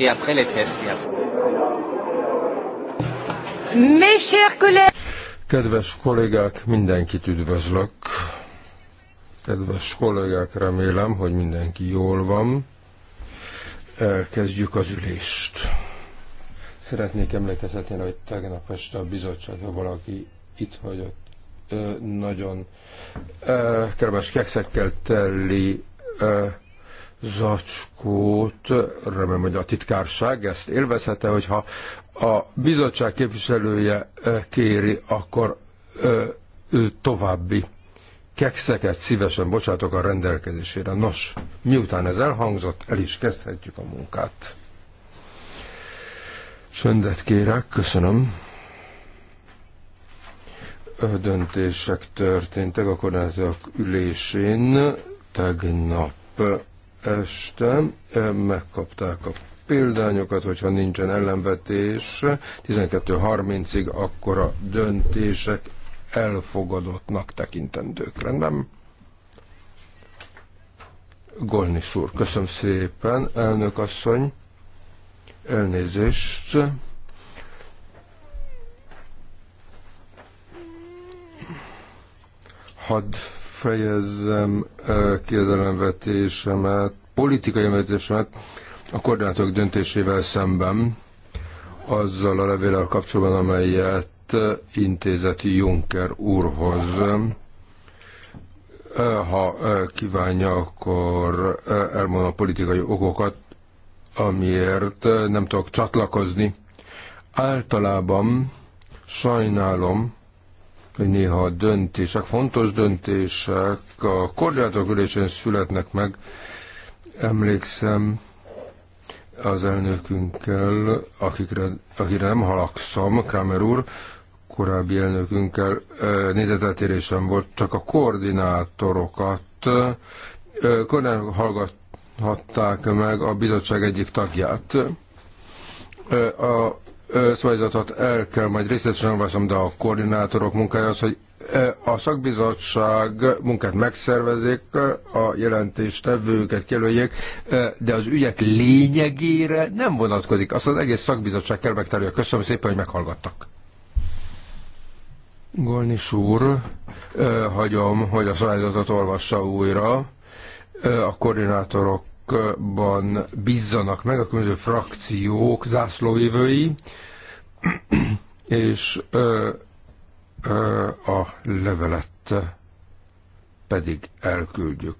Et après les tests, Mes chers collègues! Kedves kollégák, mindenkit üdvözlök. Kedves kollégák, remélem, hogy mindenki jól van. Elkezdjük az ülést. Szeretnék emlékezetni, hogy tegnap este a bizottság, ha valaki itt hagyott, nagyon kellemes kekszekkel teli zacskót, remélem, hogy a titkárság ezt élvezhette, hogyha a bizottság képviselője kéri, akkor további kekszeket szívesen bocsátok a rendelkezésére. Nos, miután ez elhangzott, el is kezdhetjük a munkát. Söndet kérek, köszönöm. Döntések történtek a kormányzatok ülésén tegnap este megkapták a példányokat, hogyha nincsen ellenvetés, 12.30-ig akkora döntések elfogadottnak tekintendők. Rendben? Golnis úr, köszönöm szépen, elnök asszony, elnézést. Hadd fejezem ki az elemvetésemet, politikai elemvetésemet a koordinátok döntésével szemben, azzal a levéllel kapcsolatban, amelyet intézeti Juncker úrhoz. Ha kívánja, akkor elmondom a politikai okokat, amiért nem tudok csatlakozni. Általában sajnálom, hogy néha a döntések, fontos döntések a koordinátorok ülésén születnek meg. Emlékszem az elnökünkkel, akikre, akire nem halakszom, Kramer úr, korábbi elnökünkkel nézeteltérésem volt, csak a koordinátorokat hallgathatták meg a bizottság egyik tagját. A szavazatot el kell majd részletesen olvasom, de a koordinátorok munkája az, hogy a szakbizottság munkát megszervezik, a jelentéstevőket jelöljék, de az ügyek lényegére nem vonatkozik. Azt az egész szakbizottság kell megtalálja. Köszönöm szépen, hogy meghallgattak. Golnis úr, hagyom, hogy a szavazatot olvassa újra. A koordinátorok bízzanak meg a különböző frakciók zászlóévői, és ö, ö, a levelet pedig elküldjük.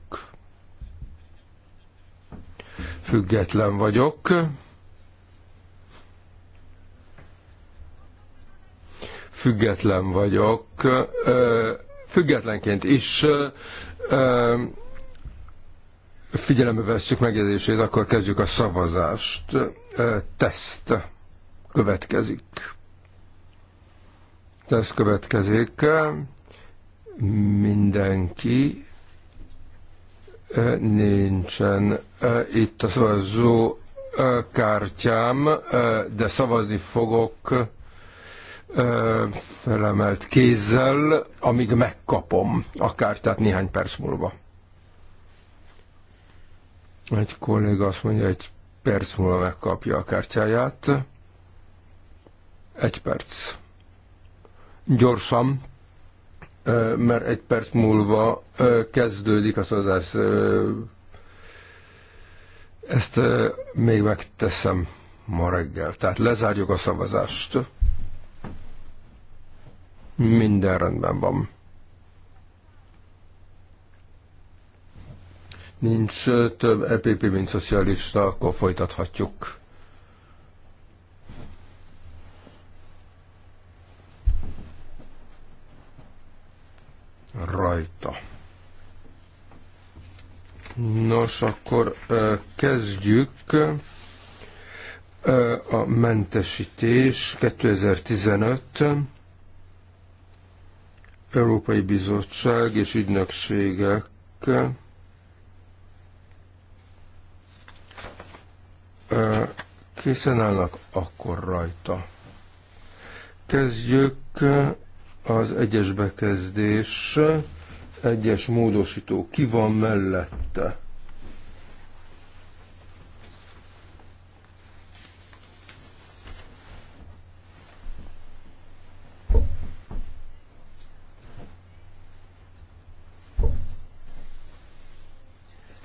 Független vagyok. Független vagyok. Ö, függetlenként is ö, figyelembe vesszük megjegyzését, akkor kezdjük a szavazást. Teszt következik. Teszt következik. Mindenki nincsen itt a szavazó kártyám, de szavazni fogok felemelt kézzel, amíg megkapom a kártyát néhány perc múlva. Egy kolléga azt mondja, egy perc múlva megkapja a kártyáját. Egy perc. Gyorsan, mert egy perc múlva kezdődik a szavazás. Ezt még megteszem ma reggel. Tehát lezárjuk a szavazást. Minden rendben van. nincs több EPP, mint szocialista, akkor folytathatjuk. Rajta. Nos, akkor kezdjük a mentesítés 2015 Európai Bizottság és ügynökségek készen állnak, akkor rajta. Kezdjük az egyes bekezdés, egyes módosító. Ki van mellette?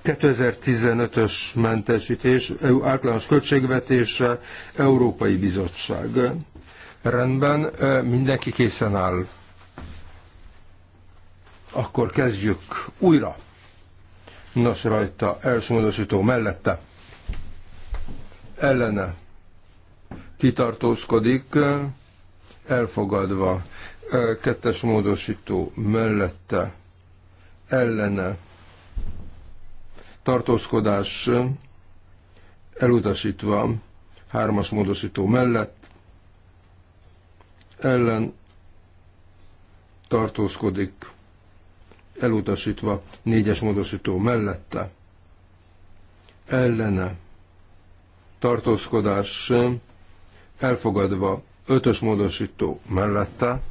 2015-ös mentesítés, EU általános költségvetése, Európai Bizottság. Rendben, mindenki készen áll. Akkor kezdjük újra. Nos, rajta első módosító mellette. Ellene. Kitartózkodik. Elfogadva. Kettes módosító mellette. Ellene tartózkodás elutasítva hármas módosító mellett ellen tartózkodik elutasítva négyes módosító mellette ellene tartózkodás elfogadva ötös módosító mellette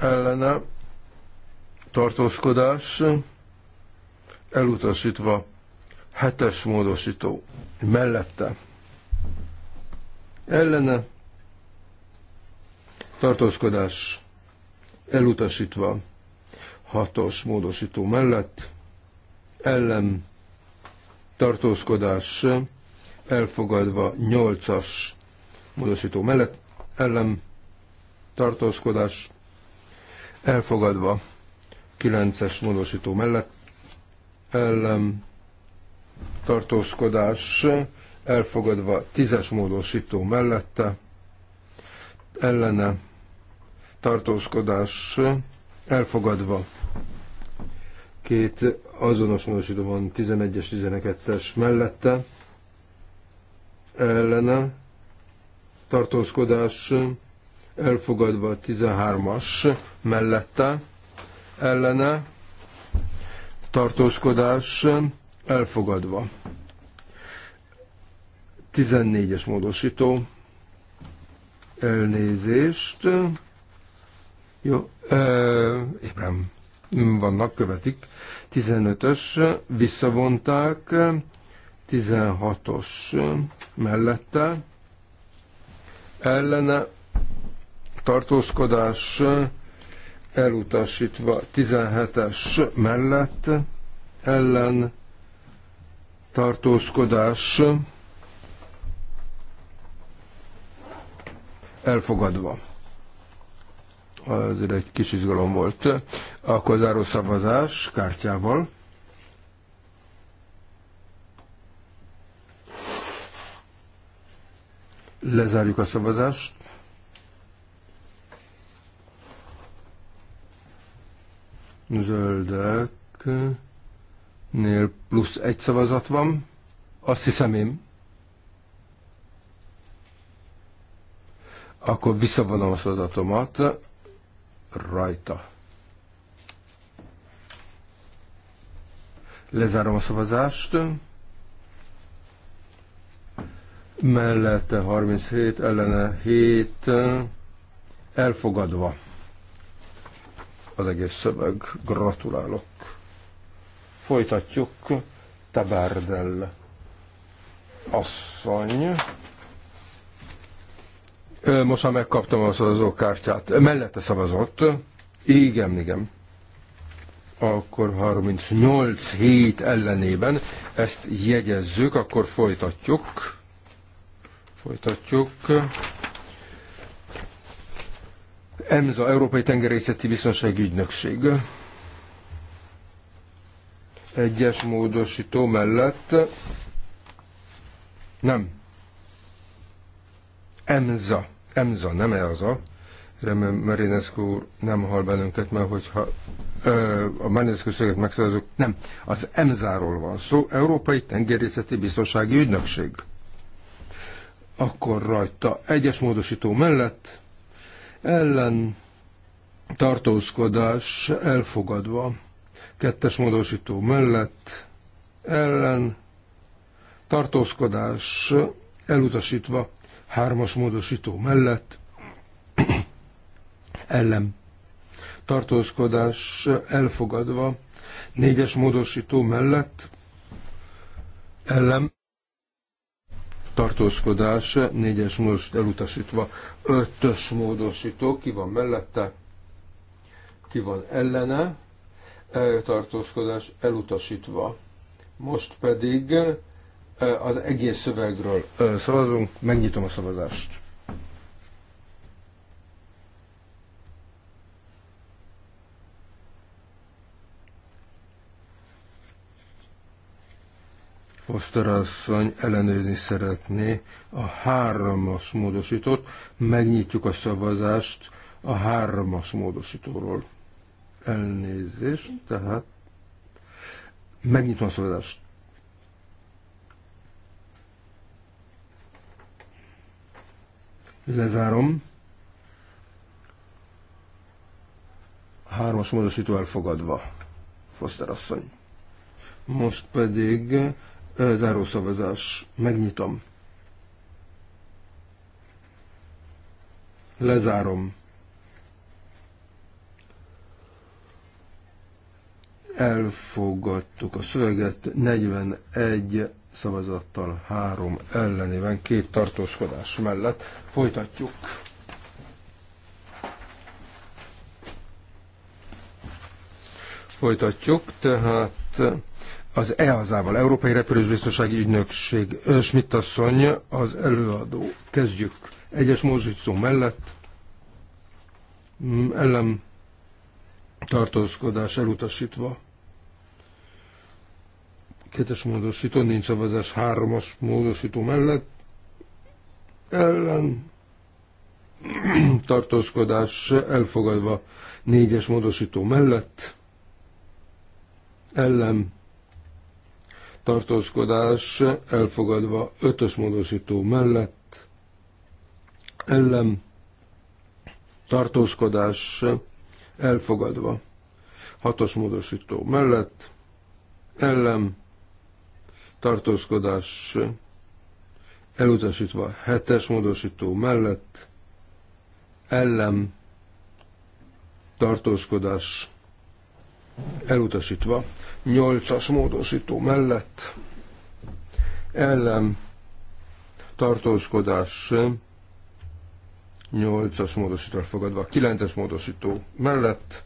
ellene tartózkodás elutasítva hetes módosító mellette ellene tartózkodás elutasítva hatos módosító mellett ellen tartózkodás elfogadva nyolcas módosító mellett ellen tartózkodás elfogadva kilences módosító mellett ellen tartózkodás elfogadva tízes módosító mellette, ellene tartózkodás elfogadva két azonos módosító van 11-es, 12-es mellette, ellene tartózkodás elfogadva 13-as mellette, ellene tartózkodás elfogadva. 14-es módosító elnézést. Jó, ébrem, vannak, követik. 15-ös visszavonták, 16-os mellette ellene tartózkodás elutasítva 17-es mellett ellen tartózkodás elfogadva. Azért egy kis izgalom volt. Akkor záró szavazás kártyával. Lezárjuk a szavazást. zöldeknél plusz egy szavazat van, azt hiszem én. Akkor visszavonom a szavazatomat rajta. Lezárom a szavazást. Mellette 37, ellene 7, elfogadva az egész szöveg. Gratulálok. Folytatjuk. Tabárdel asszony. Most már megkaptam a szavazókártyát. Mellette szavazott. Igen, igen. Akkor 38 hét ellenében ezt jegyezzük, akkor folytatjuk. Folytatjuk. EMSA, Európai Tengerészeti Biztonsági Ügynökség. Egyes módosító mellett nem. EMSA. EMSA, nem e a. Remélem Marinescu úr nem hall bennünket, mert hogyha ö, a Marinescu szöget megszerezünk, nem. Az EMSA-ról van szó, Európai Tengerészeti Biztonsági Ügynökség. Akkor rajta egyes módosító mellett ellen tartózkodás elfogadva, kettes módosító mellett ellen tartózkodás elutasítva, hármas módosító mellett ellen tartózkodás elfogadva, négyes módosító mellett ellen tartózkodás, négyes most elutasítva, ötös módosító, ki van mellette, ki van ellene, tartózkodás elutasítva. Most pedig eh, az egész szövegről eh, szavazunk, megnyitom a szavazást. Foster asszony ellenőrizni szeretné a hármas módosítót. Megnyitjuk a szavazást a hármas módosítóról. Elnézés. tehát megnyitom a szavazást. Lezárom. Hármas módosító elfogadva, Foster asszony. Most pedig Zárószavazás. Megnyitom. Lezárom. Elfogadtuk a szöveget 41 szavazattal, 3 ellenében, két tartózkodás mellett. Folytatjuk. Folytatjuk, tehát az EASA-val, Európai Biztonsági Ügynökség, Schmidt asszony, az előadó. Kezdjük. Egyes mozsítszó mellett mm, ellen tartózkodás elutasítva. Kettes módosító, nincs szavazás háromas módosító mellett ellen tartózkodás elfogadva négyes módosító mellett ellen tartózkodás elfogadva ötös módosító mellett, ellen tartózkodás elfogadva hatos módosító mellett, ellen tartózkodás elutasítva hetes módosító mellett, ellen tartózkodás elutasítva, 8-as módosító mellett ellen tartózkodás 8-as módosító fogadva, 9-es módosító mellett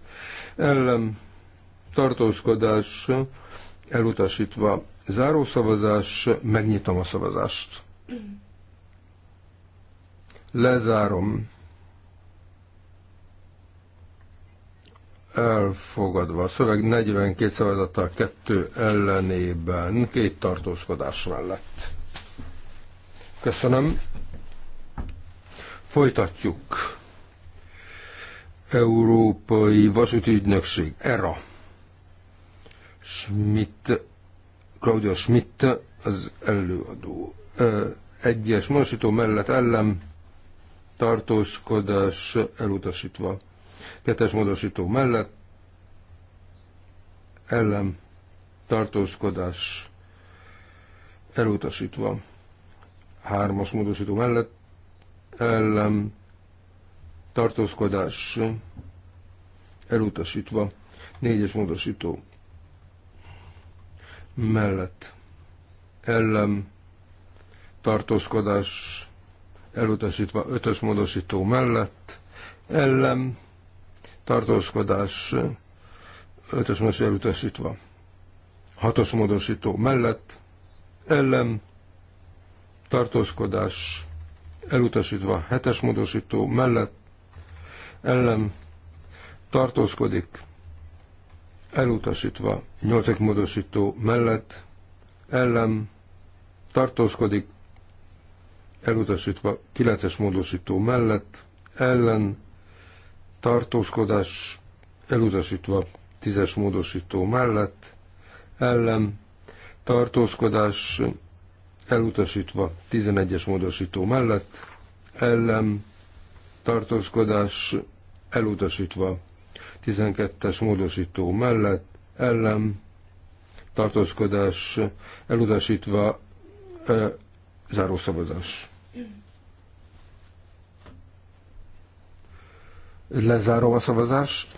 ellen tartózkodás elutasítva, zárószavazás, megnyitom a szavazást. Lezárom. elfogadva. A szöveg 42 szavazattal kettő ellenében, két tartózkodás mellett. Köszönöm. Folytatjuk. Európai Vasúti Ügynökség, ERA. Schmidt, Claudia Schmidt az előadó. Egyes másító mellett ellen tartózkodás elutasítva Kettes módosító mellett ellen tartózkodás elutasítva. Hármas módosító mellett ellen tartózkodás elutasítva. Négyes módosító mellett ellen tartózkodás elutasítva ötös módosító mellett ellen tartózkodás ötös módosító elutasítva. Hatos módosító mellett, ellen, tartózkodás elutasítva. Hetes módosító mellett, ellen, tartózkodik, elutasítva. nyolcak módosító mellett, ellen, tartózkodik, elutasítva. Kilences módosító mellett, ellen, tartózkodás elutasítva tízes módosító mellett, ellen tartózkodás elutasítva tizenegyes módosító mellett, ellen tartózkodás elutasítva tizenkettes módosító mellett, ellen tartózkodás elutasítva e, zárószavazás. Lezárom a szavazást.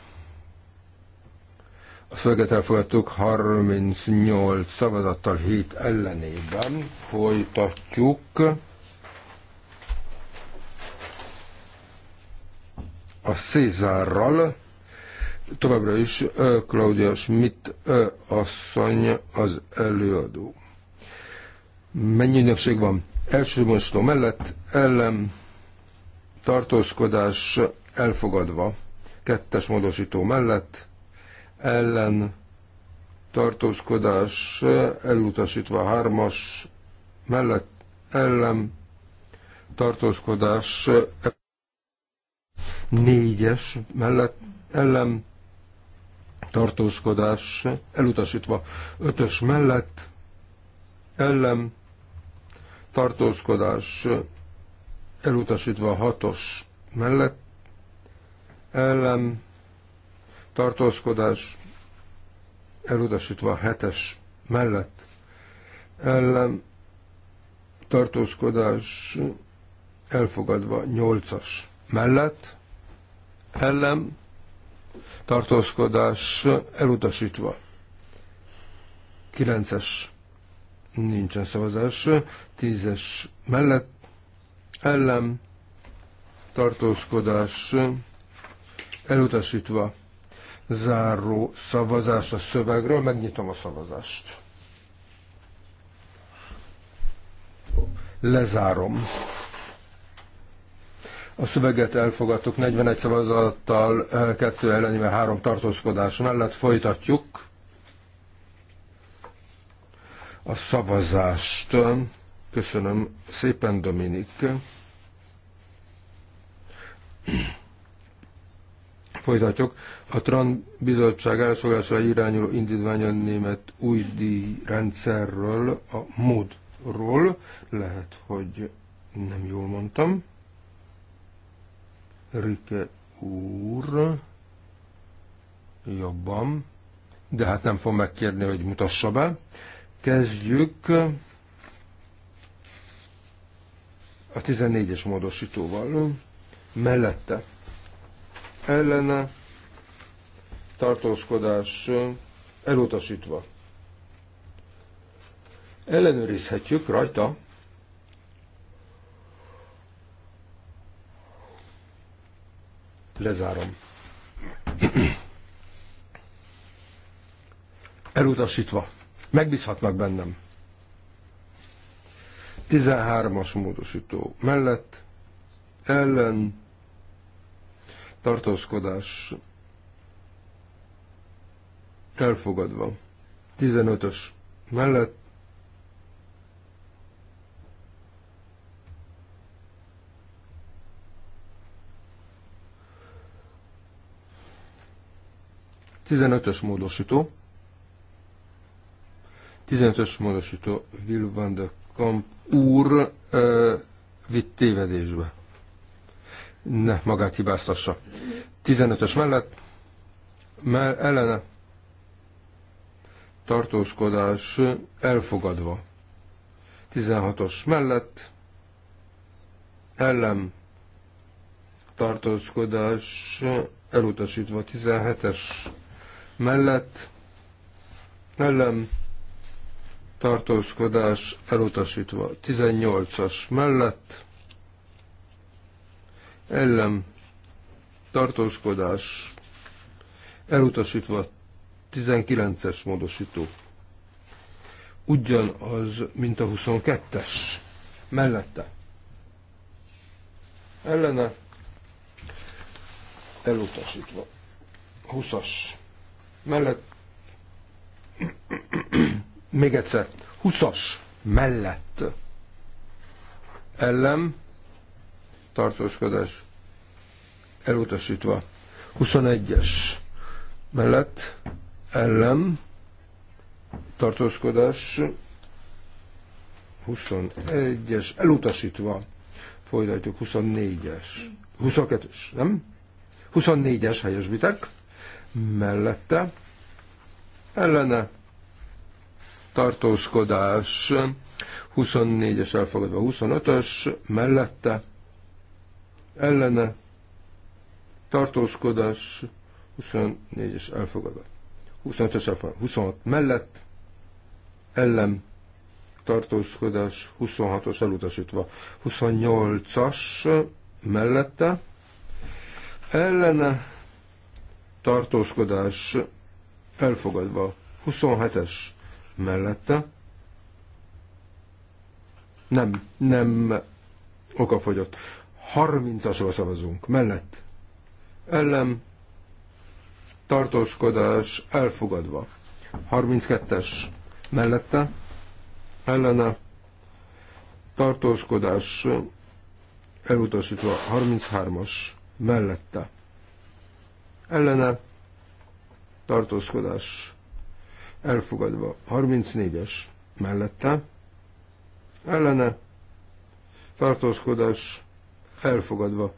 A szöveget elfogadtuk 38 szavazattal 7 ellenében. Folytatjuk. A Cézárral. Továbbra is Claudia Schmidt asszony az előadó. Mennyi ügynökség van? Első mostó mellett ellen tartózkodás elfogadva, kettes módosító mellett, ellen tartózkodás elutasítva, hármas mellett, ellen tartózkodás négyes mellett, ellen tartózkodás elutasítva, ötös mellett, ellen tartózkodás elutasítva, hatos mellett, ellen tartózkodás elutasítva a hetes mellett ellen tartózkodás elfogadva nyolcas mellett ellen tartózkodás elutasítva kilences nincsen szavazás tízes mellett ellen tartózkodás Elutasítva. Záró szavazás a szövegről. Megnyitom a szavazást. Lezárom. A szöveget elfogadtuk 41 szavazattal, 2 ellenével 3 tartózkodás mellett. Folytatjuk a szavazást. Köszönöm szépen, Dominik. Folytatjuk. A TRAN bizottság elsőgásra irányuló indítványa német új díjrendszerről, a módról. Lehet, hogy nem jól mondtam. Rike úr jobban, de hát nem fog megkérni, hogy mutassa be. Kezdjük a 14-es módosítóval mellette ellene tartózkodás elutasítva. Ellenőrizhetjük rajta, lezárom. Elutasítva. Megbízhatnak bennem. 13-as módosító mellett ellen tartózkodás elfogadva. 15-ös mellett Tizenötös módosító. 15 módosító Will van de Kamp úr uh, vitt tévedésbe ne magát hibáztassa. 15-ös mellett mert ellene tartózkodás elfogadva. 16-os mellett ellen tartózkodás elutasítva 17-es mellett ellen tartózkodás elutasítva 18-as mellett ellen tartózkodás elutasítva 19-es módosító. Ugyanaz, mint a 22-es. Mellette. Ellene elutasítva. 20-as. Mellett még egyszer. 20-as mellett ellen tartózkodás elutasítva. 21-es mellett ellen tartózkodás 21-es elutasítva. Folytatjuk 24-es. 22-es, nem? 24-es helyesbitek mellette ellene tartózkodás 24-es elfogadva 25-ös mellette ellene tartózkodás 24-es elfogadott. 25-es elfogadott. 26 mellett ellen tartózkodás 26-os elutasítva. 28-as mellette ellene tartózkodás elfogadva. 27-es mellette nem, nem okafogyott. 30 szavazunk. Mellett. Ellen. Tartózkodás elfogadva. 32-es. Mellette. Ellene. Tartózkodás elutasítva. 33-as. Mellette. Ellene. Tartózkodás elfogadva. 34-es. Mellette. Ellene. Tartózkodás elfogadva.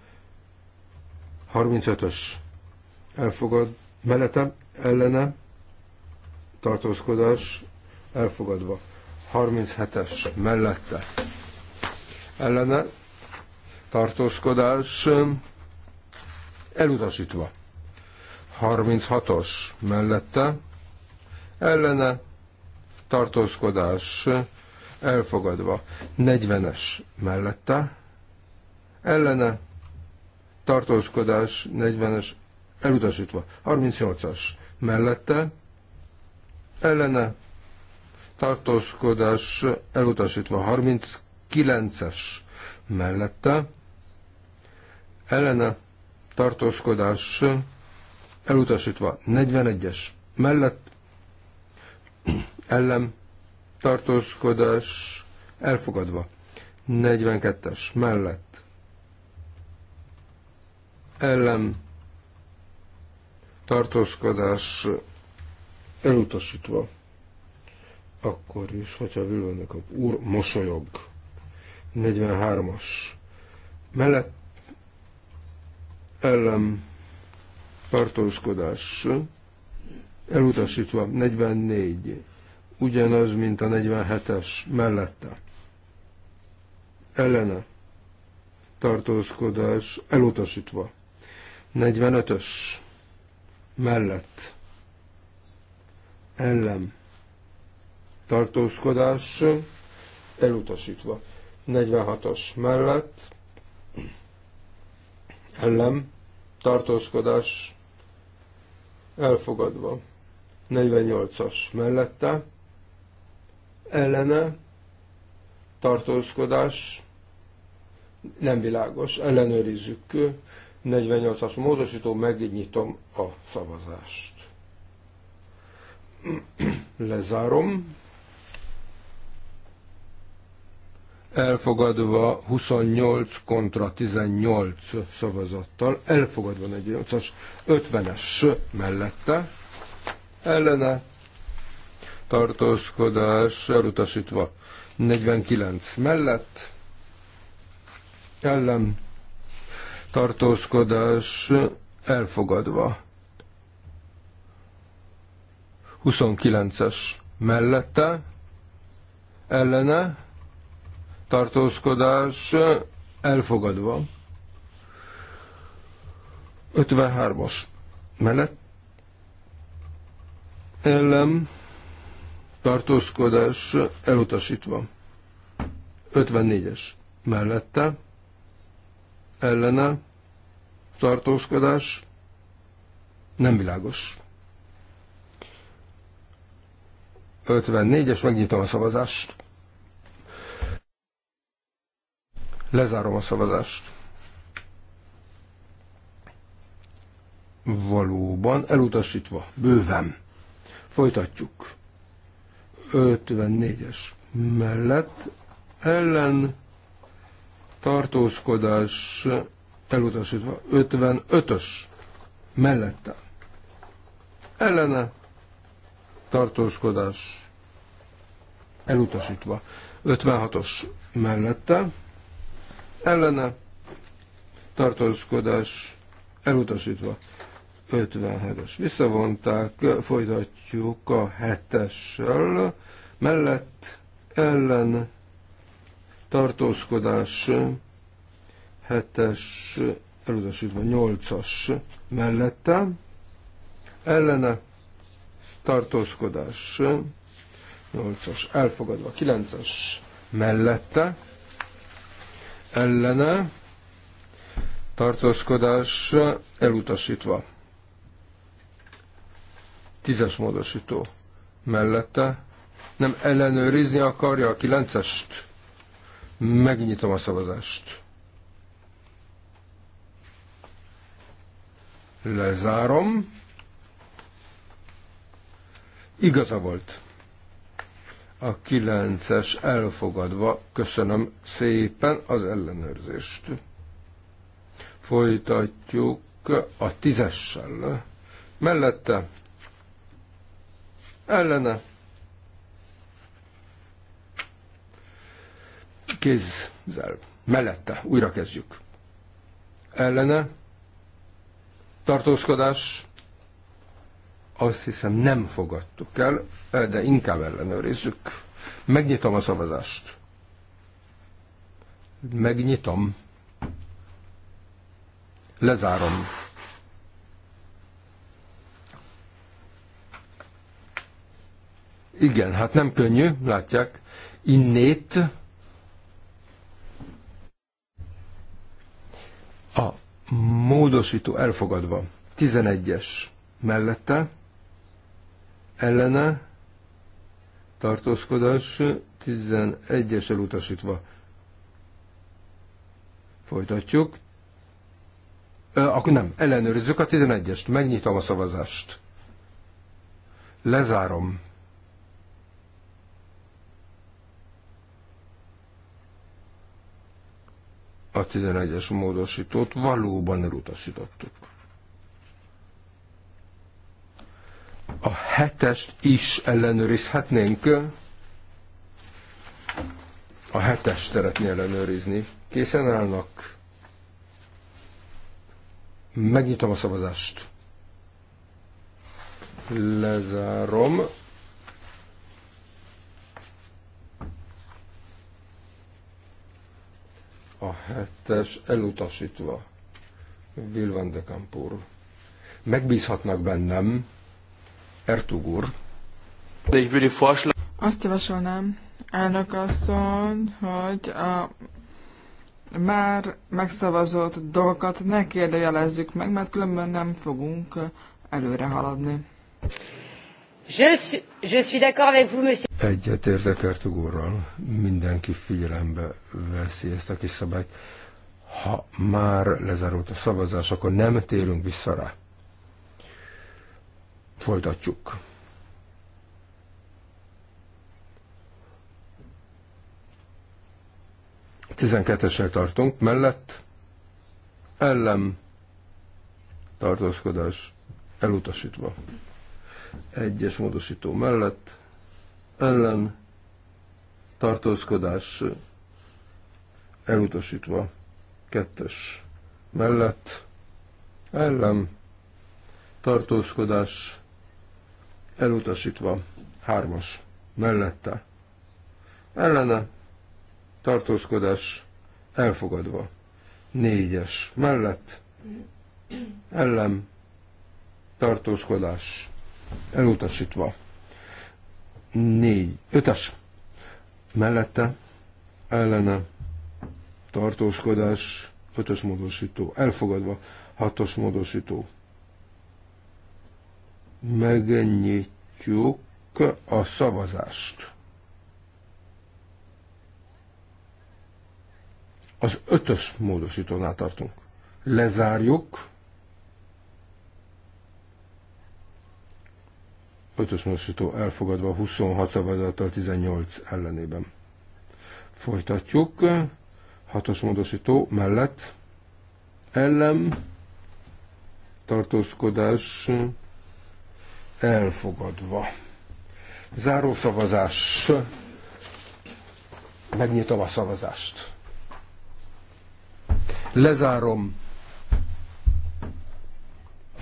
35-ös elfogad, mellette, ellene, tartózkodás, elfogadva. 37-es mellette, ellene, tartózkodás, elutasítva. 36-os mellette, ellene, tartózkodás, elfogadva. 40-es mellette, ellene tartózkodás 40-es elutasítva. 38-as mellette ellene tartózkodás elutasítva. 39-es mellette ellene tartózkodás elutasítva. 41-es mellett ellen tartózkodás elfogadva. 42-es mellett ellen tartózkodás elutasítva. Akkor is, hogyha Vilőnek a úr mosolyog. 43-as. Mellett ellen tartózkodás elutasítva. 44. Ugyanaz, mint a 47-es mellette. Ellene tartózkodás elutasítva. 45-ös mellett ellen tartózkodás elutasítva. 46-os mellett ellen tartózkodás elfogadva. 48-as mellette ellene tartózkodás nem világos, ellenőrizzük 48-as módosító, megnyitom a szavazást. Lezárom. Elfogadva 28 kontra 18 szavazattal, elfogadva 48-as, 50-es mellette, ellene tartózkodás elutasítva 49 mellett, ellen tartózkodás elfogadva. 29-es mellette, ellene, tartózkodás elfogadva. 53-as mellett, ellen, tartózkodás elutasítva. 54-es mellette, ellene tartózkodás nem világos. 54-es, megnyitom a szavazást. Lezárom a szavazást. Valóban elutasítva, bőven. Folytatjuk. 54-es mellett ellen tartózkodás elutasítva 55-ös mellette ellene tartózkodás elutasítva 56-os mellette ellene tartózkodás elutasítva 57-es visszavonták folytatjuk a 7-essel mellett ellen tartózkodás, 7-es, elutasítva 8-as mellette, ellene tartózkodás, 8-as elfogadva, 9-es mellette, ellene tartózkodás elutasítva. 10-es módosító mellette nem ellenőrizni akarja a 9 kilencest. Megnyitom a szavazást. Lezárom. Igaza volt. A kilences elfogadva köszönöm szépen az ellenőrzést. Folytatjuk a tízessel. Mellette ellene kézzel, mellette, újra kezdjük. Ellene, tartózkodás, azt hiszem nem fogadtuk el, eh, de inkább ellenőrizzük. Megnyitom a szavazást. Megnyitom. Lezárom. Igen, hát nem könnyű, látják. Innét módosító elfogadva. 11-es mellette, ellene, tartózkodás, 11-es elutasítva. Folytatjuk. Ö, akkor nem, ellenőrizzük a 11-est, megnyitom a szavazást. Lezárom. a 11-es módosítót valóban elutasítottuk. A hetest is ellenőrizhetnénk. A hetest szeretné ellenőrizni. Készen állnak. Megnyitom a szavazást. Lezárom. a hetes elutasítva. Will van de Kampur. Megbízhatnak bennem, Ertug Azt javasolnám, elnök asszony, hogy a már megszavazott dolgokat ne kérdejelezzük meg, mert különben nem fogunk előre haladni. Je suis, d'accord avec vous, monsieur. Egyet értek mindenki figyelembe veszi ezt a kis szabályt. Ha már lezárult a szavazás, akkor nem térünk vissza rá. Folytatjuk. Tizenkettessel tartunk, mellett ellen tartózkodás elutasítva. Egyes módosító mellett ellen tartózkodás elutasítva. Kettes mellett ellen tartózkodás elutasítva. Hármas mellette ellene tartózkodás elfogadva. Négyes mellett ellen tartózkodás elutasítva. Négy, ötös mellette ellene tartózkodás, ötös módosító, elfogadva, hatos módosító. Megnyitjuk a szavazást. Az ötös módosítónál tartunk. Lezárjuk. ötös módosító elfogadva 26 szavazattal 18 ellenében. Folytatjuk. 6-os módosító mellett ellen tartózkodás elfogadva. Záró szavazás. Megnyitom a szavazást. Lezárom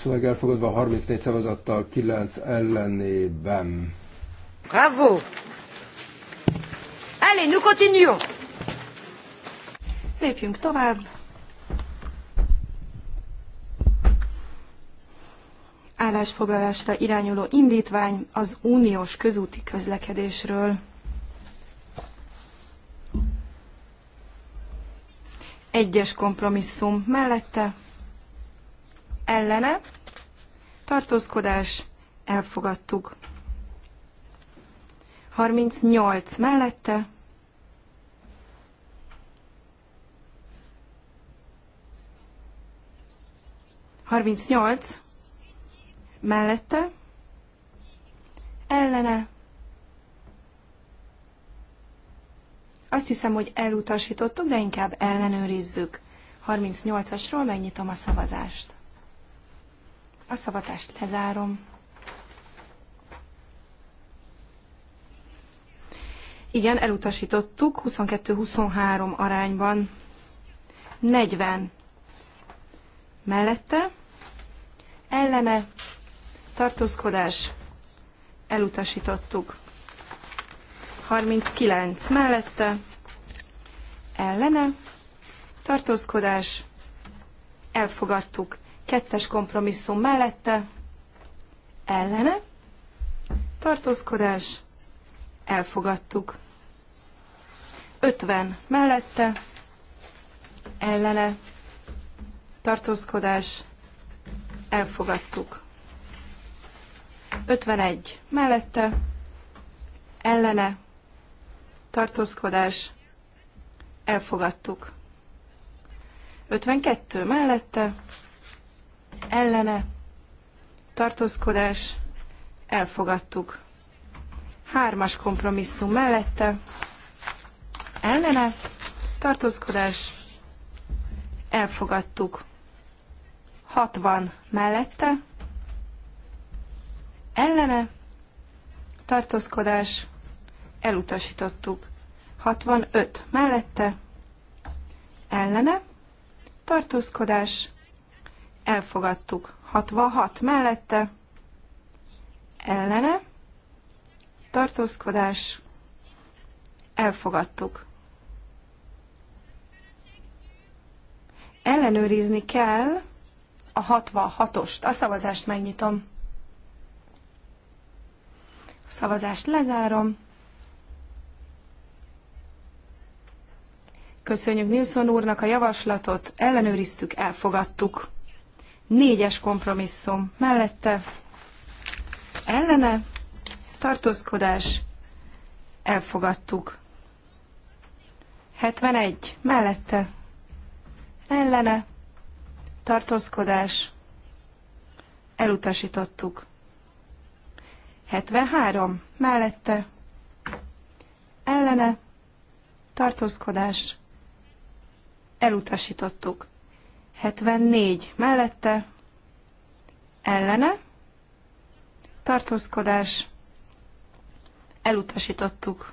szöveg elfogadva 34 szavazattal 9 ellenében. Bravo! Allez, nous continuons! Lépjünk tovább. állásfoglalásra irányuló indítvány az uniós közúti közlekedésről. Egyes kompromisszum mellette, ellene, tartózkodás, elfogadtuk. 38 mellette, Harmincnyolc mellette, ellene, Azt hiszem, hogy elutasítottuk, de inkább ellenőrizzük. harminc asról megnyitom a szavazást. A szavazást lezárom. Igen, elutasítottuk 22-23 arányban. 40 mellette, ellene, tartózkodás, elutasítottuk. 39 mellette, ellene, tartózkodás, elfogadtuk. Kettes kompromisszum mellette, ellene, tartózkodás, elfogadtuk. 50 mellette, ellene, tartózkodás, elfogadtuk. 51 mellette, ellene, tartózkodás, elfogadtuk. 52 mellette, ellene, tartózkodás, elfogadtuk. Hármas kompromisszum mellette, ellene, tartózkodás, elfogadtuk. 60 mellette, ellene, tartózkodás, elutasítottuk. 65 mellette, ellene, tartózkodás, elfogadtuk. 66 mellette, ellene, tartózkodás, elfogadtuk. Ellenőrizni kell a 66-ost. A szavazást megnyitom. A szavazást lezárom. Köszönjük Nilsson úrnak a javaslatot, ellenőriztük, elfogadtuk. Négyes kompromisszum mellette ellene tartózkodás elfogadtuk. 71 mellette ellene tartózkodás elutasítottuk. 73 mellette ellene tartózkodás elutasítottuk. 74 mellette, ellene, tartózkodás, elutasítottuk.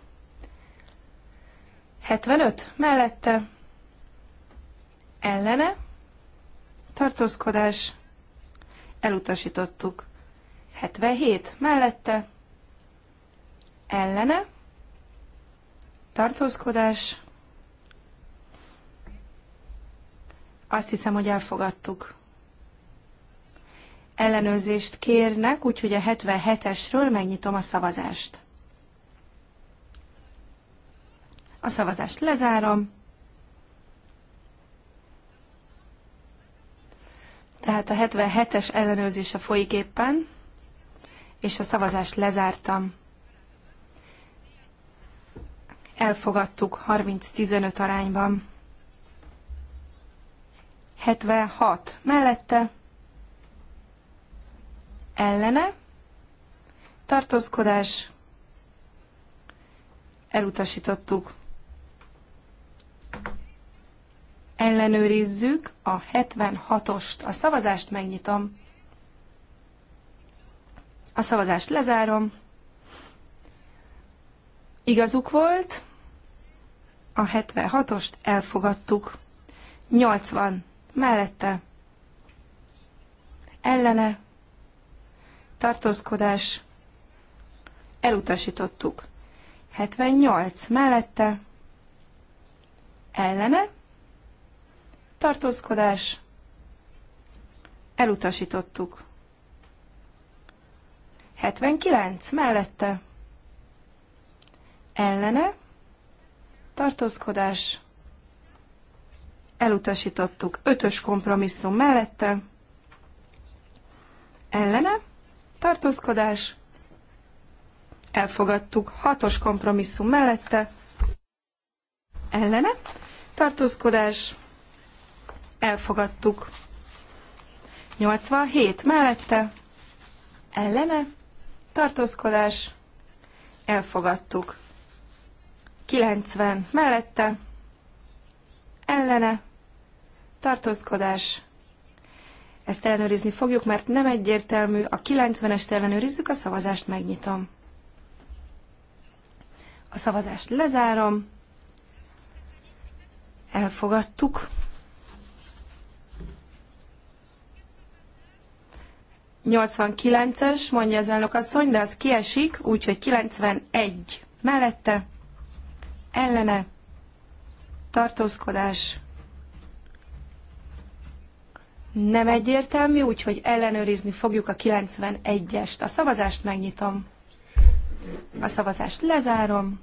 75 mellette, ellene, tartózkodás, elutasítottuk. 77 mellette, ellene, tartózkodás, Azt hiszem, hogy elfogadtuk. Ellenőrzést kérnek, úgyhogy a 77-esről megnyitom a szavazást. A szavazást lezárom. Tehát a 77-es ellenőrzése folyik éppen, és a szavazást lezártam. Elfogadtuk 30-15 arányban. 76 mellette, ellene, tartózkodás, elutasítottuk. Ellenőrizzük a 76-ost. A szavazást megnyitom. A szavazást lezárom. Igazuk volt, a 76-ost elfogadtuk. 80 mellette, ellene, tartózkodás, elutasítottuk. 78 mellette, ellene, tartózkodás, elutasítottuk. 79 mellette, ellene, tartózkodás, elutasítottuk. Ötös kompromisszum mellette, ellene, tartózkodás, elfogadtuk. Hatos kompromisszum mellette, ellene, tartózkodás, elfogadtuk. 87 mellette, ellene, tartózkodás, elfogadtuk. 90 mellette, ellene, tartózkodás. Ezt ellenőrizni fogjuk, mert nem egyértelmű. A 90-est ellenőrizzük, a szavazást megnyitom. A szavazást lezárom. Elfogadtuk. es mondja az asszony, de az kiesik, úgyhogy 91 mellette, ellene, tartózkodás, nem egyértelmű, úgyhogy ellenőrizni fogjuk a 91-est. A szavazást megnyitom. A szavazást lezárom.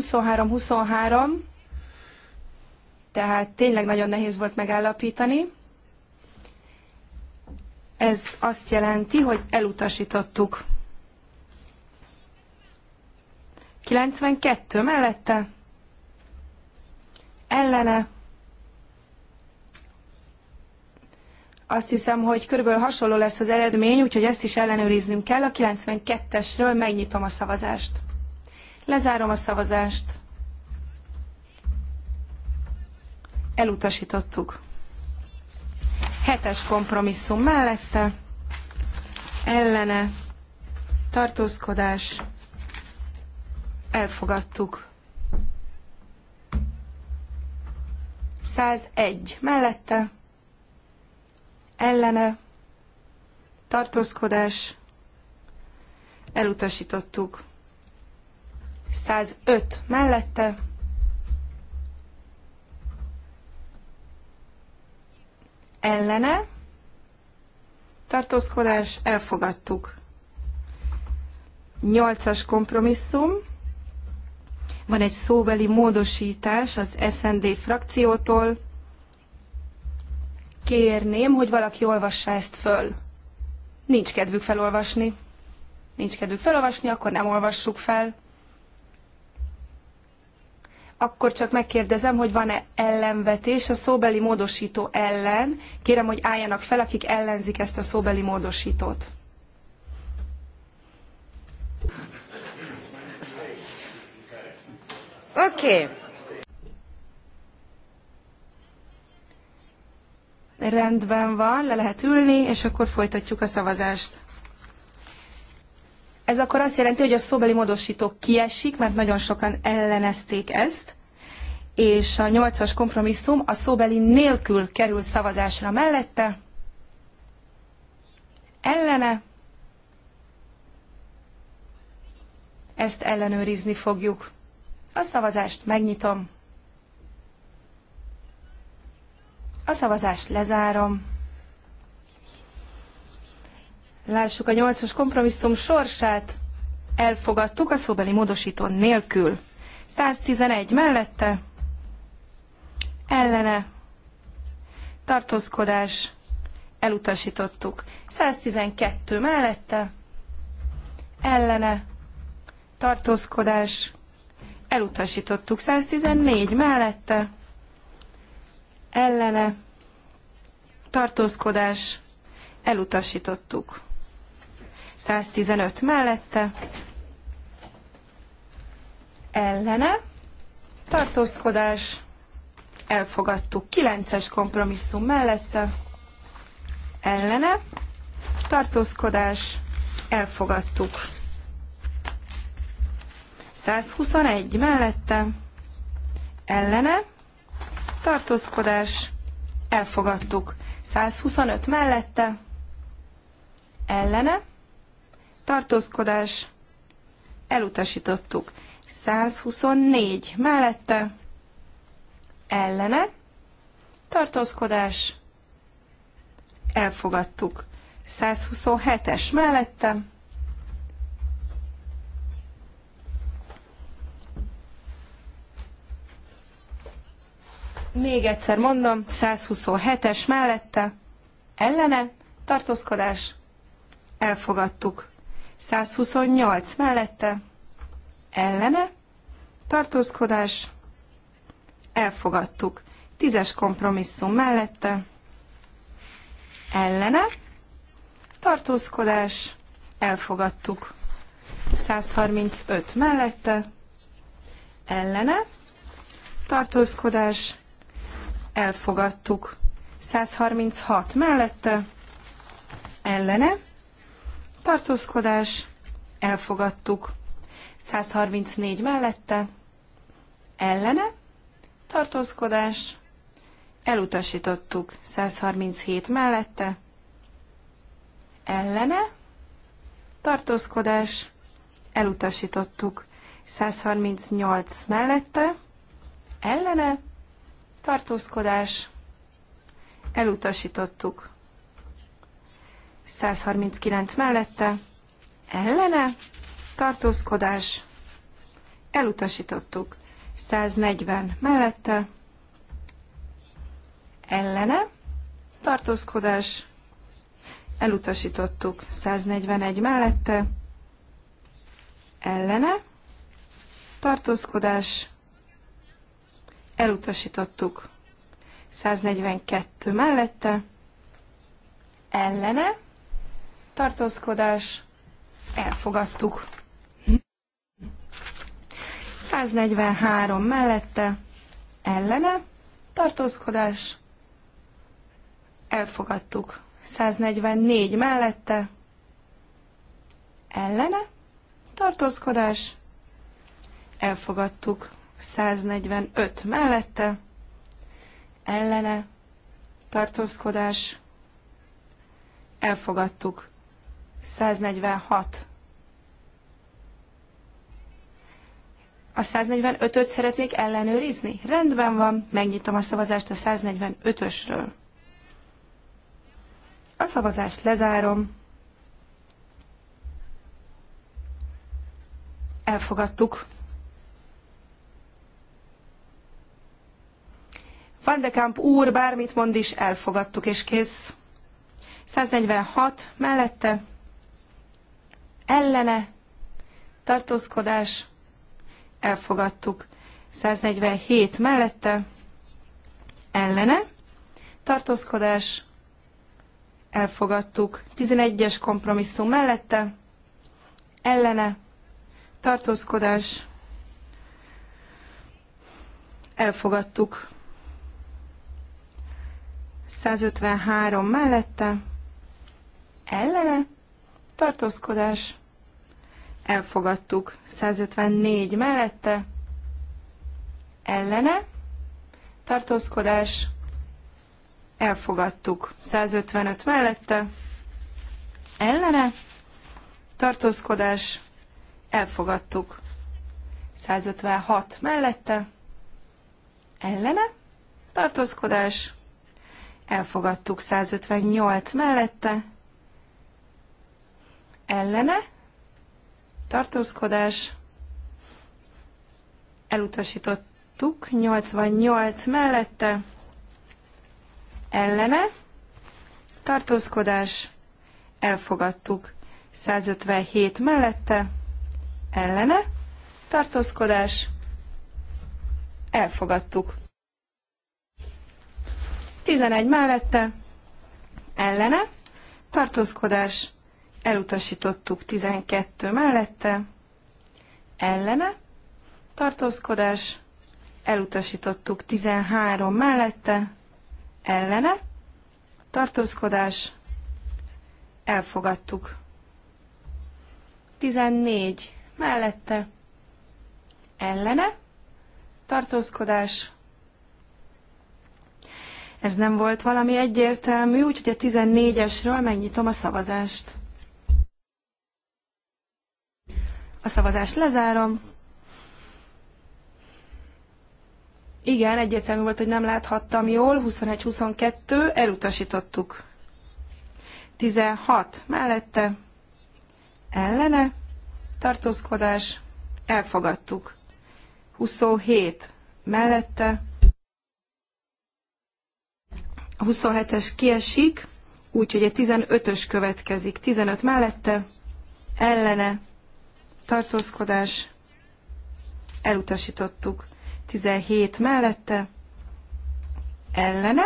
23-23, tehát tényleg nagyon nehéz volt megállapítani. Ez azt jelenti, hogy elutasítottuk. 92 mellette, ellene, Azt hiszem, hogy körülbelül hasonló lesz az eredmény, úgyhogy ezt is ellenőriznünk kell. A 92-esről megnyitom a szavazást. Lezárom a szavazást. Elutasítottuk. Hetes kompromisszum mellette, ellene, tartózkodás, elfogadtuk. 101 mellette, ellene, tartózkodás, elutasítottuk. 105 mellette, ellene, tartózkodás, elfogadtuk. 8-as kompromisszum, van egy szóbeli módosítás az SND frakciótól, kérném, hogy valaki olvassa ezt föl. Nincs kedvük felolvasni. Nincs kedvük felolvasni, akkor nem olvassuk fel. Akkor csak megkérdezem, hogy van-e ellenvetés a szóbeli módosító ellen. Kérem, hogy álljanak fel, akik ellenzik ezt a szóbeli módosítót. Oké. Okay. Rendben van, le lehet ülni, és akkor folytatjuk a szavazást. Ez akkor azt jelenti, hogy a szóbeli módosító kiesik, mert nagyon sokan ellenezték ezt, és a nyolcas kompromisszum a szóbeli nélkül kerül szavazásra mellette, ellene, ezt ellenőrizni fogjuk. A szavazást megnyitom. A szavazást lezárom. Lássuk a nyolcas kompromisszum sorsát. Elfogadtuk a szóbeli módosító nélkül. 111 mellette, ellene, tartózkodás, elutasítottuk. 112 mellette, ellene, tartózkodás, elutasítottuk. 114 mellette, ellene, tartózkodás, elutasítottuk. 115 mellette, ellene, tartózkodás, elfogadtuk. 9-es kompromisszum mellette, ellene, tartózkodás, elfogadtuk. 121 mellette, ellene, tartózkodás, elfogadtuk. 125 mellette, ellene, tartózkodás, elutasítottuk. 124 mellette, ellene, tartózkodás, elfogadtuk. 127-es mellette, Még egyszer mondom, 127-es mellette, ellene, tartózkodás, elfogadtuk. 128 mellette, ellene, tartózkodás, elfogadtuk. Tízes kompromisszum mellette, ellene, tartózkodás, elfogadtuk. 135 mellette, ellene, tartózkodás, elfogadtuk. 136 mellette, ellene, tartózkodás, elfogadtuk. 134 mellette, ellene, tartózkodás, elutasítottuk. 137 mellette, ellene, tartózkodás, elutasítottuk. 138 mellette, ellene, tartózkodás, elutasítottuk. 139 mellette, ellene, tartózkodás, elutasítottuk. 140 mellette, ellene, tartózkodás, elutasítottuk. 141 mellette, ellene, tartózkodás, elutasítottuk. 142 mellette, ellene, tartózkodás, elfogadtuk. 143 mellette, ellene, tartózkodás, elfogadtuk. 144 mellette, ellene, tartózkodás, elfogadtuk. 145 mellette, ellene, tartózkodás, elfogadtuk. 146. A 145-öt szeretnék ellenőrizni? Rendben van, megnyitom a szavazást a 145-ösről. A szavazást lezárom. Elfogadtuk. Van de Kamp úr bármit mond is, elfogadtuk és kész. 146 mellette, ellene, tartózkodás, elfogadtuk. 147 mellette, ellene, tartózkodás, elfogadtuk. 11-es kompromisszum mellette, ellene, tartózkodás, elfogadtuk. 153 mellette, ellene, tartózkodás, elfogadtuk. 154 mellette, ellene, tartózkodás, elfogadtuk. 155 mellette, ellene, tartózkodás, elfogadtuk. 156 mellette, ellene, tartózkodás, Elfogadtuk 158 mellette. Ellene. Tartózkodás. Elutasítottuk 88 mellette. Ellene. Tartózkodás. Elfogadtuk 157 mellette. Ellene. Tartózkodás. Elfogadtuk 11 mellette, ellene, tartózkodás, elutasítottuk 12 mellette, ellene, tartózkodás, elutasítottuk 13 mellette, ellene, tartózkodás, elfogadtuk. 14 mellette, ellene, tartózkodás, ez nem volt valami egyértelmű, úgyhogy a 14-esről megnyitom a szavazást. A szavazást lezárom. Igen, egyértelmű volt, hogy nem láthattam jól. 21-22, elutasítottuk. 16 mellette, ellene, tartózkodás, elfogadtuk. 27 mellette, a 27-es kiesik, úgyhogy a 15-ös következik. 15 mellette, ellene, tartózkodás, elutasítottuk. 17 mellette, ellene,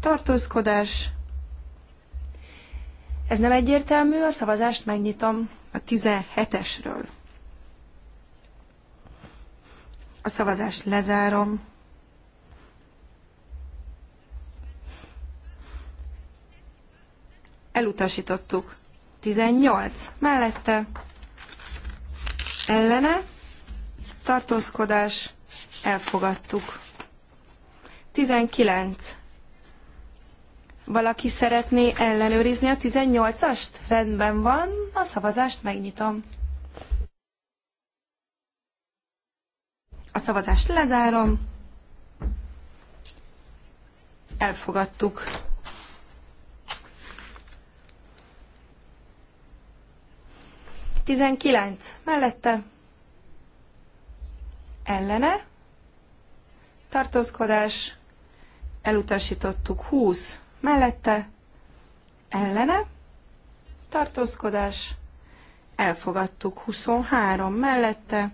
tartózkodás. Ez nem egyértelmű, a szavazást megnyitom a 17-esről. A szavazást lezárom. elutasítottuk. 18 mellette ellene tartózkodás elfogadtuk. 19 valaki szeretné ellenőrizni a 18-ast? Rendben van, a szavazást megnyitom. A szavazást lezárom. Elfogadtuk. 19 mellette, ellene, tartózkodás, elutasítottuk 20 mellette, ellene, tartózkodás, elfogadtuk 23 mellette,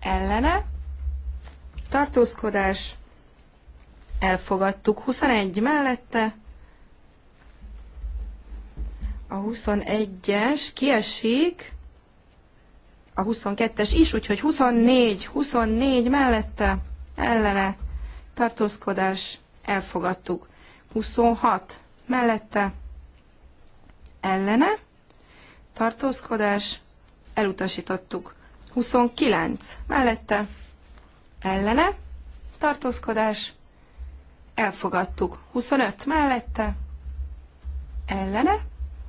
ellene, tartózkodás, elfogadtuk 21 mellette, a 21-es kiesik, a 22-es is, úgyhogy 24, 24 mellette ellene tartózkodás elfogadtuk. 26 mellette ellene tartózkodás elutasítottuk. 29 mellette ellene tartózkodás elfogadtuk. 25 mellette ellene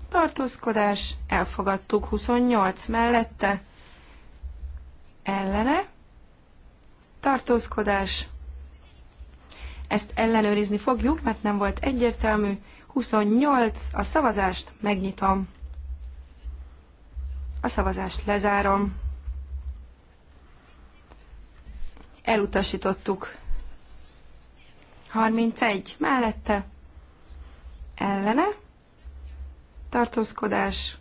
tartózkodás, elfogadtuk 28 mellette, ellene, tartózkodás, ezt ellenőrizni fogjuk, mert nem volt egyértelmű, 28, a szavazást megnyitom, a szavazást lezárom, elutasítottuk, 31 mellette, ellene, tartózkodás,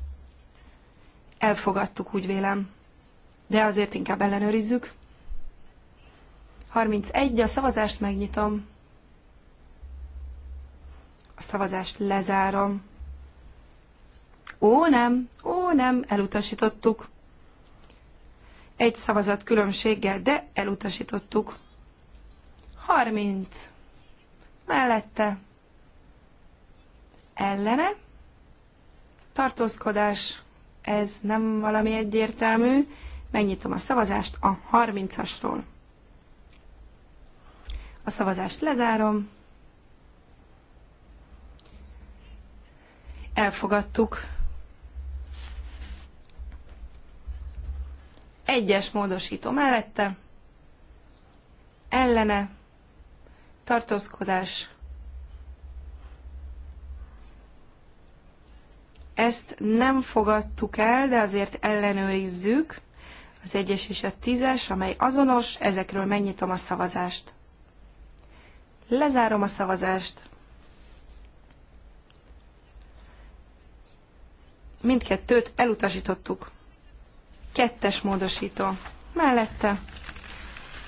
elfogadtuk, úgy vélem, de azért inkább ellenőrizzük. 31, a szavazást megnyitom. A szavazást lezárom. Ó, nem, ó, nem, elutasítottuk. Egy szavazat különbséggel, de elutasítottuk. 30. Mellette. Ellene tartózkodás, ez nem valami egyértelmű. Megnyitom a szavazást a 30-asról. A szavazást lezárom. Elfogadtuk. Egyes módosító mellette. Ellene. Tartózkodás Ezt nem fogadtuk el, de azért ellenőrizzük. Az egyes és a tízes, amely azonos, ezekről megnyitom a szavazást. Lezárom a szavazást. Mindkettőt elutasítottuk. Kettes módosító. Mellette.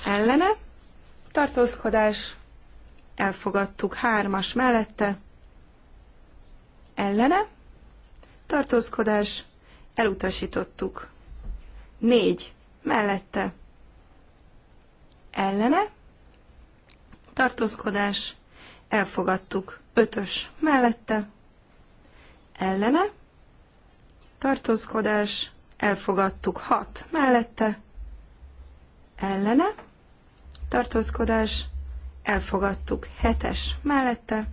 Ellene. Tartózkodás. Elfogadtuk hármas mellette. Ellene tartózkodás, elutasítottuk. Négy, mellette, ellene, tartózkodás, elfogadtuk. Ötös, mellette, ellene, tartózkodás, elfogadtuk. Hat, mellette, ellene, tartózkodás, elfogadtuk. Hetes, mellette,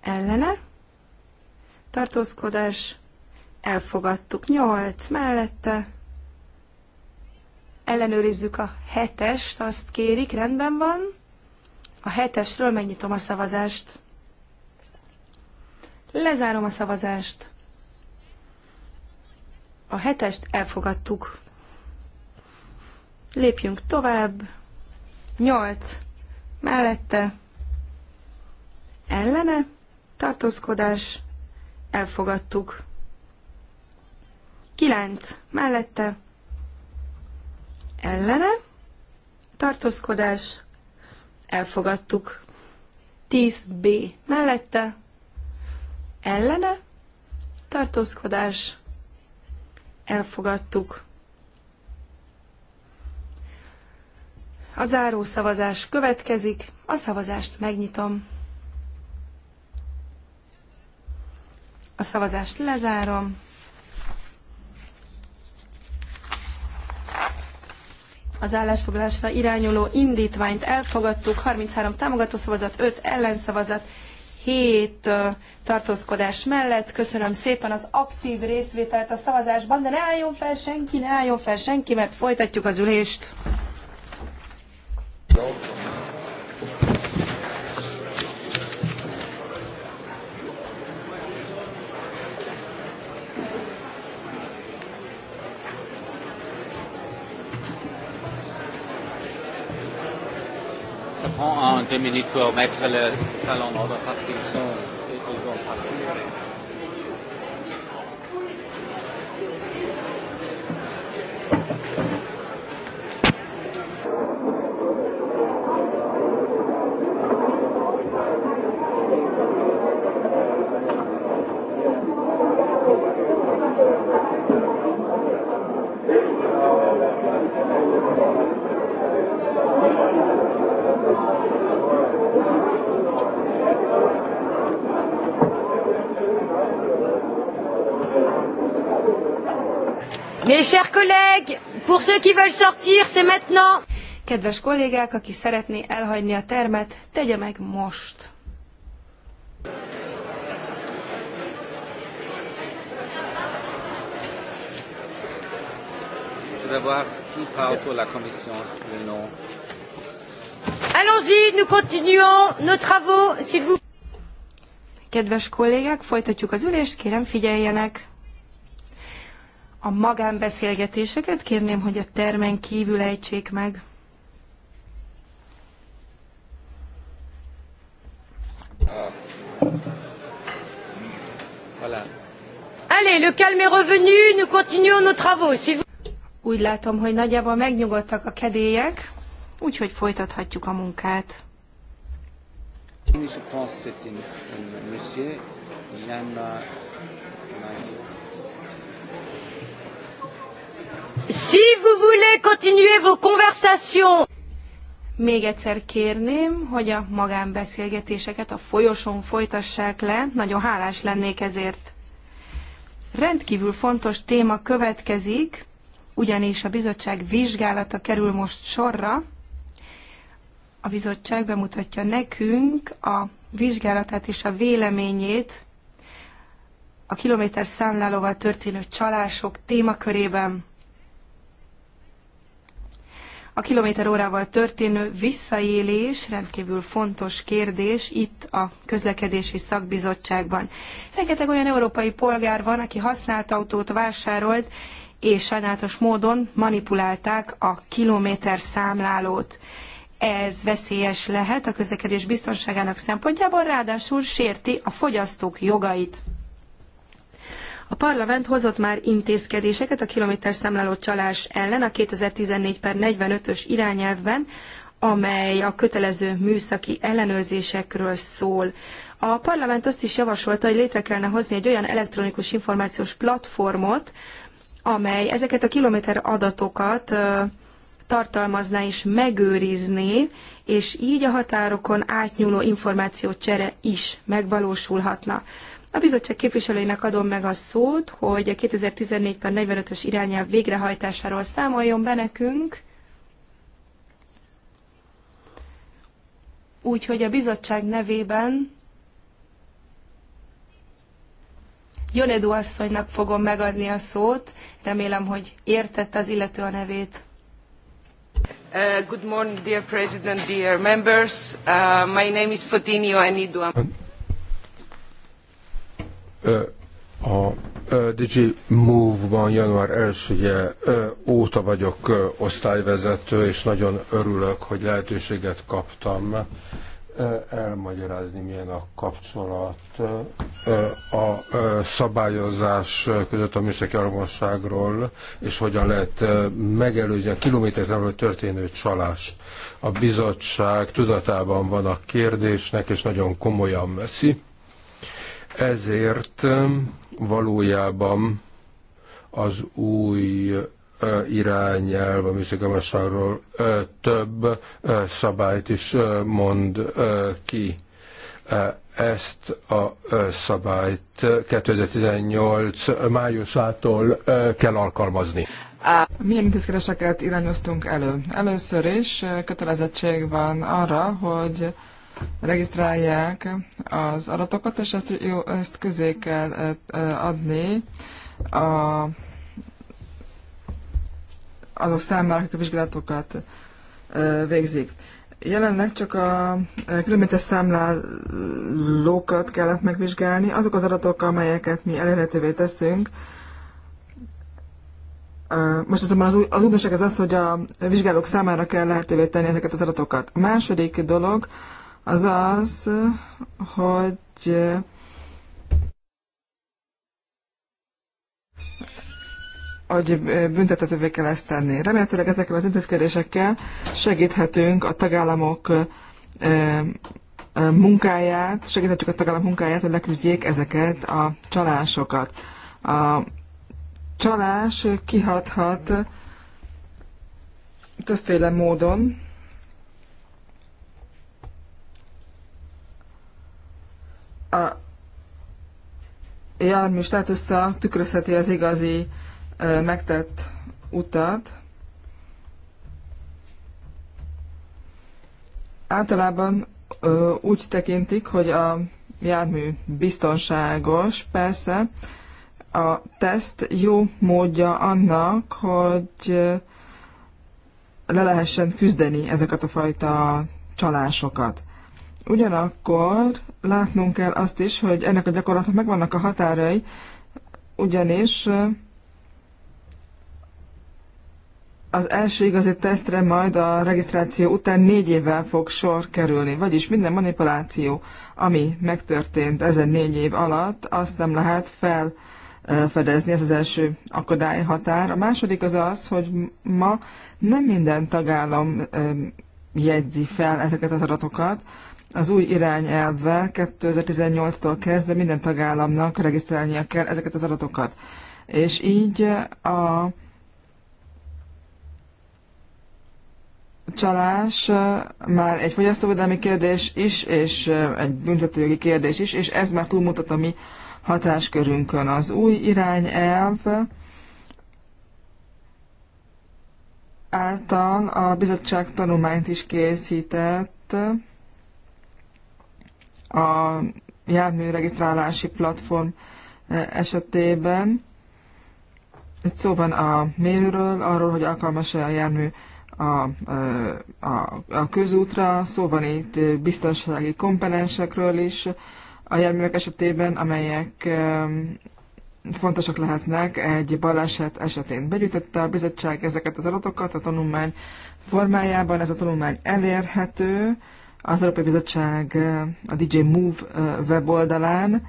ellene, tartózkodás, elfogadtuk. 8 mellette, ellenőrizzük a hetest, azt kérik, rendben van. A hetesről megnyitom a szavazást. Lezárom a szavazást. A hetest elfogadtuk. Lépjünk tovább. 8. Mellette. Ellene. Tartózkodás elfogadtuk. 9 mellette, ellene, tartózkodás, elfogadtuk. 10b mellette, ellene, tartózkodás, elfogadtuk. A záró szavazás következik, a szavazást megnyitom. A szavazást lezárom. Az állásfoglalásra irányuló indítványt elfogadtuk, 33 támogató szavazat, 5 ellenszavazat, 7 tartózkodás mellett. Köszönöm szépen az aktív részvételt a szavazásban, de ne álljon fel senki, ne álljon fel senki, mert folytatjuk az ülést. No. prend un ou deux minutes pour mettre le salle en ordre chers collègues, pour ceux qui veulent sortir, c'est maintenant. Kedves kollégák, aki szeretné elhagyni a termet, tegye meg most. Allons-y, nous continuons nos travaux, s'il vous plaît. Kedves kollégák, folytatjuk az ülést, kérem figyeljenek a magánbeszélgetéseket kérném, hogy a termen kívül ejtsék meg. Allez, le calme est revenu, nous continuons nos travaux, s'il vous Úgy látom, hogy nagyjából megnyugodtak a kedélyek, úgyhogy folytathatjuk a munkát. Je pense que c'est un monsieur, il y en a Si vous voulez continuer vos conversations. Még egyszer kérném, hogy a magánbeszélgetéseket a folyosón folytassák le, nagyon hálás lennék ezért. Rendkívül fontos téma következik, ugyanis a bizottság vizsgálata kerül most sorra. A bizottság bemutatja nekünk a vizsgálatát és a véleményét a kilométer számlálóval történő csalások témakörében. A kilométer órával történő visszaélés rendkívül fontos kérdés itt a közlekedési szakbizottságban. Rengeteg olyan európai polgár van, aki használt autót vásárolt, és sajnálatos módon manipulálták a kilométer számlálót. Ez veszélyes lehet a közlekedés biztonságának szempontjából, ráadásul sérti a fogyasztók jogait. A parlament hozott már intézkedéseket a kilométerszámláló csalás ellen a 2014 per 45-ös irányelvben, amely a kötelező műszaki ellenőrzésekről szól. A parlament azt is javasolta, hogy létre kellene hozni egy olyan elektronikus információs platformot, amely ezeket a kilométer adatokat tartalmazná és megőrizné, és így a határokon átnyúló információcsere is megvalósulhatna. A bizottság képviselőinek adom meg a szót, hogy a 2014-ben 45-ös irányelv végrehajtásáról számoljon be nekünk, úgyhogy a bizottság nevében Jonedu asszonynak fogom megadni a szót. Remélem, hogy értette az illető a nevét. Uh, good morning, dear President, dear members. Uh, my name is Fotinio Anidu. Uh, a DJ Move-ban január 1-je óta vagyok osztályvezető, és nagyon örülök, hogy lehetőséget kaptam elmagyarázni, milyen a kapcsolat a szabályozás között a műszaki argosságról, és hogyan lehet megelőzni a kilométerzelről történő csalást. A bizottság tudatában van a kérdésnek, és nagyon komolyan veszi ezért valójában az új irányelv a műszakamaságról több szabályt is mond ki. Ezt a szabályt 2018 májusától kell alkalmazni. Milyen intézkedéseket irányoztunk elő? Először is kötelezettség van arra, hogy regisztrálják az adatokat, és ezt, jó, ezt közé kell adni a, azok számára, akik a vizsgálatokat végzik. Jelenleg csak a kilométer számlálókat kellett megvizsgálni, azok az adatok, amelyeket mi elérhetővé teszünk. Most azonban az, az újdonság az az, hogy a vizsgálók számára kell lehetővé tenni ezeket az adatokat. A második dolog, az az, hogy hogy büntetetővé kell ezt tenni. Remélhetőleg ezekkel az intézkedésekkel segíthetünk a tagállamok munkáját, segíthetjük a tagállam munkáját, hogy leküzdjék ezeket a csalásokat. A csalás kihathat többféle módon a jármű státusza tükrözheti az igazi megtett utat. Általában úgy tekintik, hogy a jármű biztonságos, persze a teszt jó módja annak, hogy le lehessen küzdeni ezeket a fajta csalásokat. Ugyanakkor látnunk kell azt is, hogy ennek a gyakorlatnak megvannak a határai, ugyanis az első igazi tesztre majd a regisztráció után négy évvel fog sor kerülni. Vagyis minden manipuláció, ami megtörtént ezen négy év alatt, azt nem lehet felfedezni, ez az első akadályhatár. A második az az, hogy ma nem minden tagállam jegyzi fel ezeket az adatokat, az új irányelvvel 2018-tól kezdve minden tagállamnak regisztrálnia kell ezeket az adatokat. És így a csalás már egy fogyasztóvédelmi kérdés is, és egy büntetőjogi kérdés is, és ez már túlmutat a mi hatáskörünkön. Az új irányelv által a bizottság tanulmányt is készített, a járműregisztrálási platform eh, esetében. Itt szó van a mérőről, arról, hogy alkalmas-e a jármű a, eh, a, a közútra, szó van itt biztonsági komponensekről is a járművek esetében, amelyek eh, fontosak lehetnek egy baleset esetén. Begyűjtötte a bizottság ezeket az adatokat a tanulmány formájában, ez a tanulmány elérhető, az Európai Bizottság a DJ Move weboldalán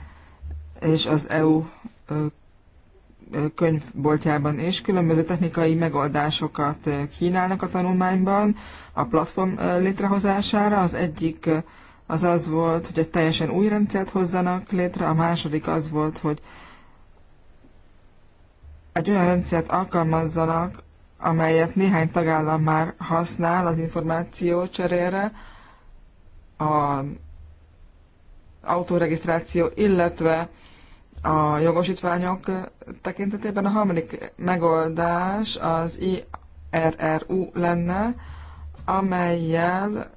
és az EU könyvboltjában is különböző technikai megoldásokat kínálnak a tanulmányban a platform létrehozására. Az egyik az az volt, hogy egy teljesen új rendszert hozzanak létre, a második az volt, hogy egy olyan rendszert alkalmazzanak, amelyet néhány tagállam már használ az információ cserére, a autóregisztráció, illetve a jogosítványok tekintetében a harmadik megoldás az IRRU lenne, amelyel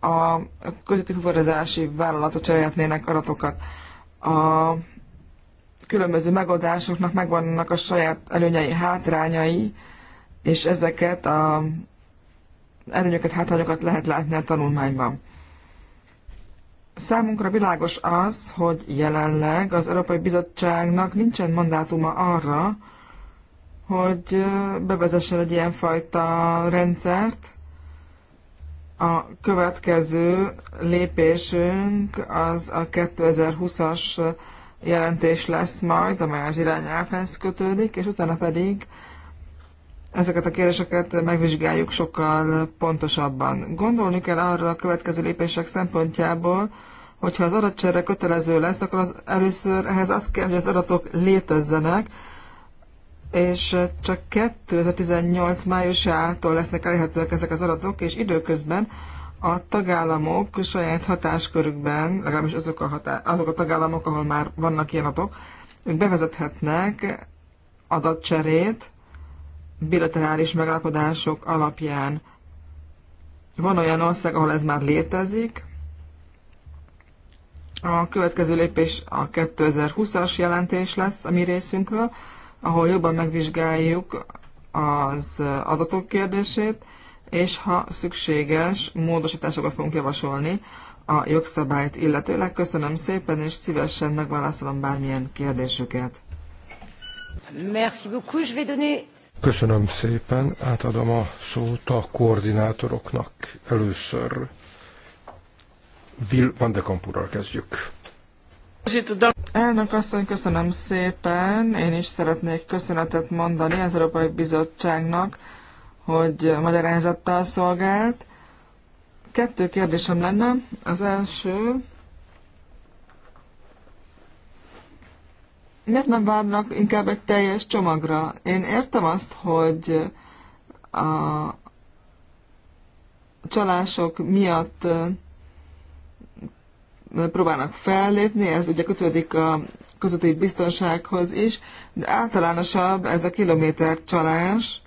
a közötti fuvarozási vállalatok cserélhetnének adatokat. A különböző megoldásoknak megvannak a saját előnyei, hátrányai, és ezeket a előnyöket, hátrányokat lehet látni a tanulmányban. Számunkra világos az, hogy jelenleg az Európai Bizottságnak nincsen mandátuma arra, hogy bevezessen egy ilyenfajta rendszert. A következő lépésünk az a 2020-as jelentés lesz majd, amely az irányelvhez kötődik, és utána pedig ezeket a kérdéseket megvizsgáljuk sokkal pontosabban. Gondolni kell arra a következő lépések szempontjából, hogyha az adatcsere kötelező lesz, akkor az először ehhez az kell, hogy az adatok létezzenek, és csak 2018 májusától lesznek elérhetőek ezek az adatok, és időközben a tagállamok saját hatáskörükben, legalábbis azok a, hatá- azok a tagállamok, ahol már vannak ilyen adatok, ők bevezethetnek adatcserét, bilaterális megállapodások alapján. Van olyan ország, ahol ez már létezik. A következő lépés a 2020-as jelentés lesz a mi részünkről, ahol jobban megvizsgáljuk az adatok kérdését, és ha szükséges, módosításokat fogunk javasolni a jogszabályt illetőleg. Köszönöm szépen, és szívesen megválaszolom bármilyen kérdésüket. Merci beaucoup. Je vais donner Köszönöm szépen, átadom a szót a koordinátoroknak először. Will van de Kampurral kezdjük. Elnök asszony, köszönöm szépen. Én is szeretnék köszönetet mondani az Európai Bizottságnak, hogy magyarázattal szolgált. Kettő kérdésem lenne. Az első, miért nem várnak inkább egy teljes csomagra? Én értem azt, hogy a csalások miatt próbálnak fellépni, ez ugye kötődik a közötti biztonsághoz is, de általánosabb ez a kilométer csalás,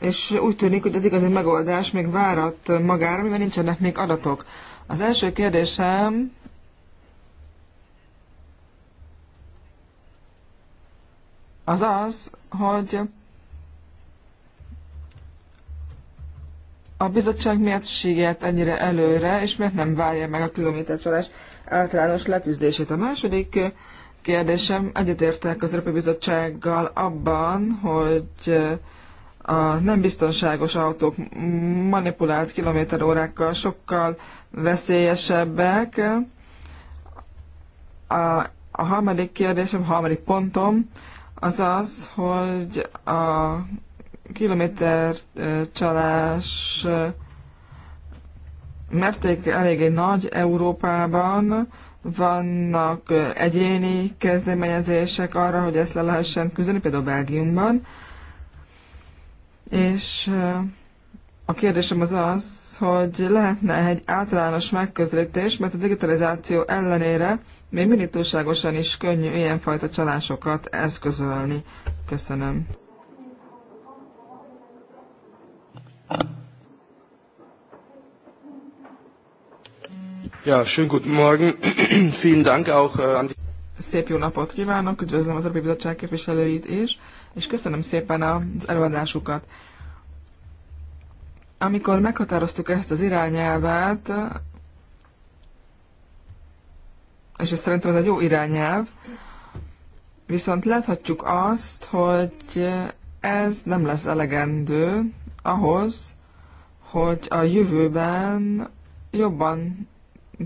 és úgy tűnik, hogy az igazi megoldás még várat magára, mivel nincsenek még adatok. Az első kérdésem az az, hogy a bizottság miért siet ennyire előre, és miért nem várja meg a kilométercsalás általános leküzdését. A második kérdésem, egyetértek az Európai Bizottsággal abban, hogy a nem biztonságos autók manipulált kilométerórákkal sokkal veszélyesebbek. A, a harmadik kérdésem, a harmadik pontom, az az, hogy a kilométer csalás mérték eléggé nagy Európában, vannak egyéni kezdeményezések arra, hogy ezt le lehessen küzdeni, például Belgiumban. És a kérdésem az az, hogy lehetne egy általános megközelítés, mert a digitalizáció ellenére még mindig túlságosan is könnyű ilyenfajta csalásokat eszközölni. Köszönöm. Ja, schönen guten Morgen. Vielen Dank auch äh, an die Szép jó napot kívánok, üdvözlöm az Európai Bizottság képviselőit is, és köszönöm szépen az előadásukat. Amikor meghatároztuk ezt az irányelvet, és szerintem ez egy jó irányelv, viszont láthatjuk azt, hogy ez nem lesz elegendő ahhoz, hogy a jövőben jobban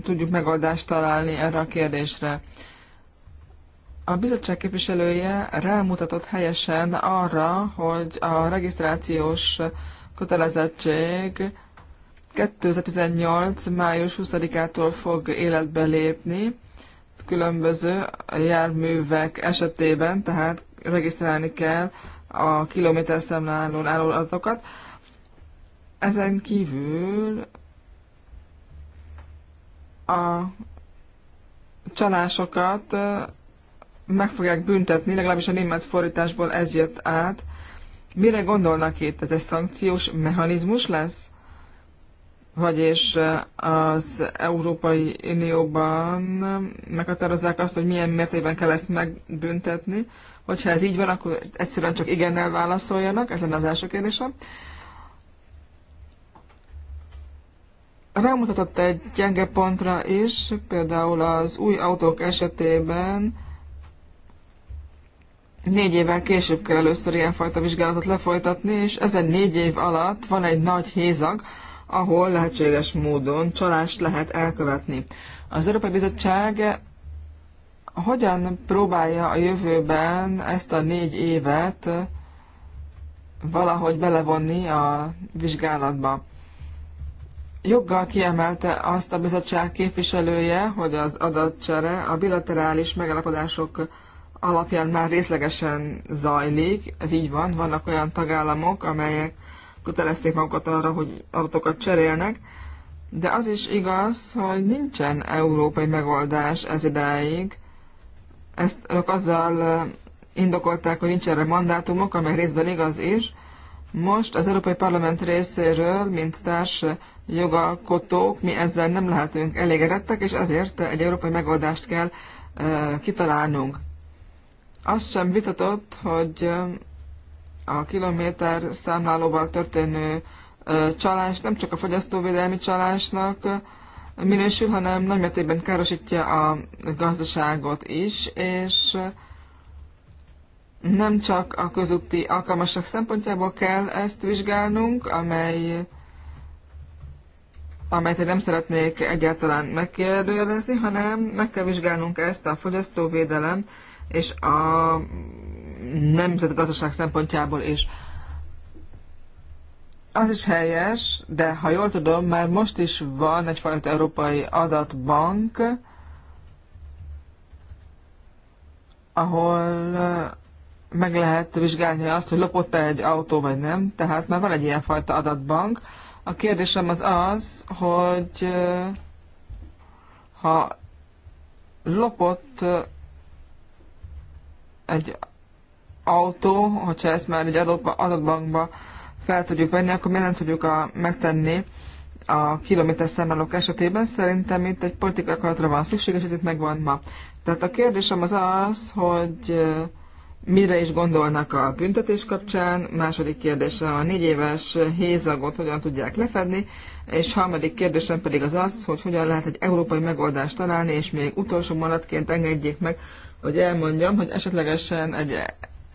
tudjuk megoldást találni erre a kérdésre. A bizottság képviselője rámutatott helyesen arra, hogy a regisztrációs kötelezettség 2018. május 20-ától fog életbe lépni, különböző a járművek esetében, tehát regisztrálni kell a kilométerszámlálón álló adatokat. Ezen kívül a csalásokat meg fogják büntetni, legalábbis a német fordításból ez jött át. Mire gondolnak itt? Ez egy szankciós mechanizmus lesz? vagyis eh, az Európai Unióban meghatározzák azt, hogy milyen mértékben kell ezt megbüntetni. Hogyha ez így van, akkor egyszerűen csak igennel válaszoljanak, ez lenne az első kérdésem. Rámutatott egy gyenge pontra is, például az új autók esetében négy évvel később kell először ilyenfajta vizsgálatot lefolytatni, és ezen négy év alatt van egy nagy hézag, ahol lehetséges módon csalást lehet elkövetni. Az Európai Bizottság hogyan próbálja a jövőben ezt a négy évet valahogy belevonni a vizsgálatba? Joggal kiemelte azt a bizottság képviselője, hogy az adatcsere a bilaterális megállapodások alapján már részlegesen zajlik. Ez így van, vannak olyan tagállamok, amelyek kötelezték magukat arra, hogy adatokat cserélnek, de az is igaz, hogy nincsen európai megoldás ez idáig. Ezt ők azzal indokolták, hogy nincs erre mandátumok, amely részben igaz is. Most az Európai Parlament részéről, mint társ jogalkotók, mi ezzel nem lehetünk elégedettek, és ezért egy európai megoldást kell uh, kitalálnunk. Azt sem vitatott, hogy a kilométer számlálóval történő csalás nem csak a fogyasztóvédelmi csalásnak minősül, hanem nagymértékben károsítja a gazdaságot is, és nem csak a közúti alkalmasság szempontjából kell ezt vizsgálnunk, amely amelyet én nem szeretnék egyáltalán megkérdőjelezni, hanem meg kell vizsgálnunk ezt a fogyasztóvédelem és a nemzetgazdaság szempontjából is. Az is helyes, de ha jól tudom, már most is van egyfajta európai adatbank, ahol eh, meg lehet vizsgálni azt, hogy lopott-e egy autó vagy nem, tehát már van egy ilyen fajta adatbank. A kérdésem az az, hogy eh, ha lopott eh, egy autó, hogyha ezt már egy adatbankba fel tudjuk venni, akkor mi nem tudjuk a, megtenni a kilométerszámlálók esetében. Szerintem itt egy politikai akaratra van szükség, és ez itt megvan ma. Tehát a kérdésem az az, hogy mire is gondolnak a büntetés kapcsán, második kérdésem a négy éves hézagot hogyan tudják lefedni, és harmadik kérdésem pedig az az, hogy hogyan lehet egy európai megoldást találni, és még utolsó maradként engedjék meg, hogy elmondjam, hogy esetlegesen egy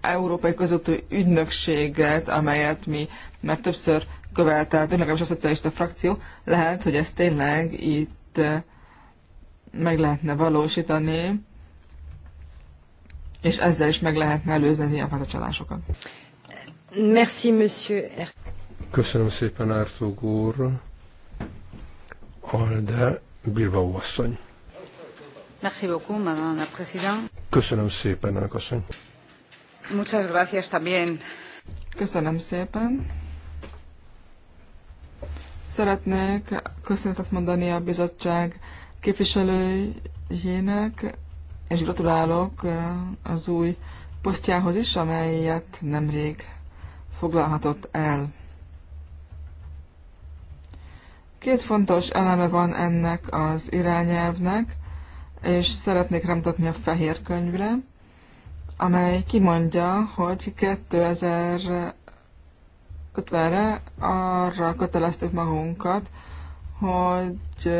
európai közöttő ügynökséget, amelyet mi már többször követelt, legalábbis a szocialista frakció, lehet, hogy ezt tényleg itt eh, meg lehetne valósítani, és ezzel is meg lehetne előzni az ilyenfajta csalásokat. Merci, monsieur. Köszönöm szépen, Ártóg úr. Alde Bilbao asszony. Merci beaucoup, madame la présidente. Köszönöm szépen, elnök asszony. Muchas gracias también. Köszönöm szépen. Szeretnék köszönetet mondani a bizottság képviselőjének, és gratulálok eh, az új posztjához is, amelyet nemrég foglalhatott el. Két fontos eleme van ennek az irányelvnek, és szeretnék rámutatni a fehér könyvre amely kimondja, hogy 2050-re arra köteleztük magunkat, hogy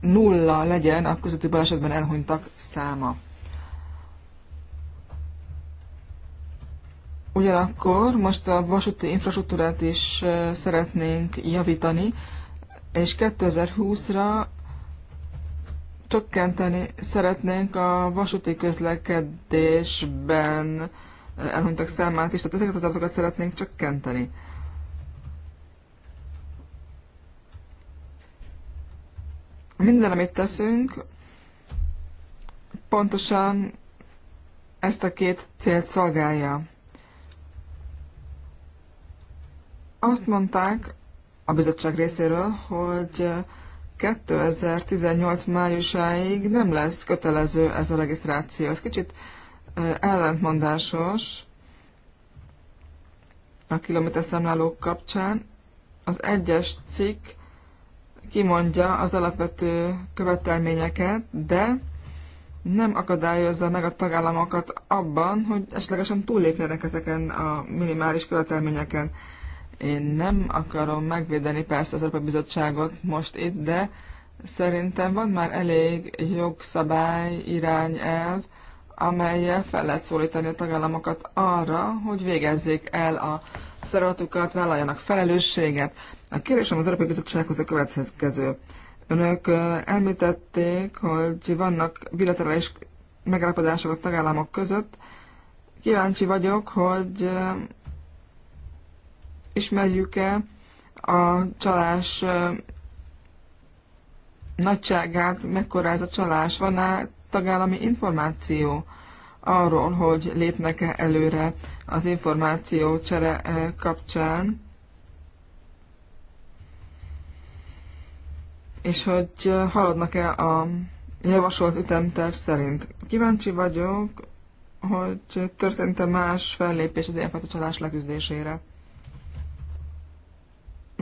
nulla legyen a közötti balesetben elhunytak száma. Ugyanakkor most a vasúti infrastruktúrát is szeretnénk javítani, és 2020-ra csökkenteni szeretnénk a vasúti közlekedésben elhunytak számát is, tehát ezeket az adatokat szeretnénk csökkenteni. Minden, amit teszünk, pontosan ezt a két célt szolgálja. Azt mondták a bizottság részéről, hogy 2018 májusáig nem lesz kötelező ez a regisztráció. Ez kicsit ellentmondásos a kilométerszámlálók kapcsán. Az egyes cikk kimondja az alapvető követelményeket, de nem akadályozza meg a tagállamokat abban, hogy esetlegesen túllépjenek ezeken a minimális követelményeken. Én nem akarom megvédeni persze az Európai Bizottságot most itt, de szerintem van már elég jogszabály, irányelv, amelyel fel lehet szólítani a tagállamokat arra, hogy végezzék el a feladatukat, vállaljanak felelősséget. A kérésem az Európai Bizottsághoz a következő. Önök említették, hogy vannak bilaterális megállapodások a tagállamok között. Kíváncsi vagyok, hogy ismerjük-e a csalás nagyságát, mekkora ez a csalás, van-e tagállami információ arról, hogy lépnek-e előre az információ csere kapcsán, és hogy haladnak-e a javasolt ütemterv szerint. Kíváncsi vagyok, hogy történt-e más fellépés az ilyenfajta csalás leküzdésére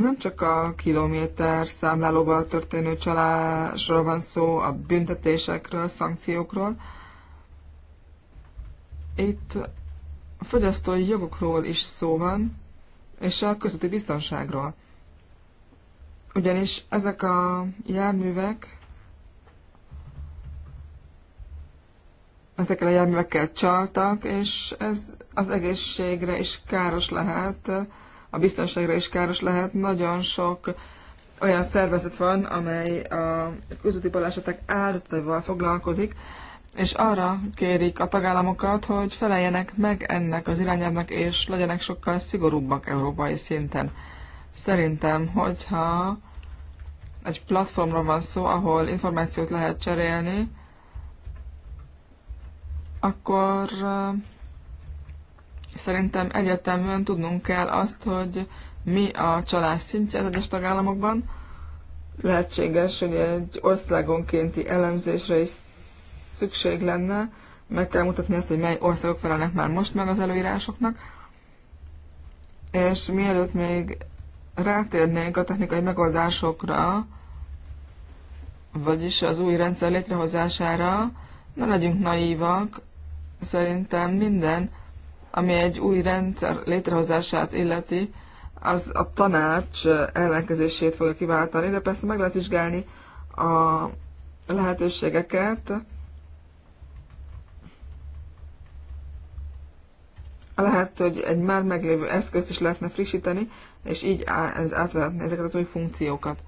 nem csak a kilométer számlálóval történő csalásról van szó, a büntetésekről, a szankciókról. Itt a fogyasztói jogokról is szó van, és a közötti biztonságról. Ugyanis ezek a járművek, ezekkel a járművekkel csaltak, és ez az egészségre is káros lehet, a biztonságra is káros lehet. Nagyon sok olyan szervezet van, amely a közúti balesetek áldozataival foglalkozik, és arra kérik a tagállamokat, hogy feleljenek meg ennek az irányának, és legyenek sokkal szigorúbbak európai szinten. Szerintem, hogyha egy platformra van szó, ahol információt lehet cserélni, akkor Szerintem egyértelműen tudnunk kell azt, hogy mi a csalás szintje az egyes tagállamokban. Lehetséges, hogy egy országonkénti elemzésre is szükség lenne, meg kell mutatni azt, hogy mely országok felelnek már most meg az előírásoknak. És mielőtt még rátérnénk a technikai megoldásokra, vagyis az új rendszer létrehozására, ne legyünk naívak, szerintem minden ami egy új rendszer létrehozását illeti, az a tanács ellenkezését fogja kiváltani, de persze meg lehet vizsgálni a lehetőségeket. Lehet, hogy egy már meglévő eszközt is lehetne frissíteni, és így ez átvehetne ezeket az új funkciókat.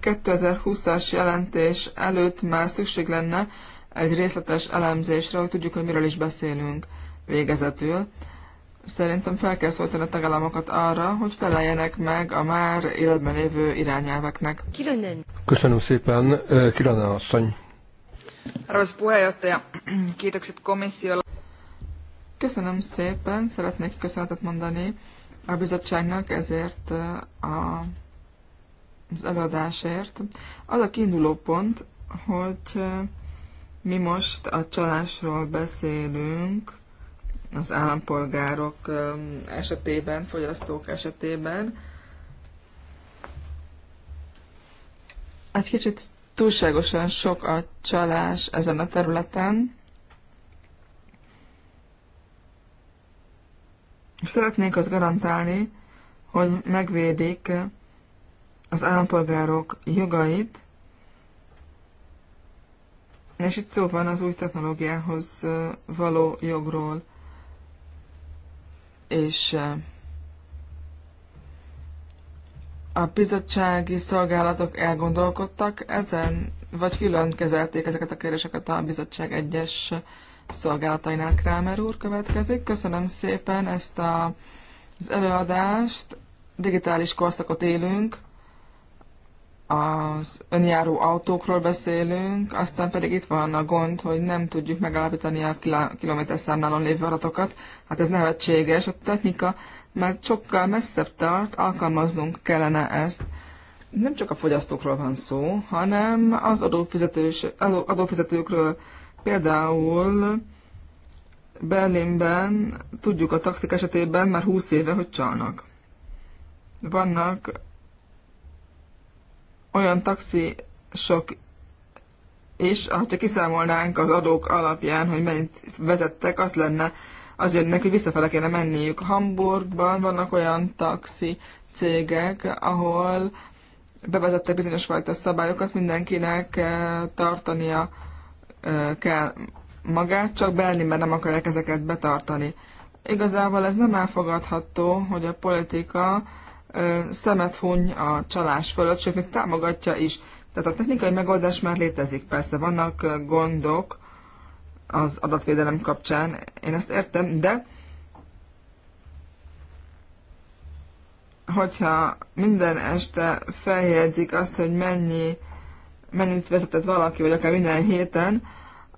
a 2020-as jelentés előtt már szükség lenne egy részletes elemzésre, hogy tudjuk, hogy miről is beszélünk végezetül. Szerintem fel kell szólítani a tagállamokat arra, hogy feleljenek meg a már életben lévő irányelveknek. Köszönöm szépen, Kirana asszony. Arvoisa puheenjohtaja, kiitokset komissiolla. Köszönöm szépen, szeretnék köszönetet mondani a bizottságnak ezért a az előadásért. Az a kiinduló pont, hogy mi most a csalásról beszélünk az állampolgárok esetében, fogyasztók esetében. Egy kicsit túlságosan sok a csalás ezen a területen. Szeretnék azt garantálni, hogy megvédik az állampolgárok jogait, és itt szó van az új technológiához való jogról, és a bizottsági szolgálatok elgondolkodtak ezen, vagy külön kezelték ezeket a kérdéseket a bizottság egyes szolgálatainál. Krámer úr következik. Köszönöm szépen ezt a, az előadást. Digitális korszakot élünk az önjáró autókról beszélünk, aztán pedig itt van a gond, hogy nem tudjuk megállapítani a kilométer számlálon lévő adatokat. Hát ez nevetséges, a technika mert sokkal messzebb tart, alkalmaznunk kellene ezt. Nem csak a fogyasztókról van szó, hanem az adófizetős, adófizetőkről. Például Berlinben tudjuk a taxik esetében már 20 éve, hogy csalnak. Vannak olyan taxisok és ha kiszámolnánk az adók alapján, hogy mennyit vezettek, az lenne, az jönnek, hogy visszafele kéne menniük. Hamburgban vannak olyan taxi cégek, ahol bevezettek bizonyos fajta szabályokat, mindenkinek eh, tartania eh, kell magát, csak belni, mert nem akarják ezeket betartani. Igazából ez nem elfogadható, hogy a politika szemet huny a csalás fölött, sőt, még támogatja is. Tehát a technikai megoldás már létezik, persze vannak gondok az adatvédelem kapcsán, én ezt értem, de hogyha minden este feljegyzik azt, hogy mennyi, mennyit vezetett valaki, vagy akár minden héten,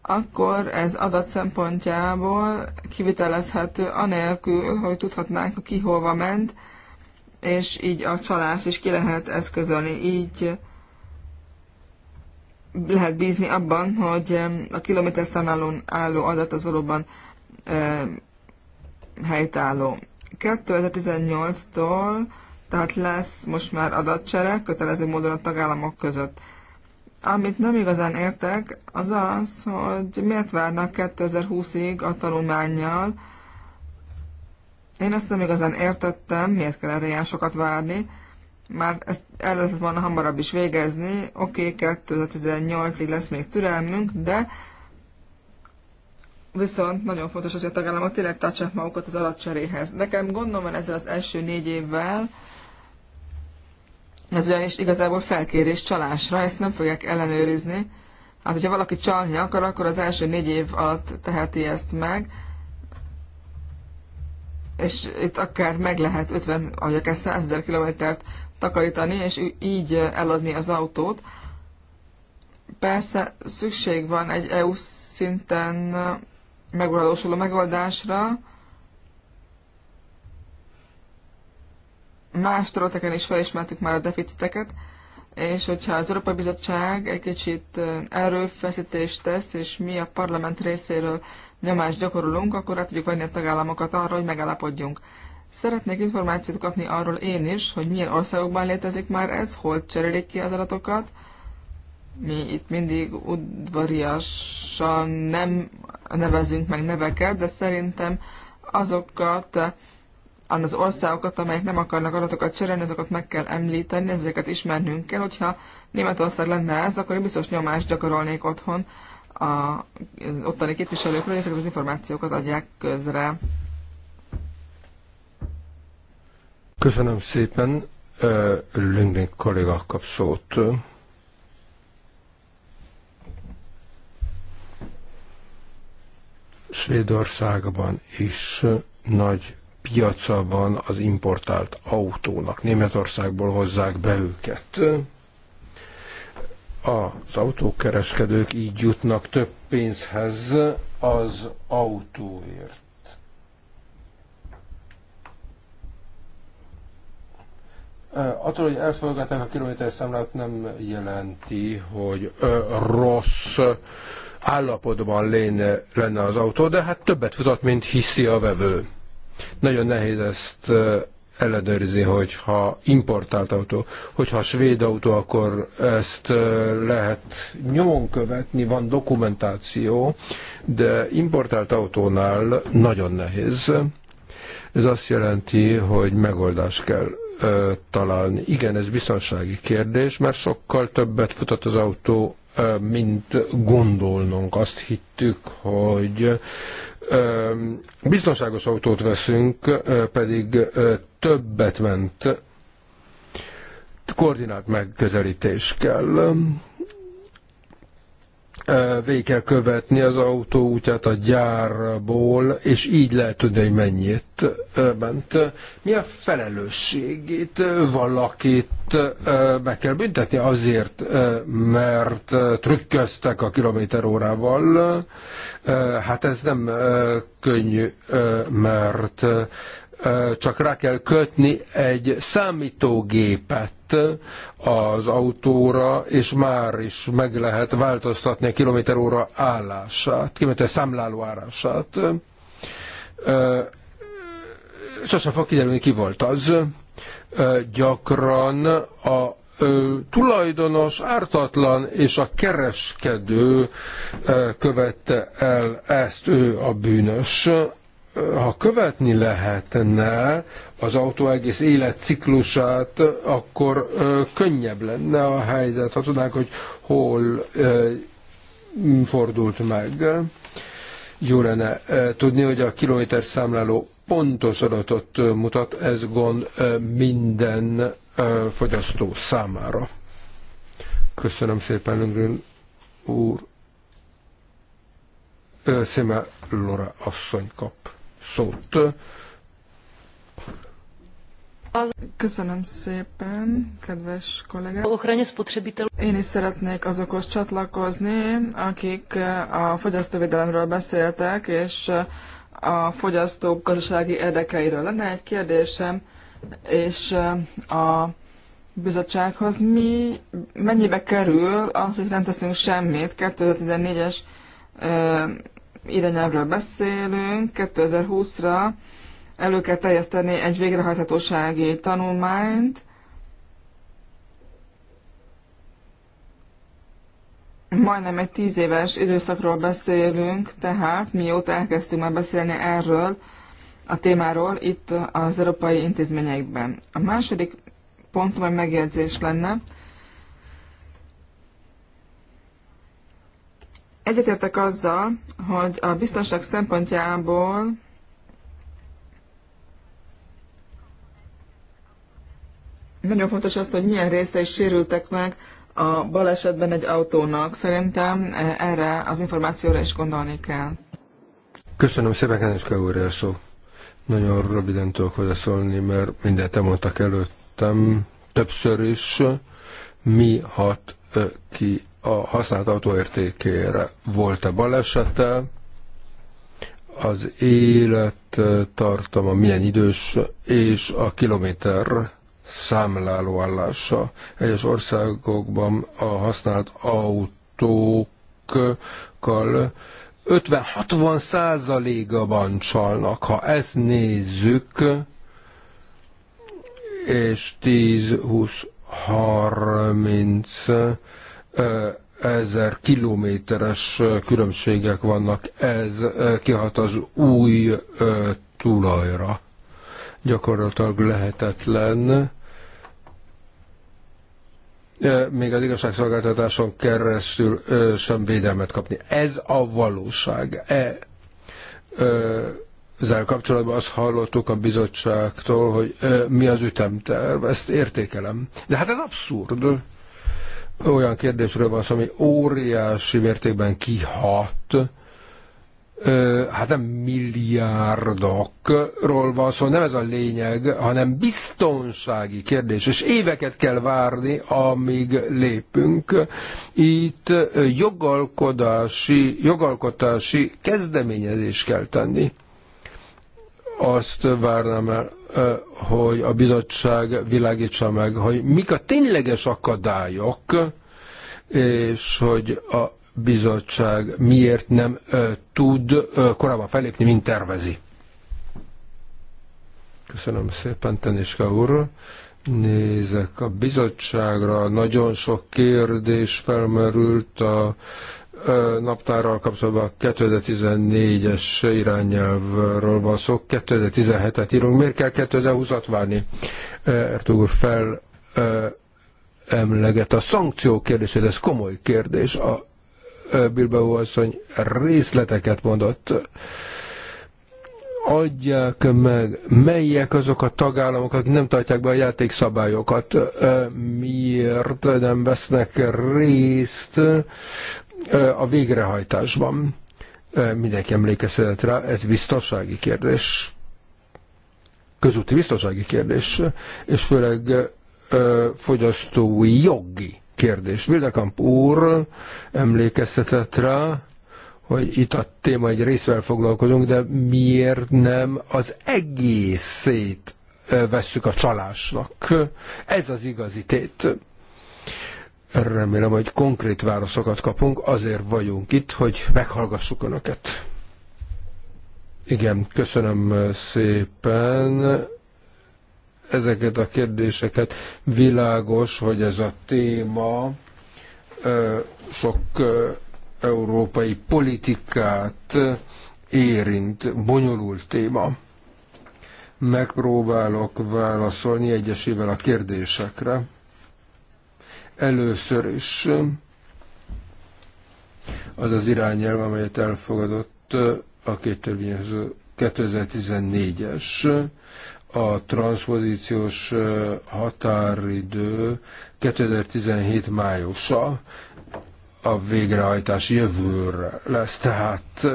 akkor ez adat szempontjából kivitelezhető, anélkül, hogy tudhatnánk, ki hova ment, és így a csalást is ki lehet eszközölni. Így lehet bízni abban, hogy a kilométerszámlálón álló adat az valóban e, helytálló. 2018-tól tehát lesz most már adatcsere kötelező módon a tagállamok között. Amit nem igazán értek, az az, hogy miért várnak 2020-ig a tanulmányjal, én ezt nem igazán értettem, miért kell erre ilyen sokat várni. Már ezt el lehetett volna hamarabb is végezni. Oké, okay, 2018-ig lesz még türelmünk, de viszont nagyon fontos, az, hogy a tagállamok tényleg tartsák magukat az alapcseréhez. Nekem gondom van ezzel az első négy évvel, ez ugyanis igazából felkérés csalásra, ezt nem fogják ellenőrizni. Hát, hogyha valaki csalni akar, akkor az első négy év alatt teheti ezt meg, és itt akár meg lehet 50, vagy akár 100 ezer kilométert takarítani, és így eladni az autót. Persze szükség van egy EU szinten megvalósuló megoldásra, más területeken is felismertük már a deficiteket, és hogyha az Európai Bizottság egy kicsit erőfeszítést tesz, és mi a parlament részéről nyomást gyakorolunk, akkor rá tudjuk venni a tagállamokat arra, hogy megállapodjunk. Szeretnék információt kapni arról én is, hogy milyen országokban létezik már ez, hol cserélik ki az adatokat. Mi itt mindig udvariasan nem nevezünk meg neveket, de szerintem azokat az országokat, amelyek nem akarnak adatokat cserélni, azokat meg kell említeni, ezeket ismernünk kell. Hogyha Németország lenne ez, akkor én biztos nyomást gyakorolnék otthon a ottani képviselőkről, ezeket az információkat adják közre. Köszönöm szépen. Lüngdén kolléga kap szót. Svédországban is nagy piaca van az importált autónak. Németországból hozzák be őket. Az autókereskedők így jutnak több pénzhez az autóért. Attól, hogy elfogadták a számlát, nem jelenti, hogy rossz állapotban lenne, lenne az autó, de hát többet futott, mint hiszi a vevő. Nagyon nehéz ezt ellenőrizi, hogyha importált autó, hogyha svéd autó, akkor ezt lehet nyomon követni, van dokumentáció, de importált autónál nagyon nehéz. Ez azt jelenti, hogy megoldás kell találni. Igen, ez biztonsági kérdés, mert sokkal többet futott az autó, mint gondolnunk. Azt hittük, hogy biztonságos autót veszünk, pedig többet ment. Koordinált megközelítés kell végig kell követni az autóútját a gyárból, és így lehet tudni, hogy mennyit ment. Mi a felelősség? Itt valakit meg kell büntetni azért, mert trükköztek a kilométer órával. Hát ez nem könnyű, mert csak rá kell kötni egy számítógépet az autóra, és már is meg lehet változtatni a kilométer óra állását, kilométer számláló állását. Sose fog kiderülni, ki volt az. Gyakran a tulajdonos ártatlan és a kereskedő követte el ezt, ő a bűnös ha követni lehetne az autó egész életciklusát, akkor könnyebb lenne a helyzet, ha tudnánk, hogy hol fordult meg. Jó lenne tudni, hogy a kilométer számláló pontos adatot mutat, ez gond minden fogyasztó számára. Köszönöm szépen, Lundgren úr. Szeme Lora asszony kap szót. Köszönöm szépen, kedves kollégák. Én is szeretnék azokhoz csatlakozni, akik a fogyasztóvédelemről beszéltek, és a fogyasztók gazdasági érdekeiről. Lenne egy kérdésem, és a bizottsághoz mi, mennyibe kerül az, hogy nem teszünk semmit 2014-es irányelvről beszélünk. 2020-ra elő kell teljeszteni egy végrehajthatósági tanulmányt, majdnem egy tíz éves időszakról beszélünk, tehát mióta elkezdtünk már beszélni erről a témáról itt az európai intézményekben. A második pontom vagy megjegyzés lenne, Egyetértek azzal, hogy a biztonság szempontjából nagyon fontos az, hogy milyen része is sérültek meg a balesetben egy autónak. Szerintem eh, erre az információra is gondolni kell. Köszönöm szépen, Keneske úr, a szó. Nagyon röviden tudok hozzászólni, mert mindent mondtak előttem. Többször is mi hat eh, ki a használt autóértékére volt a balesete, az élettartama milyen idős, és a kilométer számláló állása. Egyes országokban a használt autókkal 50-60 százalékaban csalnak. Ha ezt nézzük, és 10-20-30 ezer kilométeres különbségek vannak, ez kihat az új tulajra. Gyakorlatilag lehetetlen még az igazságszolgáltatáson keresztül sem védelmet kapni. Ez a valóság. E, ezzel kapcsolatban azt hallottuk a bizottságtól, hogy mi az ütemterv, ezt értékelem. De hát ez abszurd olyan kérdésről van szó, ami óriási mértékben kihat, hát nem milliárdokról van szó, nem ez a lényeg, hanem biztonsági kérdés, és éveket kell várni, amíg lépünk. Itt jogalkodási, jogalkotási kezdeményezést kell tenni. Azt várnám el hogy a bizottság világítsa meg, hogy mik a tényleges akadályok, és hogy a bizottság miért nem tud korábban felépni, mint tervezi. Köszönöm szépen, Teniska úr. Nézek a bizottságra, nagyon sok kérdés felmerült a naptárral kapcsolatban 2014-es irányelvről van szó, 2017-et írunk, miért kell 2020-at várni? Ertug fel emleget a szankció kérdését, ez komoly kérdés. A Bilbao asszony részleteket mondott adják meg, melyek azok a tagállamok, akik nem tartják be a játékszabályokat, miért nem vesznek részt a végrehajtásban. Mindenki emlékezhet rá, ez biztonsági kérdés, közúti biztonsági kérdés, és főleg fogyasztói jogi kérdés. Vildekamp úr emlékeztetett rá, hogy itt a téma egy részvel foglalkozunk, de miért nem az egészét vesszük a csalásnak? Ez az igazi tét. Remélem, hogy konkrét válaszokat kapunk, azért vagyunk itt, hogy meghallgassuk Önöket. Igen, köszönöm szépen ezeket a kérdéseket. Világos, hogy ez a téma sok európai politikát érint, bonyolult téma. Megpróbálok válaszolni egyesével a kérdésekre Először is az az irányelv, amelyet elfogadott a két törvényhez 2014-es, a transzpozíciós határidő 2017 májusa, a végrehajtás jövőre lesz. Tehát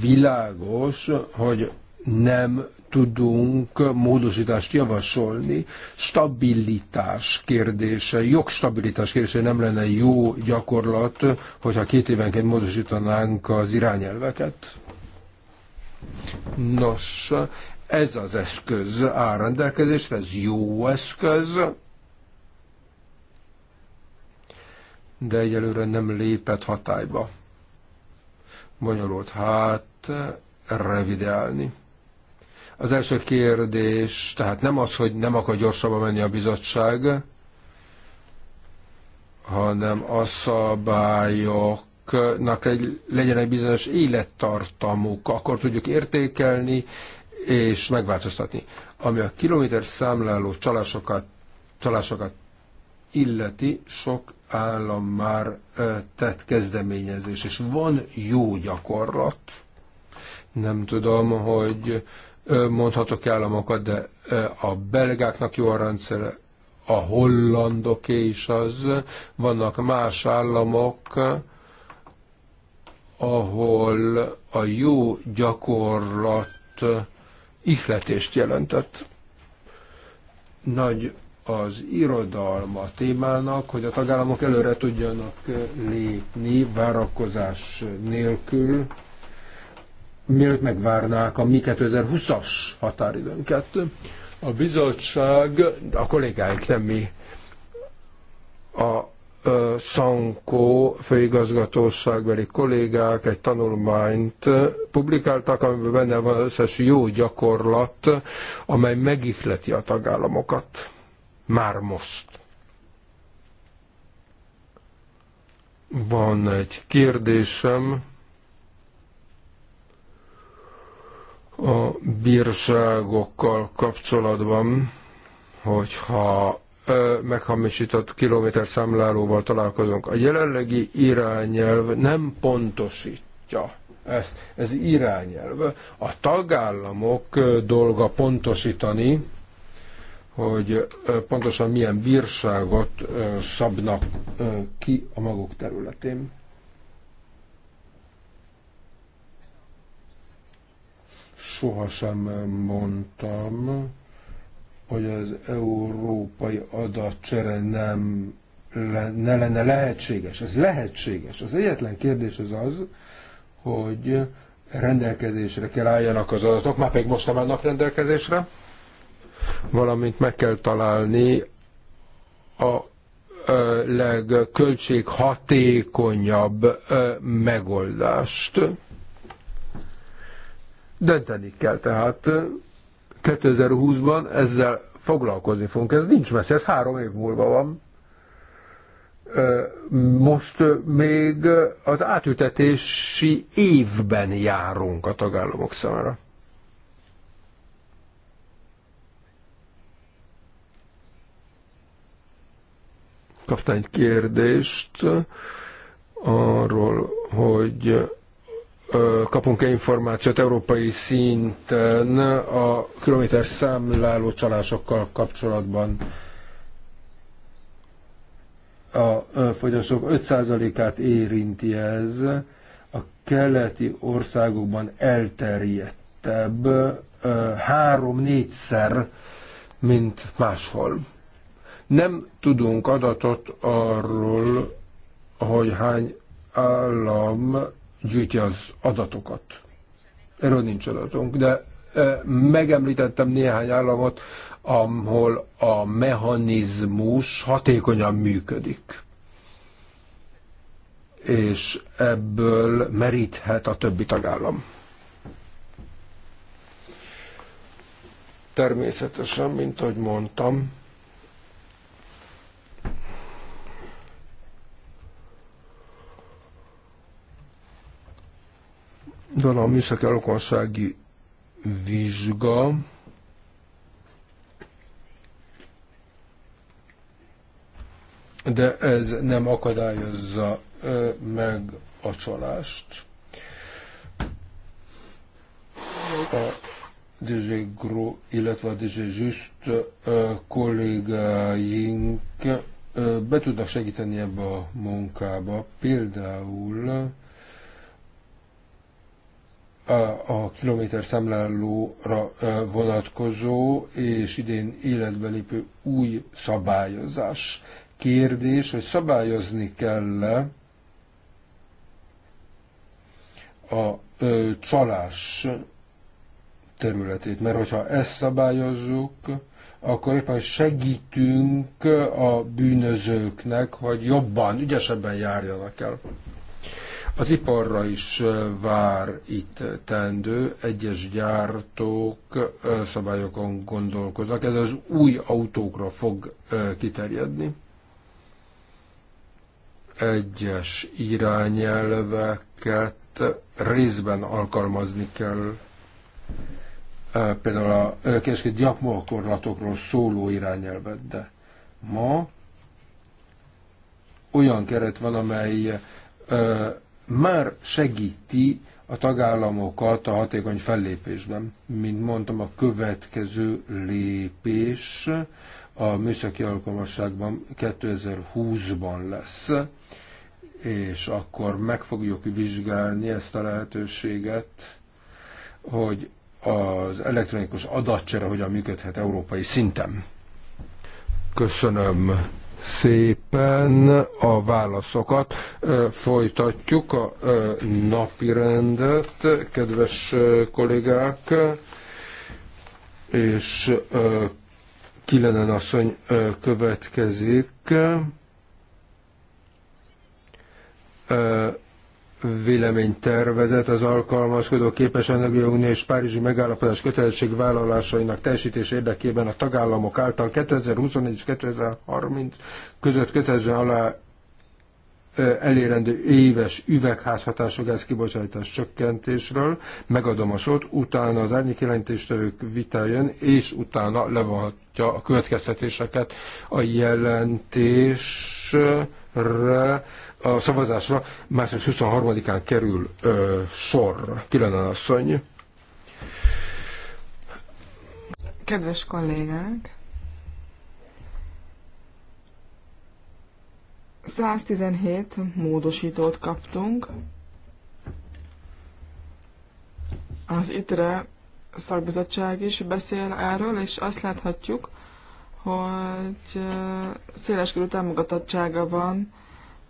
világos, hogy nem tudunk módosítást javasolni. Stabilitás kérdése, jogstabilitás kérdése nem lenne jó gyakorlat, hogyha két évenként módosítanánk az irányelveket. Nos, ez az eszköz áll rendelkezésre, ez jó eszköz, de egyelőre nem lépett hatályba. Bonyolult hát revideálni. Az első kérdés, tehát nem az, hogy nem akar gyorsabban menni a bizottság, hanem a szabályoknak egy, legyen egy bizonyos élettartamuk, akkor tudjuk értékelni és megváltoztatni. Ami a kilométer számláló csalásokat, csalásokat illeti, sok állam már tett kezdeményezés, és van jó gyakorlat. Nem tudom, hogy mondhatok államokat, de a belgáknak jó a rendszer, a hollandoké is az, vannak más államok, ahol a jó gyakorlat ihletést jelentett. Nagy az irodalma témának, hogy a tagállamok előre tudjanak lépni várakozás nélkül, mielőtt megvárnák a mi 2020-as határidőnket. A bizottság, a kollégáik nem mi, a Szankó főigazgatóságbeli kollégák egy tanulmányt publikáltak, amiben benne van az összes jó gyakorlat, amely megihleti a tagállamokat. Már most. Van egy kérdésem a bírságokkal kapcsolatban, hogyha meghamisított kilométerszámlálóval találkozunk. A jelenlegi irányelv nem pontosítja ezt. Ez irányelv. A tagállamok dolga pontosítani, hogy pontosan milyen bírságot szabnak ki a maguk területén. sohasem eh, mondtam, hogy az európai adatcsere nem le, ne lenne lehetséges. Ez lehetséges. Az egyetlen kérdés az az, hogy rendelkezésre kell álljanak az adatok, már pedig most nem állnak rendelkezésre, valamint meg kell találni a eh, legköltséghatékonyabb eh, megoldást Dönteni kell tehát 2020-ban ezzel foglalkozni fogunk. Ez nincs messze, ez három év múlva van. Most még az átütetési évben járunk a tagállamok számára. Kaptam egy kérdést arról, hogy kapunk-e információt európai szinten a kilométer számláló csalásokkal kapcsolatban? a fogyasztók 5%-át érinti ez, a keleti országokban elterjedtebb 3-4-szer, mint máshol. Nem tudunk adatot arról, hogy hány állam gyűjti az adatokat. Erről nincs adatunk, de e, megemlítettem néhány államot, ahol a mechanizmus hatékonyan működik. És ebből meríthet a többi tagállam. Természetesen, mint ahogy mondtam, Van a műszaki rokonsági vizsga, de ez nem akadályozza meg a csalást. A DJ Gro, illetve a DJ Just kollégáink be tudnak segíteni ebbe a munkába. Például a kilométer számlálóra vonatkozó és idén életbe lépő új szabályozás. Kérdés, hogy szabályozni kell -e a ö, csalás területét, mert hogyha ezt szabályozzuk, akkor éppen segítünk a bűnözőknek, hogy jobban, ügyesebben járjanak el. Az iparra is vár itt tendő, egyes gyártók szabályokon gondolkoznak, ez az új autókra fog kiterjedni. Egyes irányelveket részben alkalmazni kell, például a kereskedő gyakmakorlatokról szóló irányelvet, de ma olyan keret van, amely már segíti a tagállamokat a hatékony fellépésben. Mint mondtam, a következő lépés a műszaki alkalmasságban 2020-ban lesz, és akkor meg fogjuk vizsgálni ezt a lehetőséget, hogy az elektronikus adatcsere hogyan működhet európai szinten. Köszönöm szépen a válaszokat. Folytatjuk a napi rendet, kedves kollégák, és Kilenen asszony következik véleménytervezet az alkalmazkodó képes energiaunió és Párizsi megállapodás kötelezettségvállalásainak teljesítés érdekében a tagállamok által 2021 és 2030 között kötelezően alá elérendő éves üvegházhatások gáz kibocsátás csökkentésről. Megadom a szót, utána az árnyék jelentéstevők vitáján, és utána levonhatja a következtetéseket. A jelentés a szavazásra március 23-án kerül ö, sor. Különön asszony. Kedves kollégák! 117 módosítót kaptunk. Az ITRE szakbizottság is beszél erről, és azt láthatjuk, hogy széleskörű támogatottsága van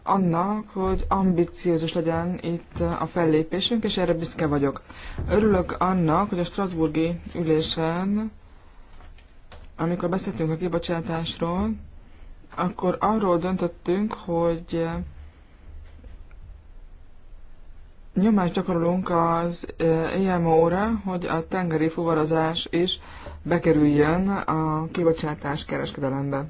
annak, hogy ambiciózus legyen itt a fellépésünk, és erre büszke vagyok. Örülök annak, hogy a Strasburgi ülésen, amikor beszéltünk a kibocsátásról, akkor arról döntöttünk, hogy nyomást gyakorolunk az emo ra hogy a tengeri fuvarozás is bekerüljön a kibocsátás kereskedelembe.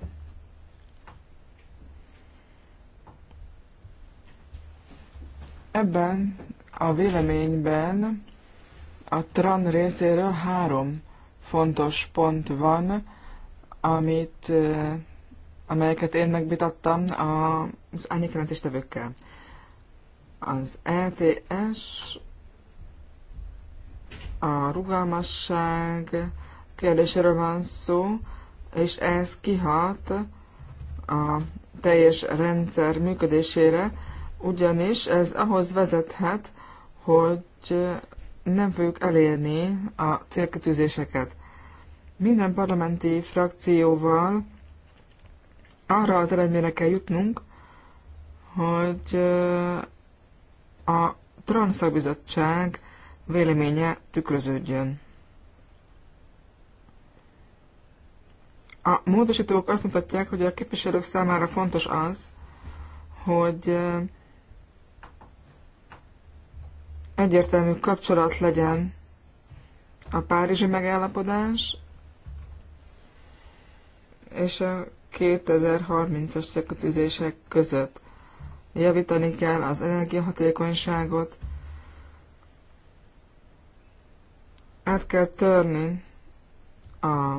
Ebben a véleményben a TRAN részéről három fontos pont van, amit, amelyeket én megvitattam az tevőkkel. Az ETS, a rugalmasság, kérdéséről van szó, és ez kihat a teljes rendszer működésére, ugyanis ez ahhoz vezethet, hogy nem fogjuk elérni a célkitűzéseket. Minden parlamenti frakcióval arra az eredményre kell jutnunk, hogy a Transzakbizottság véleménye tükröződjön. A módosítók azt mutatják, hogy a képviselők számára fontos az, hogy egyértelmű kapcsolat legyen a párizsi megállapodás és a 2030-as szekötűzések között. Javítani kell az energiahatékonyságot, át kell törni a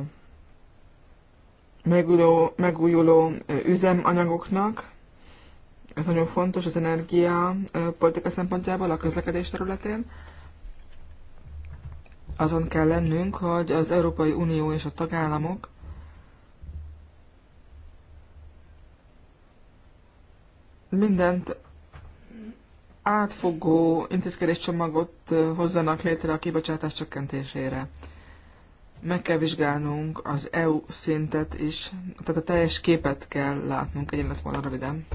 megújuló, megújuló üzemanyagoknak. Ez nagyon fontos az energia politika szempontjából a közlekedés területén. Azon kell lennünk, hogy az Európai Unió és a tagállamok mindent átfogó intézkedéscsomagot hozzanak létre a kibocsátás csökkentésére meg kell vizsgálnunk az EU szintet is, tehát a teljes képet kell látnunk, egy lett volna röviden.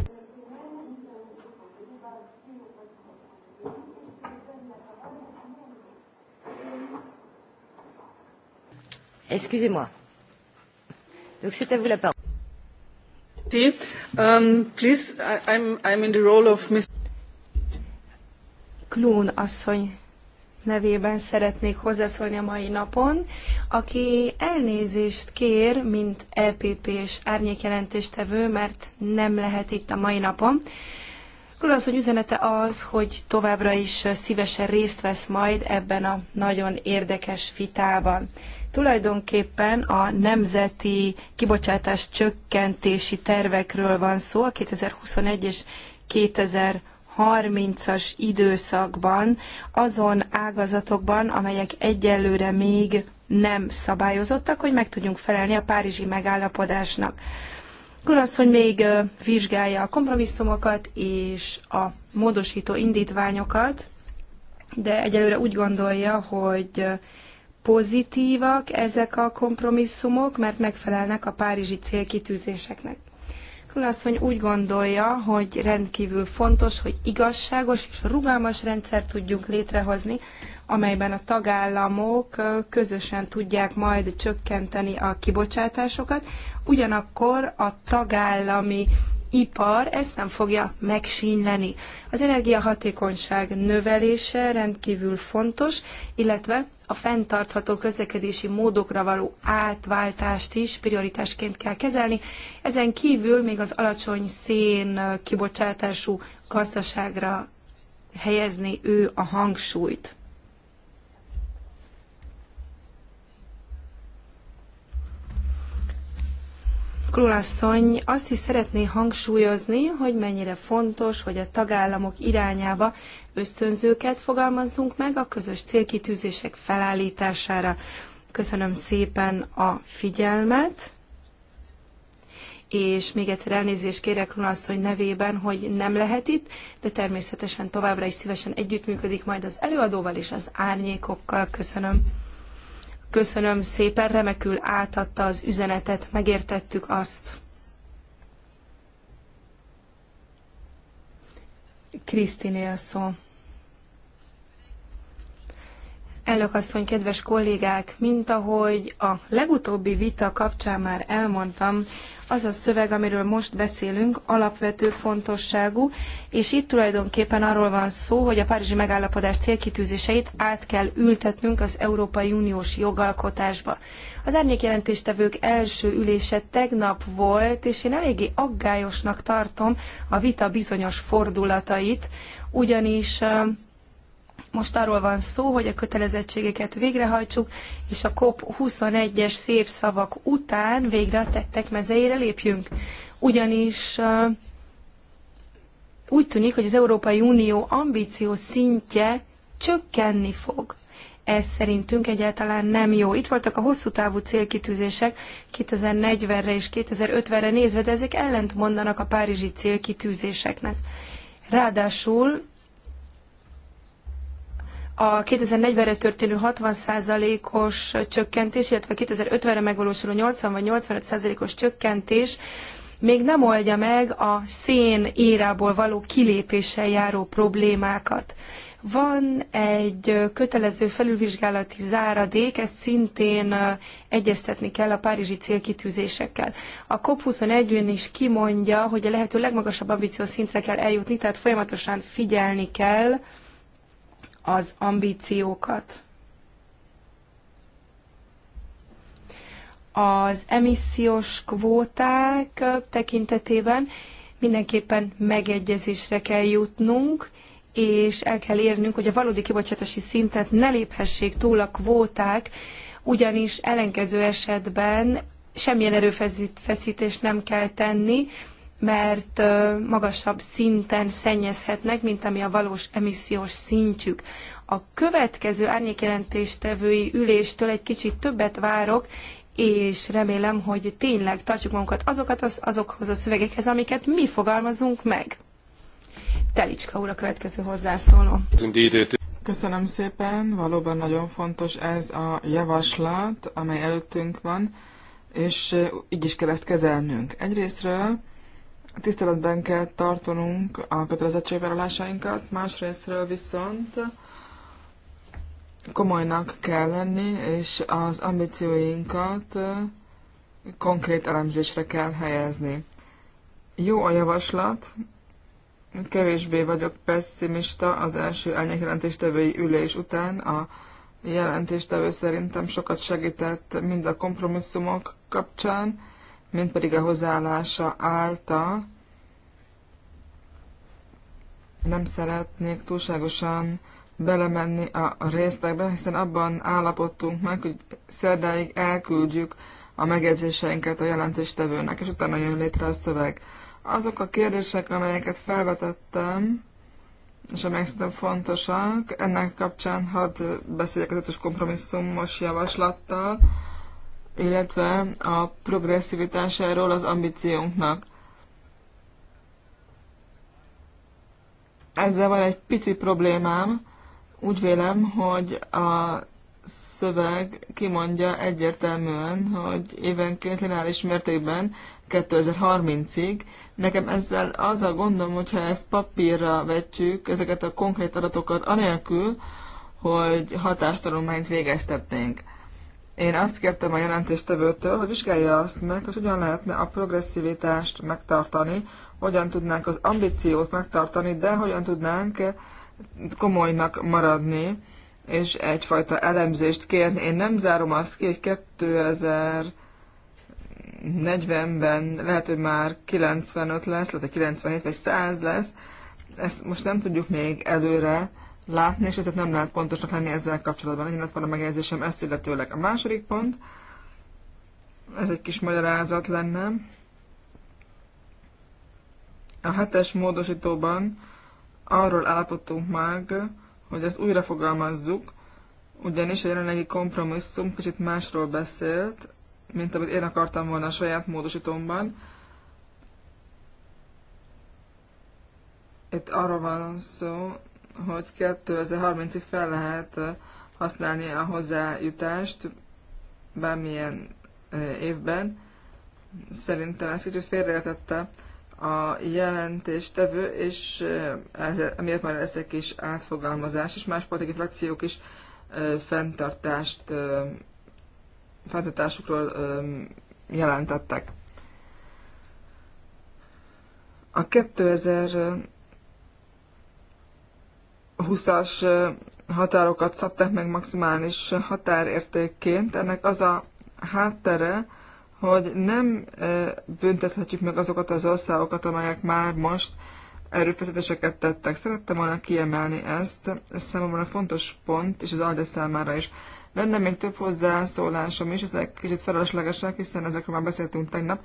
Excusez-moi. Donc c'est à vous la parole. Um, please, I, I'm, I'm in the role of Miss... Klún asszony nevében szeretnék hozzászólni a mai napon, aki elnézést kér, mint epp és árnyékjelentéstevő, mert nem lehet itt a mai napon. Kulasz, hogy üzenete az, hogy továbbra is szívesen részt vesz majd ebben a nagyon érdekes vitában. Tulajdonképpen a nemzeti kibocsátás csökkentési tervekről van szó, a 2021 és 2020 30-as időszakban azon ágazatokban, amelyek egyelőre még nem szabályozottak, hogy meg tudjunk felelni a párizsi megállapodásnak. Akkor az, hogy még vizsgálja a kompromisszumokat és a módosító indítványokat, de egyelőre úgy gondolja, hogy pozitívak ezek a kompromisszumok, mert megfelelnek a párizsi célkitűzéseknek. Krulasszony úgy gondolja, hogy rendkívül fontos, hogy igazságos és rugalmas rendszert tudjunk létrehozni, amelyben a tagállamok közösen tudják majd csökkenteni a kibocsátásokat, ugyanakkor a tagállami ipar ezt nem fogja megsínyleni. Az energiahatékonyság növelése rendkívül fontos, illetve a fenntartható közlekedési módokra való átváltást is prioritásként kell kezelni. Ezen kívül még az alacsony szén kibocsátású gazdaságra helyezni ő a hangsúlyt. Krulasszony azt is szeretné hangsúlyozni, hogy mennyire fontos, hogy a tagállamok irányába ösztönzőket fogalmazzunk meg a közös célkitűzések felállítására. Köszönöm szépen a figyelmet, és még egyszer elnézést kérek Lunasszony nevében, hogy nem lehet itt, de természetesen továbbra is szívesen együttműködik majd az előadóval és az árnyékokkal. Köszönöm. Köszönöm szépen, remekül átadta az üzenetet, megértettük azt. Krisztinél szó. Elnök asszony, kedves kollégák, mint ahogy a legutóbbi vita kapcsán már elmondtam, az a szöveg, amiről most beszélünk, alapvető fontosságú, és itt tulajdonképpen arról van szó, hogy a Párizsi megállapodás célkitűzéseit át kell ültetnünk az Európai Uniós jogalkotásba. Az árnyékjelentéstevők első ülése tegnap volt, és én eléggé aggályosnak tartom a vita bizonyos fordulatait, ugyanis most arról van szó, hogy a kötelezettségeket végrehajtsuk, és a COP21-es szép szavak után végre a tettek mezeire lépjünk. Ugyanis úgy tűnik, hogy az Európai Unió ambíció szintje csökkenni fog. Ez szerintünk egyáltalán nem jó. Itt voltak a hosszú távú célkitűzések 2040-re és 2050-re nézve, de ezek ellent mondanak a párizsi célkitűzéseknek. Ráadásul a 2040-re történő 60%-os csökkentés, illetve 2050-re megvalósuló 80 vagy 85%-os csökkentés még nem oldja meg a szén érából való kilépéssel járó problémákat. Van egy kötelező felülvizsgálati záradék, ezt szintén egyeztetni kell a párizsi célkitűzésekkel. A COP21-ön is kimondja, hogy a lehető legmagasabb ambíciós szintre kell eljutni, tehát folyamatosan figyelni kell, az ambíciókat. Az emissziós kvóták tekintetében mindenképpen megegyezésre kell jutnunk, és el kell érnünk, hogy a valódi kibocsátási szintet ne léphessék túl a kvóták, ugyanis ellenkező esetben semmilyen erőfeszítést nem kell tenni, mert magasabb szinten szennyezhetnek, mint ami a valós emissziós szintjük. A következő árnyékjelentéstevői üléstől egy kicsit többet várok, és remélem, hogy tényleg tartjuk magunkat azokat az, azokhoz a szövegekhez, amiket mi fogalmazunk meg. Telicska úr a következő hozzászóló. Köszönöm szépen, valóban nagyon fontos ez a javaslat, amely előttünk van, és így is kell ezt kezelnünk. Egyrésztről tiszteletben kell tartanunk a kötelezettségvállalásainkat, másrésztről viszont komolynak kell lenni, és az ambícióinkat konkrét elemzésre kell helyezni. Jó a javaslat, kevésbé vagyok pessimista az első elnyek jelentéstevői ülés után. A jelentéstevő szerintem sokat segített mind a kompromisszumok kapcsán, mint pedig a hozzáállása által. Nem szeretnék túlságosan belemenni a részletekbe, hiszen abban állapodtunk meg, hogy szerdáig elküldjük a megjegyzéseinket a jelentéstevőnek, és utána jön létre a szöveg. Azok a kérdések, amelyeket felvetettem, és amelyek szerintem fontosak, ennek kapcsán hadd beszéljek az ötös kompromisszumos javaslattal, illetve a progresszivitásáról az ambíciónknak. Ezzel van egy pici problémám. Úgy vélem, hogy a szöveg kimondja egyértelműen, hogy évenként lineáris mértékben 2030-ig. Nekem ezzel az a gondom, hogyha ezt papírra vetjük, ezeket a konkrét adatokat, anélkül, hogy hatástanulmányt végeztetnénk. Én azt kértem a jelentéstevőtől, hogy vizsgálja azt meg, hogy hogyan lehetne a progresszivitást megtartani, hogyan tudnánk az ambíciót megtartani, de hogyan tudnánk komolynak maradni, és egyfajta elemzést kérni. Én nem zárom azt ki, hogy 2040-ben lehet, hogy már 95 lesz, lehet, hogy 97 vagy 100 lesz. Ezt most nem tudjuk még előre látni, és ezért nem lehet pontosnak lenni ezzel kapcsolatban. Legyen van a megjegyzésem ezt illetőleg. A második pont, ez egy kis magyarázat lenne. A hetes módosítóban arról állapodtunk meg, hogy ezt újra fogalmazzuk, ugyanis a jelenlegi kompromisszum kicsit másról beszélt, mint amit én akartam volna a saját módosítomban. Itt arról van szó, hogy 2030-ig fel lehet használni a hozzájutást bármilyen évben. Szerintem ez kicsit félreértette a jelentéstevő, és emiatt már lesz egy kis átfogalmazás, és más politikai frakciók is fenntartást, fenntartásukról jelentettek. A 2000 20-as határokat szabták meg maximális határértékként. Ennek az a háttere, hogy nem büntethetjük meg azokat az országokat, amelyek már most erőfeszítéseket tettek. Szerettem volna kiemelni ezt, ez számomra fontos pont, és az Alde számára is. Lenne még több hozzászólásom is, ezek kicsit feleslegesek, hiszen ezekről már beszéltünk tegnap,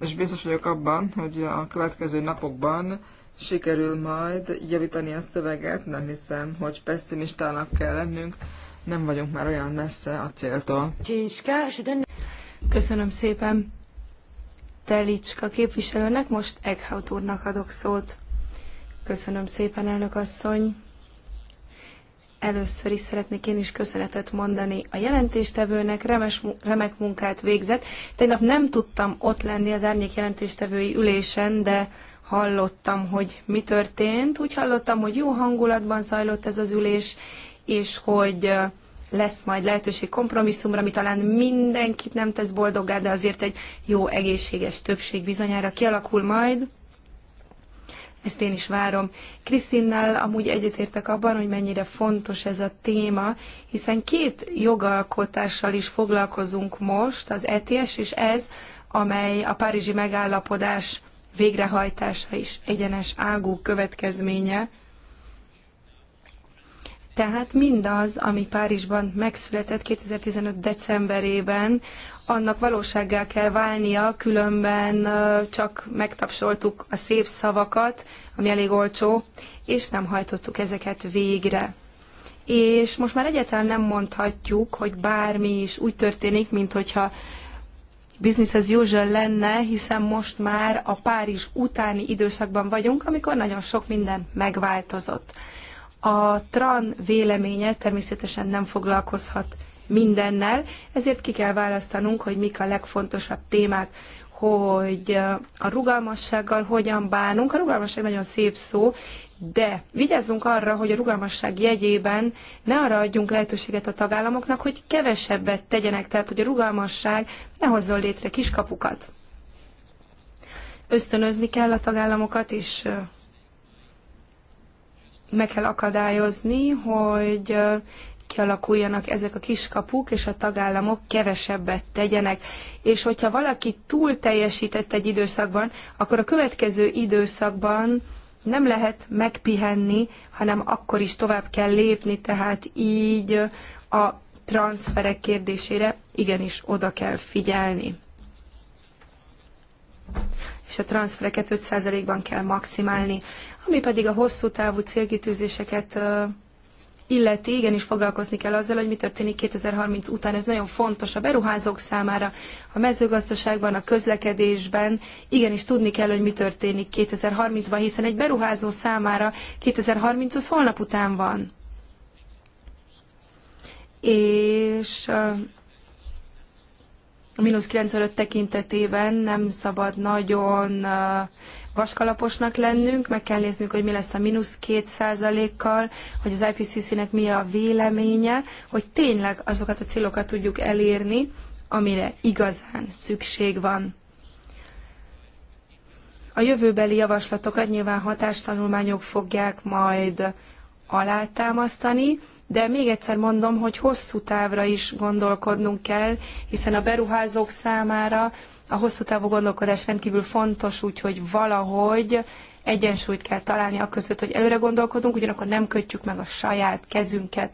és biztos vagyok abban, hogy a következő napokban sikerül majd javítani a szöveget, nem hiszem, hogy pessimistának kell lennünk, nem vagyunk már olyan messze a céltól. Köszönöm szépen Telicska képviselőnek, most Eghaut úrnak adok szót. Köszönöm szépen, elnök asszony. Először is szeretnék én is köszönetet mondani a jelentéstevőnek, remes, remek munkát végzett. Tegnap nem tudtam ott lenni az árnyék jelentéstevői ülésen, de hallottam, hogy mi történt, úgy hallottam, hogy jó hangulatban zajlott ez az ülés, és hogy lesz majd lehetőség kompromisszumra, ami talán mindenkit nem tesz boldoggá, de azért egy jó egészséges többség bizonyára kialakul majd. Ezt én is várom. Krisztinnel amúgy egyetértek abban, hogy mennyire fontos ez a téma, hiszen két jogalkotással is foglalkozunk most, az ETS és ez, amely a Párizsi megállapodás végrehajtása is egyenes ágú következménye. Tehát mindaz, ami Párizsban megszületett 2015. decemberében, annak valósággá kell válnia, különben csak megtapsoltuk a szép szavakat, ami elég olcsó, és nem hajtottuk ezeket végre. És most már egyáltalán nem mondhatjuk, hogy bármi is úgy történik, mint hogyha business as usual lenne, hiszen most már a Párizs utáni időszakban vagyunk, amikor nagyon sok minden megváltozott. A TRAN véleménye természetesen nem foglalkozhat mindennel, ezért ki kell választanunk, hogy mik a legfontosabb témák, hogy a rugalmassággal hogyan bánunk. A rugalmasság nagyon szép szó, de vigyázzunk arra, hogy a rugalmasság jegyében ne arra adjunk lehetőséget a tagállamoknak, hogy kevesebbet tegyenek, tehát hogy a rugalmasság ne hozzon létre kiskapukat. Ösztönözni kell a tagállamokat, és meg kell akadályozni, hogy kialakuljanak ezek a kiskapuk, és a tagállamok kevesebbet tegyenek. És hogyha valaki túl teljesített egy időszakban, akkor a következő időszakban nem lehet megpihenni, hanem akkor is tovább kell lépni, tehát így a transferek kérdésére igenis oda kell figyelni. És a transfereket 5%-ban kell maximálni. Ami pedig a hosszú távú célkitűzéseket illeti, igenis foglalkozni kell azzal, hogy mi történik 2030 után. Ez nagyon fontos a beruházók számára, a mezőgazdaságban, a közlekedésben. Igenis tudni kell, hogy mi történik 2030-ban, hiszen egy beruházó számára 2030 az holnap után van. És a mínusz 95 tekintetében nem szabad nagyon vaskalaposnak lennünk, meg kell néznünk, hogy mi lesz a mínusz két százalékkal, hogy az IPCC-nek mi a véleménye, hogy tényleg azokat a célokat tudjuk elérni, amire igazán szükség van. A jövőbeli javaslatokat nyilván hatástanulmányok fogják majd alátámasztani, de még egyszer mondom, hogy hosszú távra is gondolkodnunk kell, hiszen a beruházók számára a hosszú távú gondolkodás rendkívül fontos, úgyhogy valahogy egyensúlyt kell találni a között, hogy előre gondolkodunk, ugyanakkor nem kötjük meg a saját kezünket.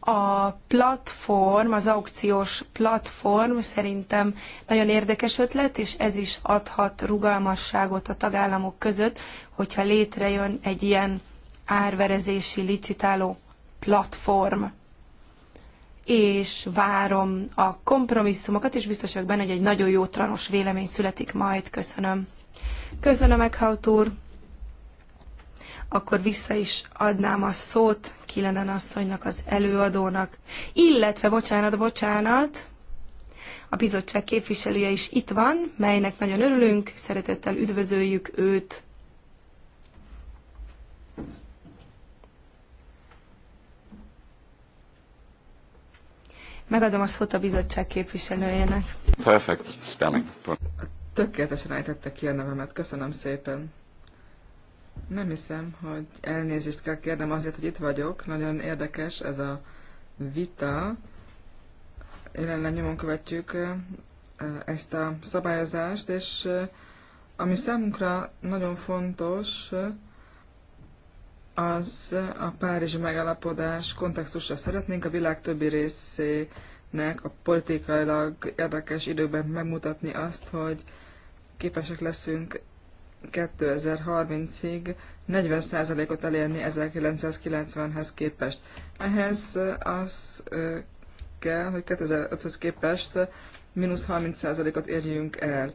A platform, az aukciós platform szerintem nagyon érdekes ötlet, és ez is adhat rugalmasságot a tagállamok között, hogyha létrejön egy ilyen árverezési licitáló platform és várom a kompromisszumokat, és biztos vagyok benne, hogy egy nagyon jó tranos vélemény születik majd. Köszönöm. Köszönöm, Eckhout úr. Akkor vissza is adnám a szót Kilenen asszonynak, az előadónak. Illetve, bocsánat, bocsánat, a bizottság képviselője is itt van, melynek nagyon örülünk, szeretettel üdvözöljük őt. Megadom a szót a bizottság képviselőjének. Perfect spelling. Tökéletesen ejtette ki a nevemet, köszönöm szépen. Nem hiszem, hogy elnézést kell kérnem azért, hogy itt vagyok. Nagyon érdekes ez a vita. Jelenleg nyomon követjük eh, ezt a szabályozást, és eh, ami számunkra nagyon fontos, az a Párizsi megállapodás kontextusra szeretnénk a világ többi részének a politikailag érdekes időben megmutatni azt, hogy képesek leszünk 2030-ig 40%-ot elérni 1990-hez képest. Ehhez az kell, hogy 2005-höz képest mínusz 30%-ot érjünk el.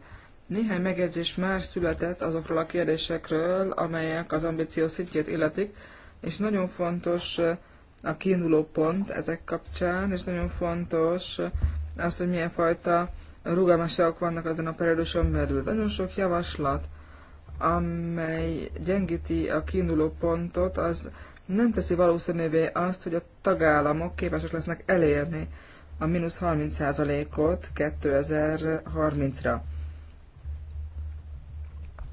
Néhány megjegyzés már született azokról a kérdésekről, amelyek az ambíció szintjét illetik, és nagyon fontos a kiinduló pont ezek kapcsán, és nagyon fontos az, hogy milyen fajta rugalmasságok vannak ezen a perióduson belül. Nagyon sok javaslat, amely gyengíti a kiinduló pontot, az nem teszi valószínűvé azt, hogy a tagállamok képesek lesznek elérni a mínusz 30%-ot 2030-ra.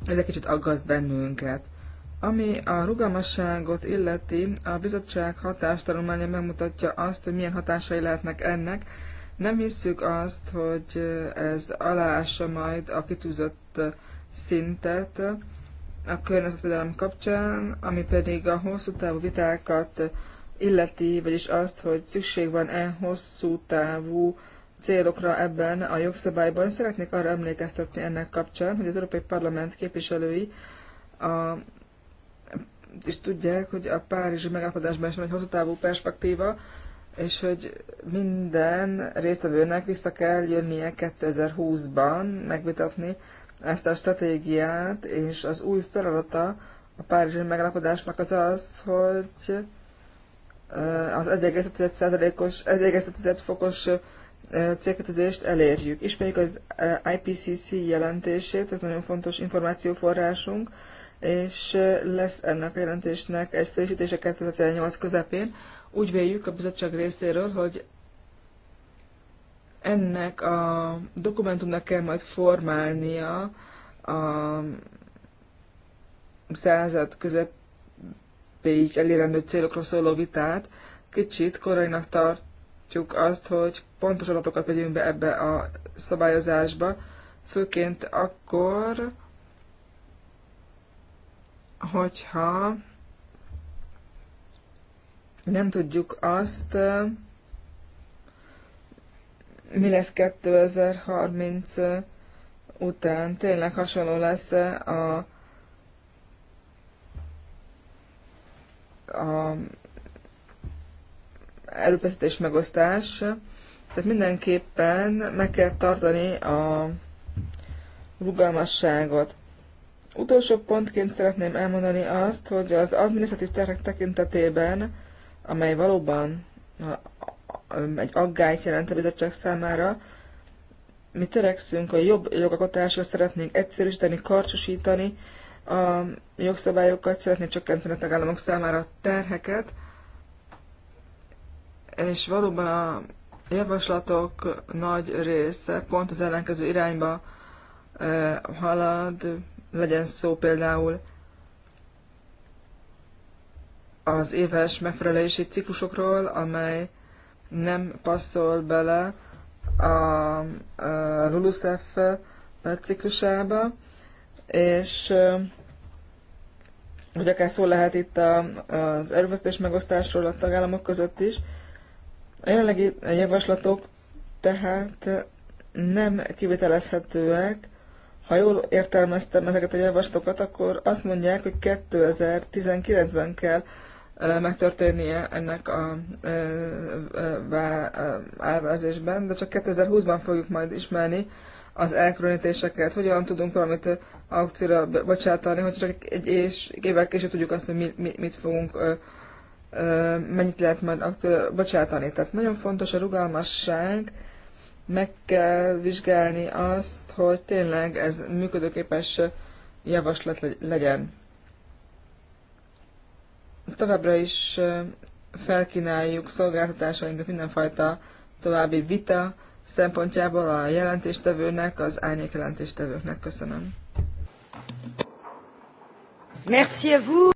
Ez egy kicsit aggaszt bennünket. Ami a rugalmasságot illeti, a bizottság hatástanulmánya megmutatja azt, hogy milyen hatásai lehetnek ennek. Nem hisszük azt, hogy ez aláássa majd a kitűzött szintet a környezetvédelem kapcsán, ami pedig a hosszú távú vitákat illeti, vagyis azt, hogy szükség van-e hosszú távú célokra ebben a jogszabályban. Szeretnék arra emlékeztetni ennek kapcsán, hogy az Európai Parlament képviselői a, is tudják, hogy a Párizsi megállapodásban is van egy hosszú távú perspektíva, és hogy minden résztvevőnek vissza kell jönnie 2020-ban megvitatni ezt a stratégiát, és az új feladata a Párizsi megállapodásnak az az, hogy az 1,5%-os, 1,5 fokos célkötözést elérjük. Ismerjük az IPCC jelentését, ez nagyon fontos információforrásunk, és lesz ennek a jelentésnek egy frissítése 2008 közepén. Úgy véljük a bizottság részéről, hogy ennek a dokumentumnak kell majd formálnia a század közepéig elérendő célokról szóló vitát. Kicsit korainak tart látjuk azt, hogy pontos adatokat vegyünk be ebbe a szabályozásba, főként akkor, hogyha nem tudjuk azt, mi lesz 2030 után. Tényleg hasonló lesz a, a előfeszítés megosztás. Tehát mindenképpen meg kell tartani a rugalmasságot. Utolsó pontként szeretném elmondani azt, hogy az adminisztratív terhek tekintetében, amely valóban egy aggályt jelent a bizottság számára, mi törekszünk a jobb jogalkotásra, szeretnénk egyszerűsíteni, karcsosítani a jogszabályokat, szeretnénk csökkenteni a tagállamok számára a terheket, és valóban a javaslatok nagy része pont az ellenkező irányba halad, legyen szó például az éves megfelelési ciklusokról, amely nem passzol bele a, a LULUSZEF ciklusába, és vagy akár szó lehet itt a, az erőfeszítés megosztásról a tagállamok között is, a jelenlegi javaslatok tehát nem kivitelezhetőek. Ha jól értelmeztem ezeket a javaslatokat, akkor azt mondják, hogy 2019-ben kell megtörténnie ennek a elvezésben, de csak 2020-ban fogjuk majd ismerni az elkülönítéseket, hogyan tudunk valamit aukcióra bocsátani, hogy csak egy és évvel később tudjuk azt, hogy mit fogunk mennyit lehet majd akcióra bocsátani. Tehát nagyon fontos a rugalmasság, meg kell vizsgálni azt, hogy tényleg ez működőképes javaslat legyen. Továbbra is felkínáljuk szolgáltatásainkat mindenfajta további vita szempontjából a jelentéstevőnek, az árnyék jelentéstevőknek. Köszönöm. Merci à vous.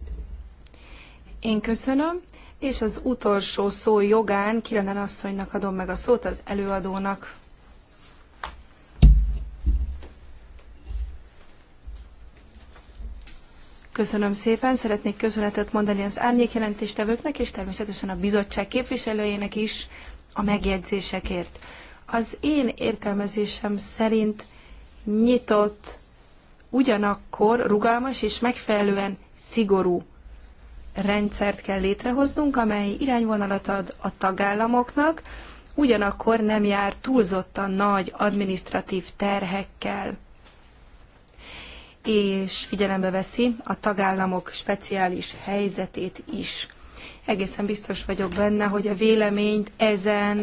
Én köszönöm, és az utolsó szó jogán Kilenen asszonynak adom meg a szót az előadónak. Köszönöm szépen, szeretnék köszönetet mondani az árnyékjelentéstevőknek, és természetesen a bizottság képviselőjének is a megjegyzésekért. Az én értelmezésem szerint nyitott, ugyanakkor rugalmas és megfelelően szigorú rendszert kell létrehoznunk, amely irányvonalat ad a tagállamoknak, ugyanakkor nem jár túlzottan nagy administratív terhekkel és figyelembe veszi a tagállamok speciális helyzetét is. Egészen biztos vagyok benne, hogy a véleményt ezen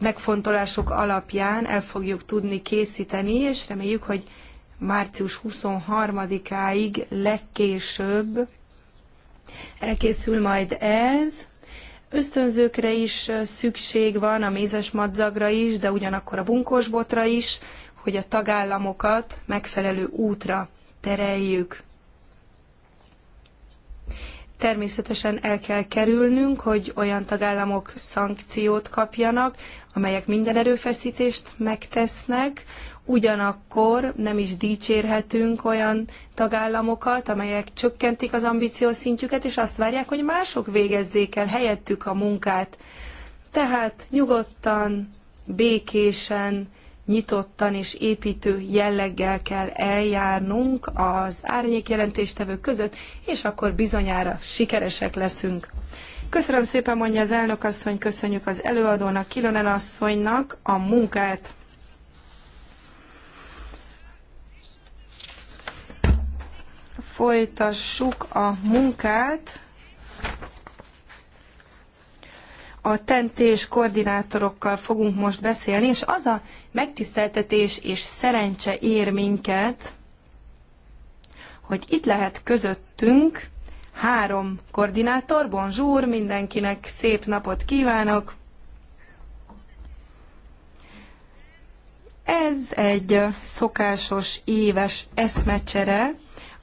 megfontolások alapján el fogjuk tudni készíteni, és reméljük, hogy március 23-áig legkésőbb elkészül majd ez. Ösztönzőkre is szükség van, a mézes madzagra is, de ugyanakkor a bunkosbotra is, hogy a tagállamokat megfelelő útra tereljük. Természetesen el kell kerülnünk, hogy olyan tagállamok szankciót kapjanak, amelyek minden erőfeszítést megtesznek, ugyanakkor nem is dicsérhetünk olyan tagállamokat, amelyek csökkentik az ambíció szintjüket, és azt várják, hogy mások végezzék el helyettük a munkát. Tehát nyugodtan, békésen, nyitottan és építő jelleggel kell eljárnunk az árnyék jelentéstevők között, és akkor bizonyára sikeresek leszünk. Köszönöm szépen, mondja az elnök asszony, köszönjük az előadónak, Kilonen asszonynak a munkát. Folytassuk a munkát. a tentés koordinátorokkal fogunk most beszélni, és az a megtiszteltetés és szerencse ér minket, hogy itt lehet közöttünk három koordinátor. Bonjour, mindenkinek szép napot kívánok! Ez egy szokásos éves eszmecsere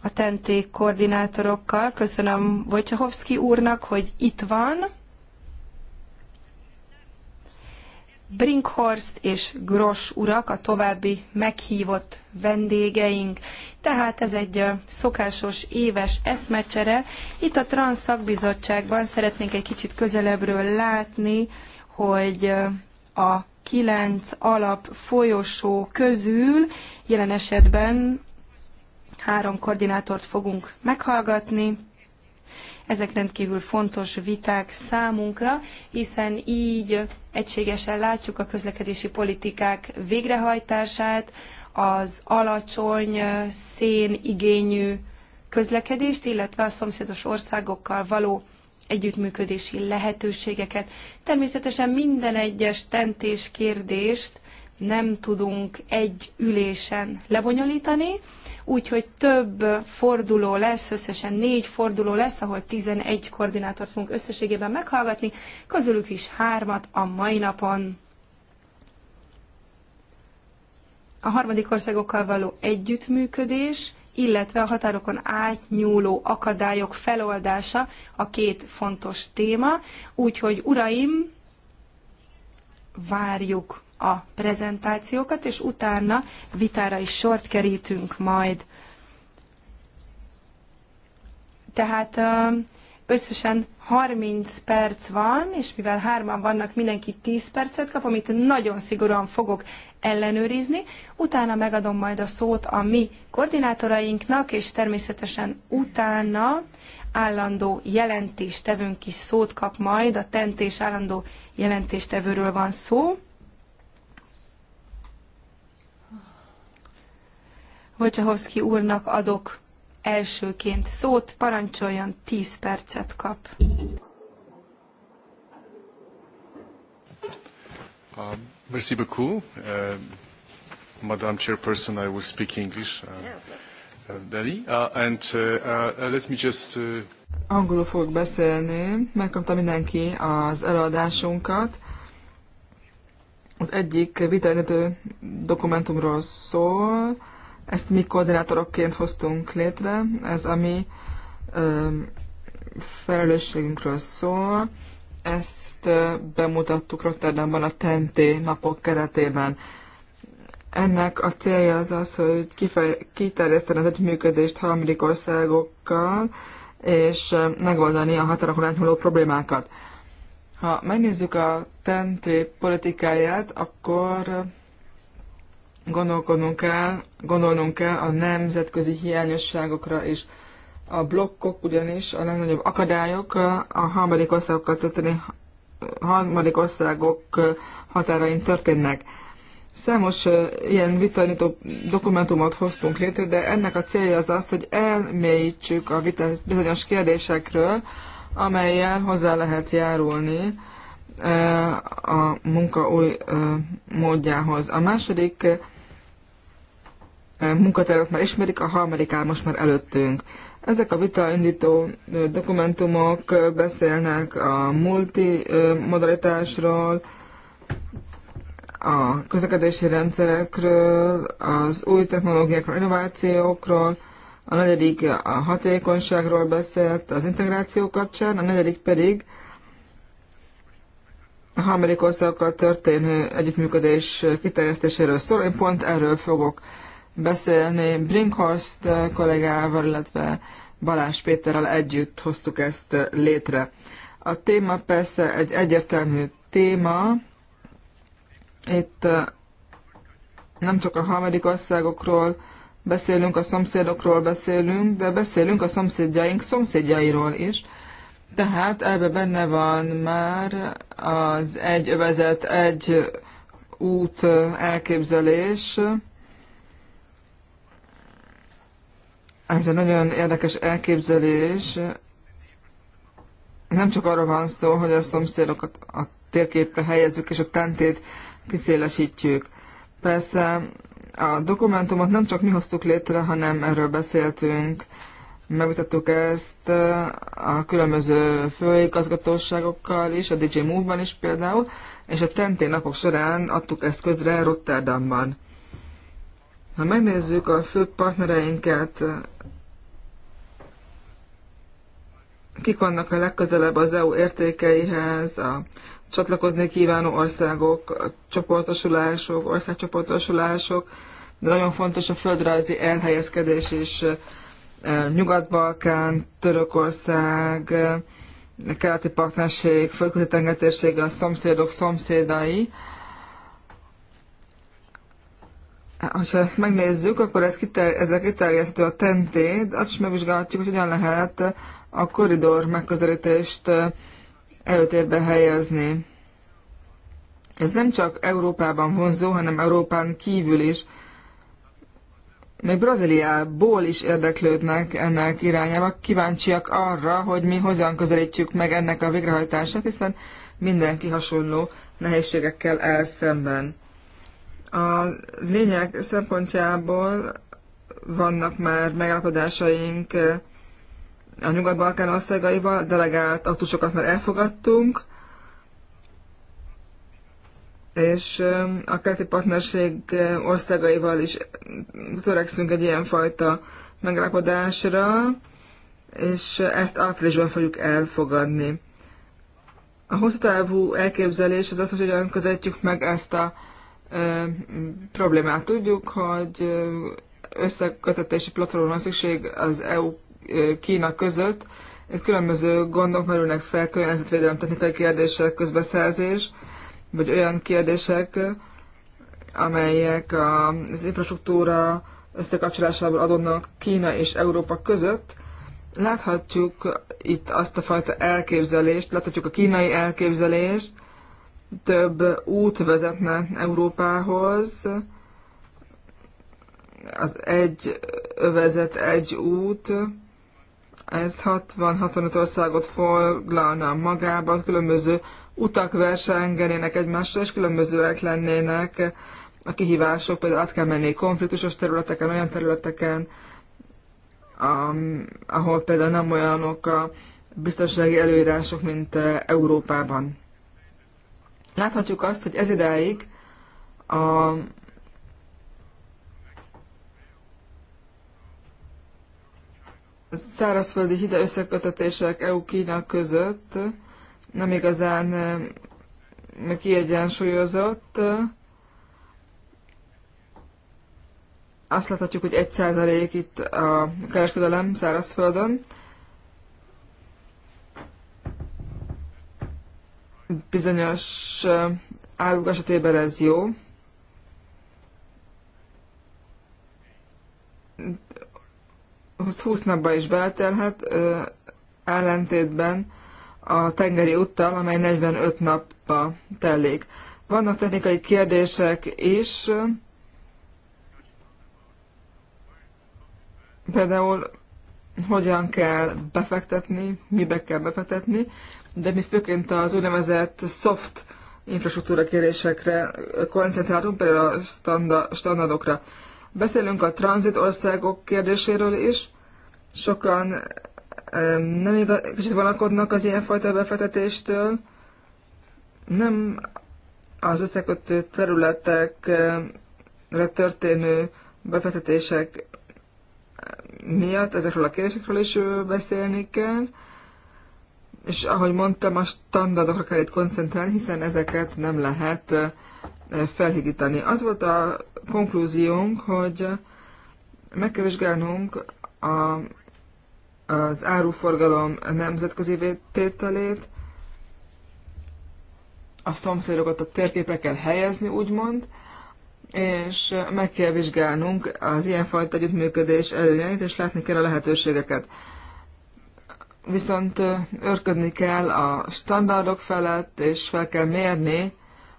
a tenték koordinátorokkal. Köszönöm Wojciechowski úrnak, hogy itt van. Brinkhorst és Gross urak a további meghívott vendégeink. Tehát ez egy szokásos éves eszmecsere. Itt a szakbizottságban szeretnénk egy kicsit közelebbről látni, hogy a kilenc alap folyosó közül jelen esetben három koordinátort fogunk meghallgatni, ezek rendkívül fontos viták számunkra, hiszen így egységesen látjuk a közlekedési politikák végrehajtását, az alacsony szénigényű közlekedést, illetve a szomszédos országokkal való együttműködési lehetőségeket. Természetesen minden egyes tentés kérdést nem tudunk egy ülésen lebonyolítani, úgyhogy több forduló lesz, összesen négy forduló lesz, ahol 11 koordinátort fogunk összességében meghallgatni, közülük is hármat a mai napon. A harmadik országokkal való együttműködés, illetve a határokon átnyúló akadályok feloldása a két fontos téma. Úgyhogy, uraim, várjuk a prezentációkat, és utána vitára is sort kerítünk majd. Tehát um, összesen 30 perc van, és mivel hárman vannak, mindenki 10 percet kap, amit nagyon szigorúan fogok ellenőrizni. Utána megadom majd a szót a mi koordinátorainknak, és természetesen utána állandó jelentéstevőnk is szót kap majd, a tentés állandó jelentéstevőről van szó. Wojciechowski úrnak adok elsőként szót, parancsoljon, 10 percet kap. Uh, merci beaucoup. Uh, Madame Chairperson, I will speak English. Uh, uh, uh, and uh, uh, let me just... Uh... Angolul fogok beszélni. Megkapta mindenki az előadásunkat. Az egyik vitaindítő dokumentumról szól, ezt mi koordinátorokként hoztunk létre, ez a mi ö, felelősségünkről szól. Ezt bemutattuk Rotterdamban a Tenté napok keretében. Ennek a célja az az, hogy kifej, kiterjeszteni az együttműködést harmadik országokkal, és megoldani a határokon átnyúló problémákat. Ha megnézzük a Tenté politikáját, akkor Gondolkodnunk kell, gondolnunk kell a nemzetközi hiányosságokra is. A blokkok ugyanis a legnagyobb akadályok a harmadik országokkal történő harmadik országok határain történnek. Számos ilyen vitanyító dokumentumot hoztunk létre, de ennek a célja az az, hogy elmélyítsük a vita bizonyos kérdésekről, amelyel hozzá lehet járulni a munka új módjához. A második munkatárok már ismerik, a harmadik áll most már előttünk. Ezek a vitaindító dokumentumok beszélnek a multimodalitásról, a közlekedési rendszerekről, az új technológiákról, innovációkról, a negyedik a hatékonyságról beszélt az integráció kapcsán, a negyedik pedig a harmadik országokkal történő együttműködés kiterjesztéséről szól. Én pont erről fogok beszélni. Brinkhorst kollégával, illetve Balázs Péterrel együtt hoztuk ezt létre. A téma persze egy egyértelmű téma. Itt eh, nem csak a harmadik országokról beszélünk, a szomszédokról beszélünk, de beszélünk a szomszédjaink szomszédjairól is. Tehát ebbe benne van már az egy övezet, egy út eh, elképzelés, ez egy nagyon érdekes elképzelés. Nem csak arra van szó, hogy a szomszédokat a térképre helyezzük, és a tentét kiszélesítjük. Persze a dokumentumot nem csak mi hoztuk létre, hanem erről beszéltünk, megmutattuk ezt a különböző főigazgatóságokkal is, a DJ Move-ban is például, és a tentén napok során adtuk ezt közre Rotterdamban. Ha megnézzük a fő partnereinket kik vannak a legközelebb az EU értékeihez, a csatlakozni kívánó országok, a csoportosulások, országcsoportosulások, de nagyon fontos a földrajzi elhelyezkedés is, Nyugat-Balkán, Törökország, keleti partnerség, földközi tengetérség, a szomszédok szomszédai. Hát, ha ezt megnézzük, akkor ez kiter, ezek kiterjeszthető a tentét, azt is megvizsgálhatjuk, hogy hogyan lehet a koridor megközelítést előtérbe helyezni. Ez nem csak Európában vonzó, hanem Európán kívül is. Még Brazíliából is érdeklődnek ennek irányába, kíváncsiak arra, hogy mi hogyan közelítjük meg ennek a végrehajtását, hiszen mindenki hasonló nehézségekkel el szemben. A lényeg szempontjából vannak már megállapodásaink a Nyugat-Balkán országaival, delegált aktusokat már elfogadtunk, és a keleti partnerség országaival is törekszünk egy ilyenfajta megállapodásra, és ezt áprilisban fogjuk elfogadni. A hosszú távú elképzelés az az, hogy hogyan közelítjük meg ezt a e, problémát. Tudjuk, hogy összekötetési platformra van szükség az EU Kína között. Itt különböző gondok merülnek fel, környezetvédelem technikai kérdések, közbeszerzés, vagy olyan kérdések, amelyek az infrastruktúra összekapcsolásából adódnak Kína és Európa között. Láthatjuk itt azt a fajta elképzelést, láthatjuk a kínai elképzelést, több út vezetne Európához, az egy övezet, egy út, ez 60-65 országot foglalna magába, különböző utak versengenének egymással, és különbözőek lennének a kihívások, például át kell menni konfliktusos területeken, olyan területeken, ahol például nem olyanok a biztonsági előírások, mint eh, Európában. Láthatjuk azt, hogy ez idáig a szárazföldi hide összekötetések EU-Kína között nem igazán kiegyensúlyozott. Azt láthatjuk, hogy 1% itt a kereskedelem szárazföldön. Bizonyos áruk esetében ez jó, 20 napba is beletelhet, ellentétben a tengeri úttal, amely 45 napba telik. Vannak technikai kérdések is, például hogyan kell befektetni, mibe kell befektetni, de mi főként az úgynevezett soft infrastruktúra kérésekre koncentrálunk, például a standardokra. Beszélünk a tranzit országok kérdéséről is, sokan nem igaz, kicsit vonakodnak az ilyenfajta befektetéstől. Nem az összekötő területekre történő befektetések miatt ezekről a kérdésekről is beszélni kell, és ahogy mondtam, a standardokra kell itt koncentrálni, hiszen ezeket nem lehet felhigítani. Az volt a konklúziónk, hogy meg kell vizsgálnunk a az áruforgalom nemzetközi tételét, a szomszédokat a térképre kell helyezni, úgymond, és meg kell vizsgálnunk az ilyenfajta együttműködés előnyeit, és látni kell a lehetőségeket. Viszont örködni kell a standardok felett, és fel kell mérni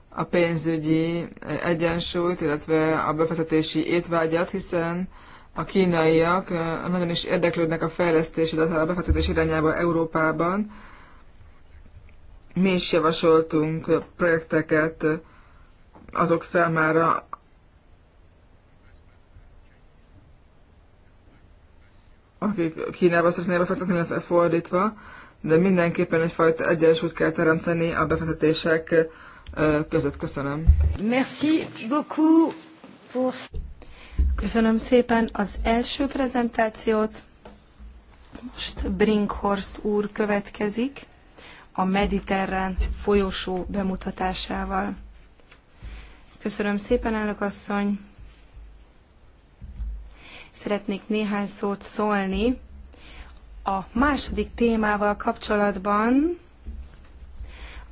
a pénzügyi egyensúlyt, illetve a befektetési étvágyat, hiszen a kínaiak nagyon is érdeklődnek a fejlesztés, illetve a befektetés irányába Európában. Mi is javasoltunk projekteket azok számára, akik Kínába szeretnének befektetni, illetve fordítva, de mindenképpen egyfajta egyensúlyt kell teremteni a befektetések között. Köszönöm. Merci beaucoup pour... Köszönöm szépen az első prezentációt. Most Brinkhorst úr következik a Mediterrán folyosó bemutatásával. Köszönöm szépen, elnök asszony! Szeretnék néhány szót szólni a második témával kapcsolatban,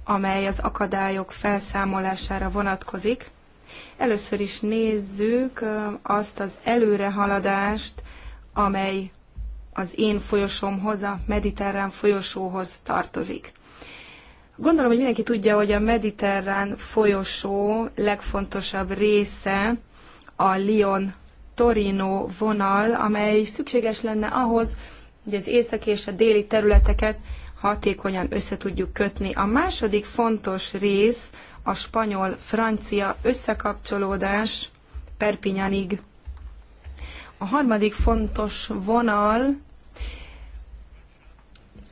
amely az akadályok felszámolására vonatkozik. Először is nézzük azt az előrehaladást, amely az én folyosomhoz, a mediterrán folyosóhoz tartozik. Gondolom, hogy mindenki tudja, hogy a mediterrán folyosó legfontosabb része a Lyon-Torino vonal, amely szükséges lenne ahhoz, hogy az északi és a déli területeket hatékonyan össze tudjuk kötni. A második fontos rész a spanyol-francia összekapcsolódás Perpignanig. A harmadik fontos vonal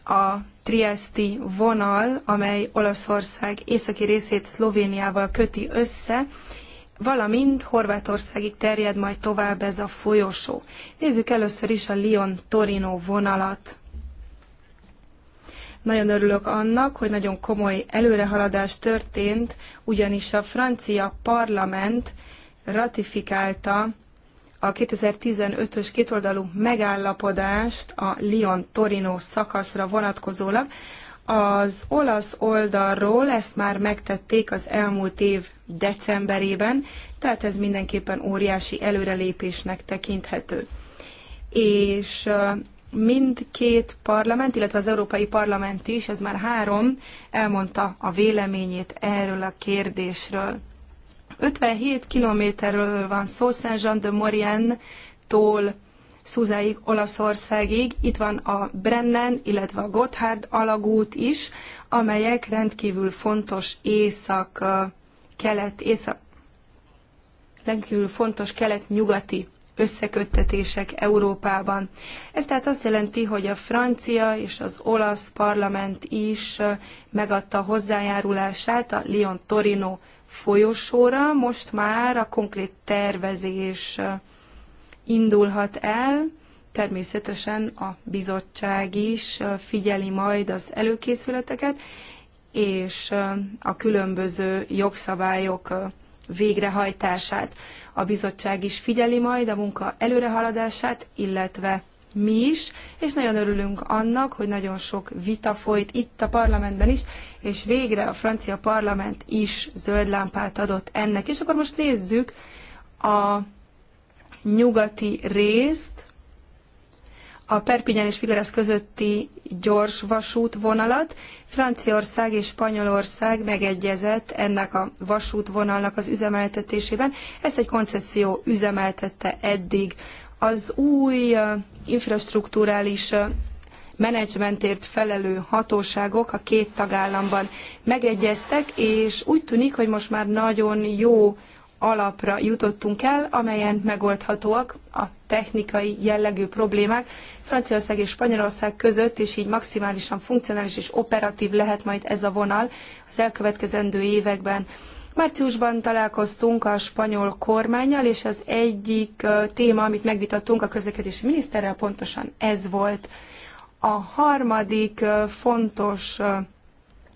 a Triesti vonal, amely Olaszország északi részét Szlovéniával köti össze, valamint Horvátországig terjed majd tovább ez a folyosó. Nézzük először is a Lyon-Torino vonalat. Nagyon örülök annak, hogy nagyon komoly előrehaladás történt, ugyanis a francia parlament ratifikálta a 2015-ös kétoldalú megállapodást a Lyon-Torino szakaszra vonatkozólag. Az olasz oldalról ezt már megtették az elmúlt év decemberében, tehát ez mindenképpen óriási előrelépésnek tekinthető. És mindkét parlament, illetve az Európai Parlament is, ez már három, elmondta a véleményét erről a kérdésről. 57 kilométerről van szó Saint-Jean de Maurienne-tól Szuzáig, Olaszországig. Itt van a Brennen, illetve a Gotthard alagút is, amelyek rendkívül fontos észak-kelet, észak, rendkívül fontos kelet-nyugati összeköttetések Európában. Ez tehát azt jelenti, hogy a francia és az olasz parlament is megadta hozzájárulását a Lyon-Torino folyosóra, most már a konkrét tervezés indulhat el, természetesen a bizottság is figyeli majd az előkészületeket, és a különböző jogszabályok végrehajtását. A bizottság is figyeli majd a munka előrehaladását, illetve mi is, és nagyon örülünk annak, hogy nagyon sok vita folyt itt a parlamentben is, és végre a francia parlament is zöld lámpát adott ennek. És akkor most nézzük a nyugati részt, a Perpignan és Figueres közötti gyors vasútvonalat. Franciaország és Spanyolország megegyezett ennek a vasútvonalnak az üzemeltetésében. Ezt egy koncesszió üzemeltette eddig. Az új infrastruktúrális menedzsmentért felelő hatóságok a két tagállamban megegyeztek, és úgy tűnik, hogy most már nagyon jó alapra jutottunk el, amelyen megoldhatóak a technikai jellegű problémák Franciaország és Spanyolország között, és így maximálisan funkcionális és operatív lehet majd ez a vonal az elkövetkezendő években. Márciusban találkoztunk a spanyol kormányjal, és az egyik téma, amit megvitattunk a közlekedési miniszterrel, pontosan ez volt. A harmadik fontos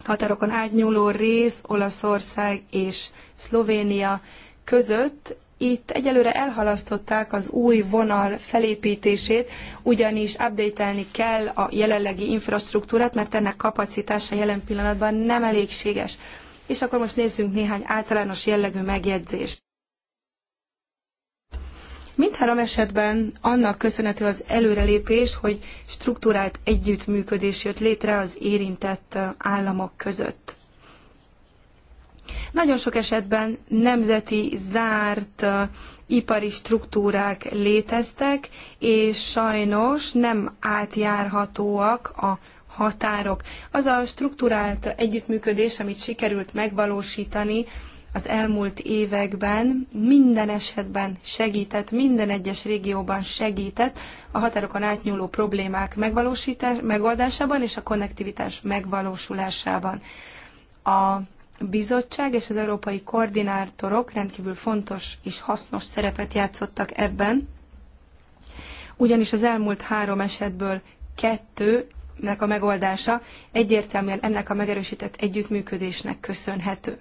határokon átnyúló rész Olaszország és Szlovénia között itt egyelőre elhalasztották az új vonal felépítését, ugyanis updatelni kell a jelenlegi infrastruktúrát, mert ennek kapacitása jelen pillanatban nem elégséges. És akkor most nézzünk néhány általános jellegű megjegyzést. Mindhárom esetben annak köszönhető az előrelépés, hogy strukturált együttműködés jött létre az érintett államok között. Nagyon sok esetben nemzeti zárt ipari struktúrák léteztek, és sajnos nem átjárhatóak a határok. Az a struktúrált együttműködés, amit sikerült megvalósítani az elmúlt években, minden esetben segített, minden egyes régióban segített a határokon átnyúló problémák megoldásában és a konnektivitás megvalósulásában. A bizottság és az európai koordinátorok rendkívül fontos és hasznos szerepet játszottak ebben, ugyanis az elmúlt három esetből kettőnek a megoldása egyértelműen ennek a megerősített együttműködésnek köszönhető.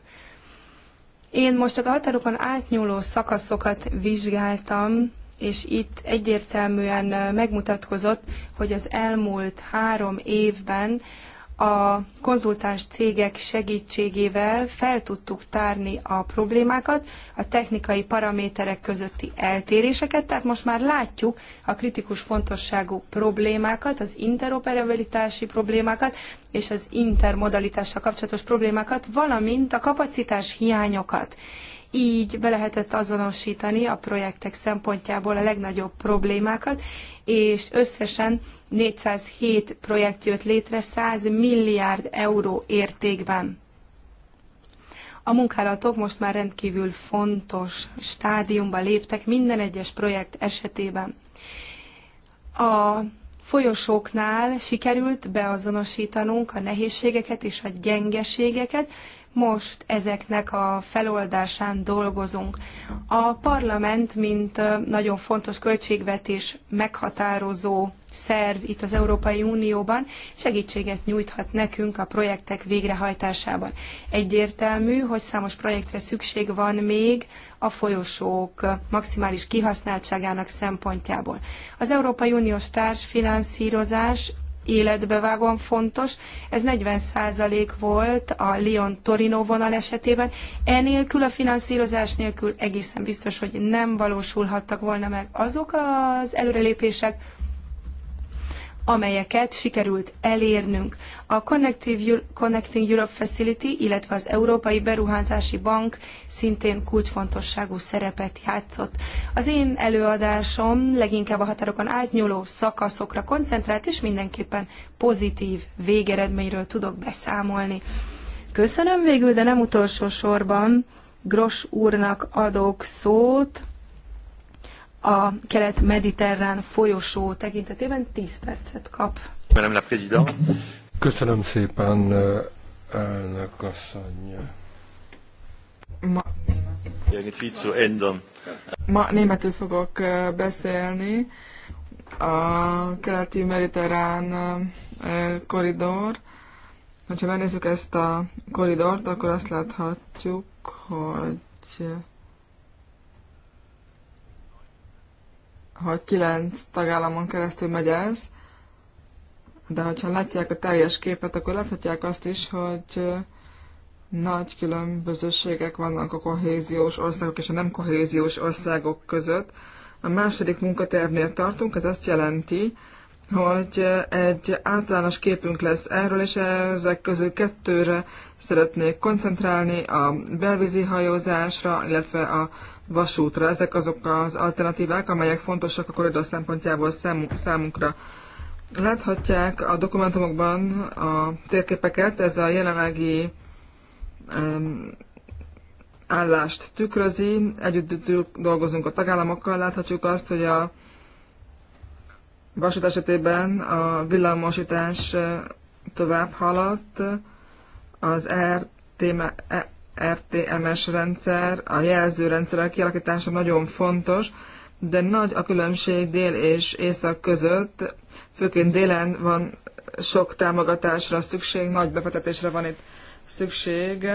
Én most a határokon átnyúló szakaszokat vizsgáltam, és itt egyértelműen megmutatkozott, hogy az elmúlt három évben a konzultáns cégek segítségével fel tudtuk tárni a problémákat, a technikai paraméterek közötti eltéréseket, tehát most már látjuk a kritikus fontosságú problémákat, az interoperabilitási problémákat és az intermodalitással kapcsolatos problémákat, valamint a kapacitás hiányokat. Így be lehetett azonosítani a projektek szempontjából a legnagyobb problémákat, és összesen 407 projekt jött létre 100 milliárd euró értékben. A munkálatok most már rendkívül fontos stádiumba léptek minden egyes projekt esetében. A folyosóknál sikerült beazonosítanunk a nehézségeket és a gyengeségeket, most ezeknek a feloldásán dolgozunk. A parlament, mint nagyon fontos költségvetés meghatározó szerv itt az Európai Unióban segítséget nyújthat nekünk a projektek végrehajtásában. Egyértelmű, hogy számos projektre szükség van még a folyosók maximális kihasználtságának szempontjából. Az Európai Uniós társfinanszírozás életbevágóan fontos. Ez 40% volt a Lyon-Torino vonal esetében. Enélkül, a finanszírozás nélkül egészen biztos, hogy nem valósulhattak volna meg azok az előrelépések, amelyeket sikerült elérnünk. A Connecting Europe Facility, illetve az Európai Beruházási Bank szintén kulcsfontosságú szerepet játszott. Az én előadásom leginkább a határokon átnyúló szakaszokra koncentrált, és mindenképpen pozitív végeredményről tudok beszámolni. Köszönöm végül, de nem utolsó sorban Gros úrnak adok szót a kelet-mediterrán folyosó tekintetében 10 percet kap. Madame la Présidente. Köszönöm szépen, elnök asszony. Ma... Ma németül fogok beszélni. A keleti mediterrán koridor. Ha megnézzük ezt a koridort, akkor azt láthatjuk, hogy hogy kilenc tagállamon keresztül megy ez, de hogyha látják a teljes képet, akkor láthatják azt is, hogy nagy különbözőségek vannak a kohéziós országok és a nem kohéziós országok között. A második munkatervnél tartunk, ez azt jelenti, hogy egy általános képünk lesz erről, és ezek közül kettőre szeretnék koncentrálni, a belvízi hajózásra, illetve a vasútra. Ezek azok az alternatívák, amelyek fontosak a koridor szempontjából számunkra. Láthatják a dokumentumokban a térképeket, ez a jelenlegi um, állást tükrözi, együtt dolgozunk a tagállamokkal, láthatjuk azt, hogy a vasút esetében a villamosítás tovább haladt, az RTMS e, rendszer, a a kialakítása nagyon fontos, de nagy a különbség dél és észak között, főként délen van sok támogatásra szükség, nagy befektetésre van itt szükség.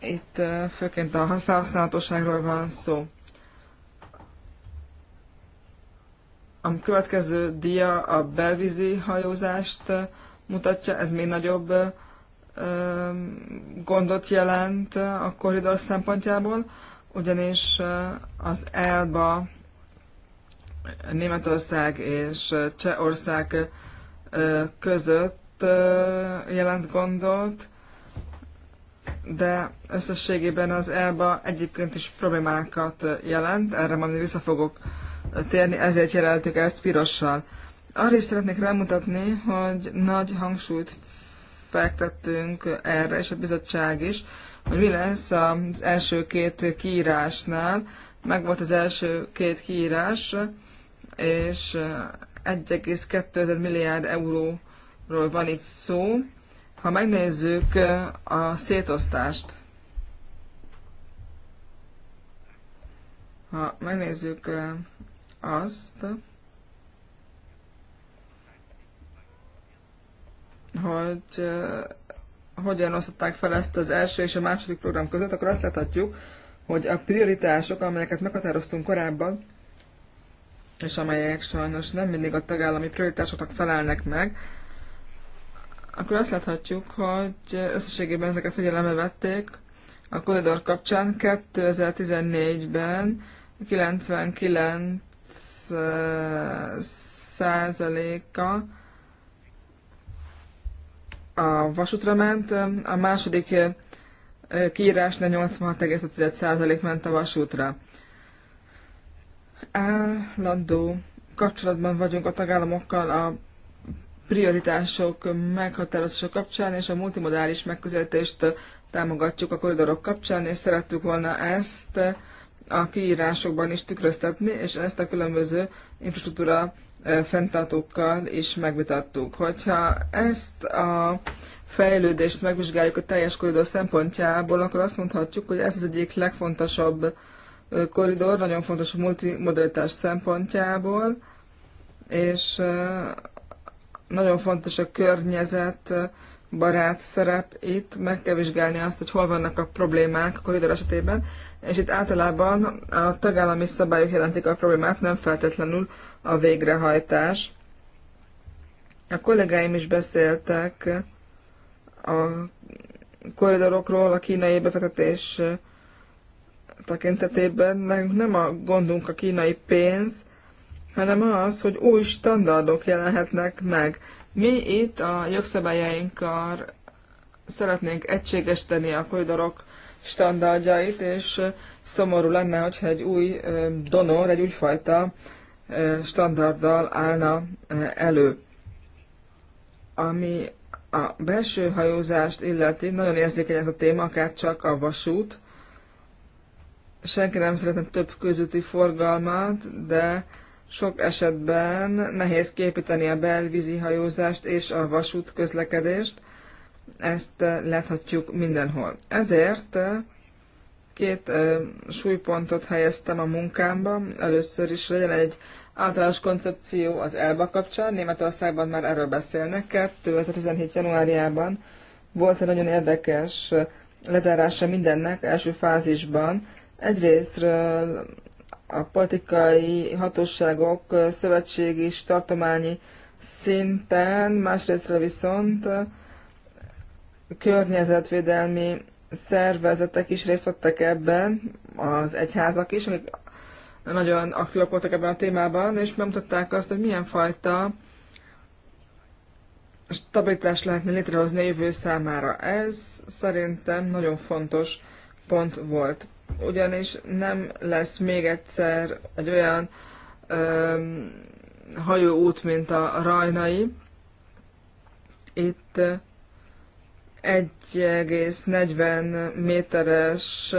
Itt főként a felhasználhatóságról van szó. A következő dia a belvízi hajózást mutatja, ez még nagyobb gondot jelent a korridor szempontjából, ugyanis az Elba Németország és Csehország között jelent gondot, de összességében az Elba egyébként is problémákat jelent, erre majd vissza fogok térni, ezért jelöltük ezt pirossal. Arra is szeretnék rámutatni, hogy nagy hangsúlyt fektettünk erre, és a bizottság is, hogy mi lesz az első két kiírásnál. Meg volt az első két kiírás, és 1,2 milliárd euróról van itt szó. Ha megnézzük a szétosztást, ha megnézzük azt, hogy hogyan osztották fel ezt az első és a második program között, akkor azt láthatjuk, hogy a prioritások, amelyeket meghatároztunk korábban, és amelyek sajnos nem mindig a tagállami prioritásoknak felelnek meg, akkor azt láthatjuk, hogy összességében ezeket figyelembe vették a koridor kapcsán 2014-ben 99 százaléka a vasútra ment, a második kiírásnál 86,5% ment a vasútra. Állandó kapcsolatban vagyunk a tagállamokkal a prioritások meghatározása kapcsán, és a multimodális megközelítést támogatjuk a koridorok kapcsán, és szerettük volna ezt a kiírásokban is tükröztetni, és ezt a különböző infrastruktúra fenntartókkal is megvitattuk. Hogyha ezt a fejlődést megvizsgáljuk a teljes koridor szempontjából, akkor azt mondhatjuk, hogy ez az egyik legfontosabb koridor, nagyon fontos a multimodalitás szempontjából, és nagyon fontos a környezet, barát szerep itt, meg kell vizsgálni azt, hogy hol vannak a problémák a koridor esetében, és itt általában a tagállami szabályok jelentik a problémát, nem feltétlenül a végrehajtás. A kollégáim is beszéltek a koridorokról, a kínai befektetés tekintetében. Nekünk nem a gondunk a kínai pénz, hanem az, hogy új standardok jelenhetnek meg. Mi itt a jogszabályainkkal szeretnénk egységesteni a koridorok standardjait, és szomorú lenne, hogyha egy új donor, egy újfajta standarddal állna elő. Ami a belső hajózást illeti, nagyon érzékeny ez a téma, akár csak a vasút. Senki nem szeretne több közúti forgalmat, de sok esetben nehéz képíteni a belvízi hajózást és a vasút közlekedést. Ezt eh, láthatjuk mindenhol. Ezért eh, két eh, súlypontot helyeztem a munkámba. Először is legyen egy általános koncepció az ELBA kapcsán. Németországban már erről beszélnek. 2017. januárjában volt egy nagyon érdekes lezárása mindennek első fázisban. Egyrésztről a politikai hatóságok szövetségi és tartományi szinten, másrésztről viszont környezetvédelmi szervezetek is részt vettek ebben, az egyházak is, akik nagyon aktívak voltak ebben a témában, és bemutatták azt, hogy milyen fajta stabilitás lehetne létrehozni a jövő számára. Ez szerintem nagyon fontos pont volt. Ugyanis nem lesz még egyszer egy olyan öm, hajóút, mint a rajnai. Itt 1,40 méteres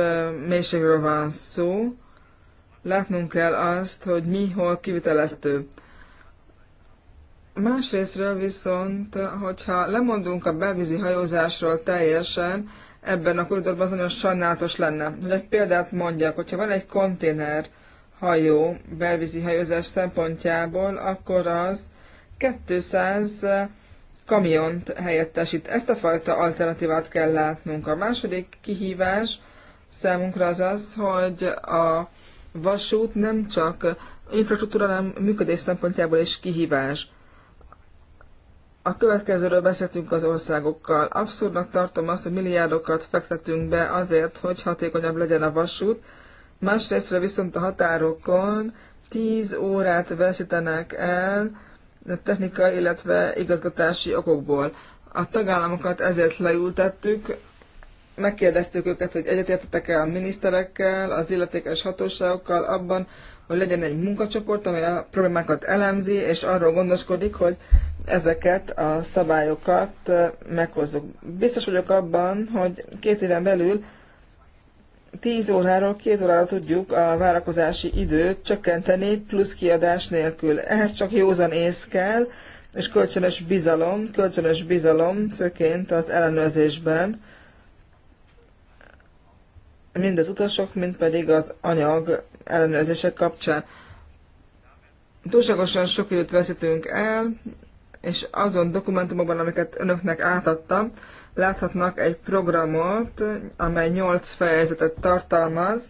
mélységről van szó. Látnunk kell azt, hogy mi hol kivitelező. Másrésztről viszont, hogyha lemondunk a belvízi hajózásról teljesen, ebben a koridorban az nagyon sajnálatos lenne. De egy példát mondjak, hogyha van egy konténer hajó belvízi hajózás szempontjából, akkor az 200 kamiont helyettesít. Ezt a fajta alternatívát kell látnunk. A második kihívás számunkra az az, hogy a vasút nem csak infrastruktúra, hanem működés szempontjából is kihívás. A következőről beszéltünk az országokkal. Abszurdnak tartom azt, hogy milliárdokat fektetünk be azért, hogy hatékonyabb legyen a vasút, Másrészt viszont a határokon 10 órát veszítenek el, technikai, illetve igazgatási okokból. A tagállamokat ezért leültettük, megkérdeztük őket, hogy egyetértetek-e a miniszterekkel, az illetékes hatóságokkal abban, hogy legyen egy munkacsoport, amely a problémákat elemzi, és arról gondoskodik, hogy ezeket a szabályokat eh, meghozzuk. Biztos vagyok abban, hogy két éven belül 10 óráról 2 órára tudjuk a várakozási időt csökkenteni, plusz kiadás nélkül. Ehhez csak józan ész kell, és kölcsönös bizalom, kölcsönös bizalom, főként az ellenőrzésben, mind az utasok, mind pedig az anyag ellenőrzések kapcsán. Túlságosan sok időt veszítünk el, és azon dokumentumokban, amiket önöknek átadtam, láthatnak egy programot, amely 8 fejezetet tartalmaz.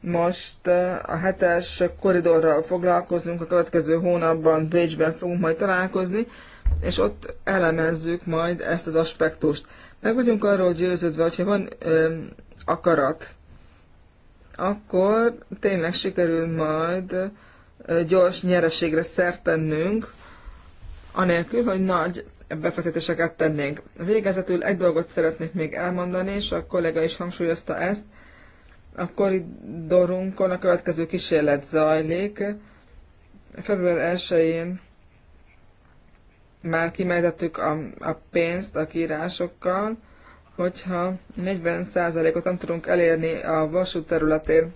Most eh, a hetes koridorral foglalkozunk, a következő hónapban Bécsben fogunk majd találkozni, és ott elemezzük majd ezt az aspektust. Meg vagyunk arról győződve, hogyha van ö, akarat, akkor tényleg sikerül majd eh, gyors nyereségre szert tennünk, anélkül, hogy nagy befektetéseket tennénk. Végezetül egy dolgot szeretnék még elmondani, és a kollega is hangsúlyozta ezt. A koridorunkon a következő kísérlet zajlik. Február 1-én már kimejtettük a, a pénzt a kiírásokkal, hogyha 40%-ot nem tudunk elérni a vasút területén,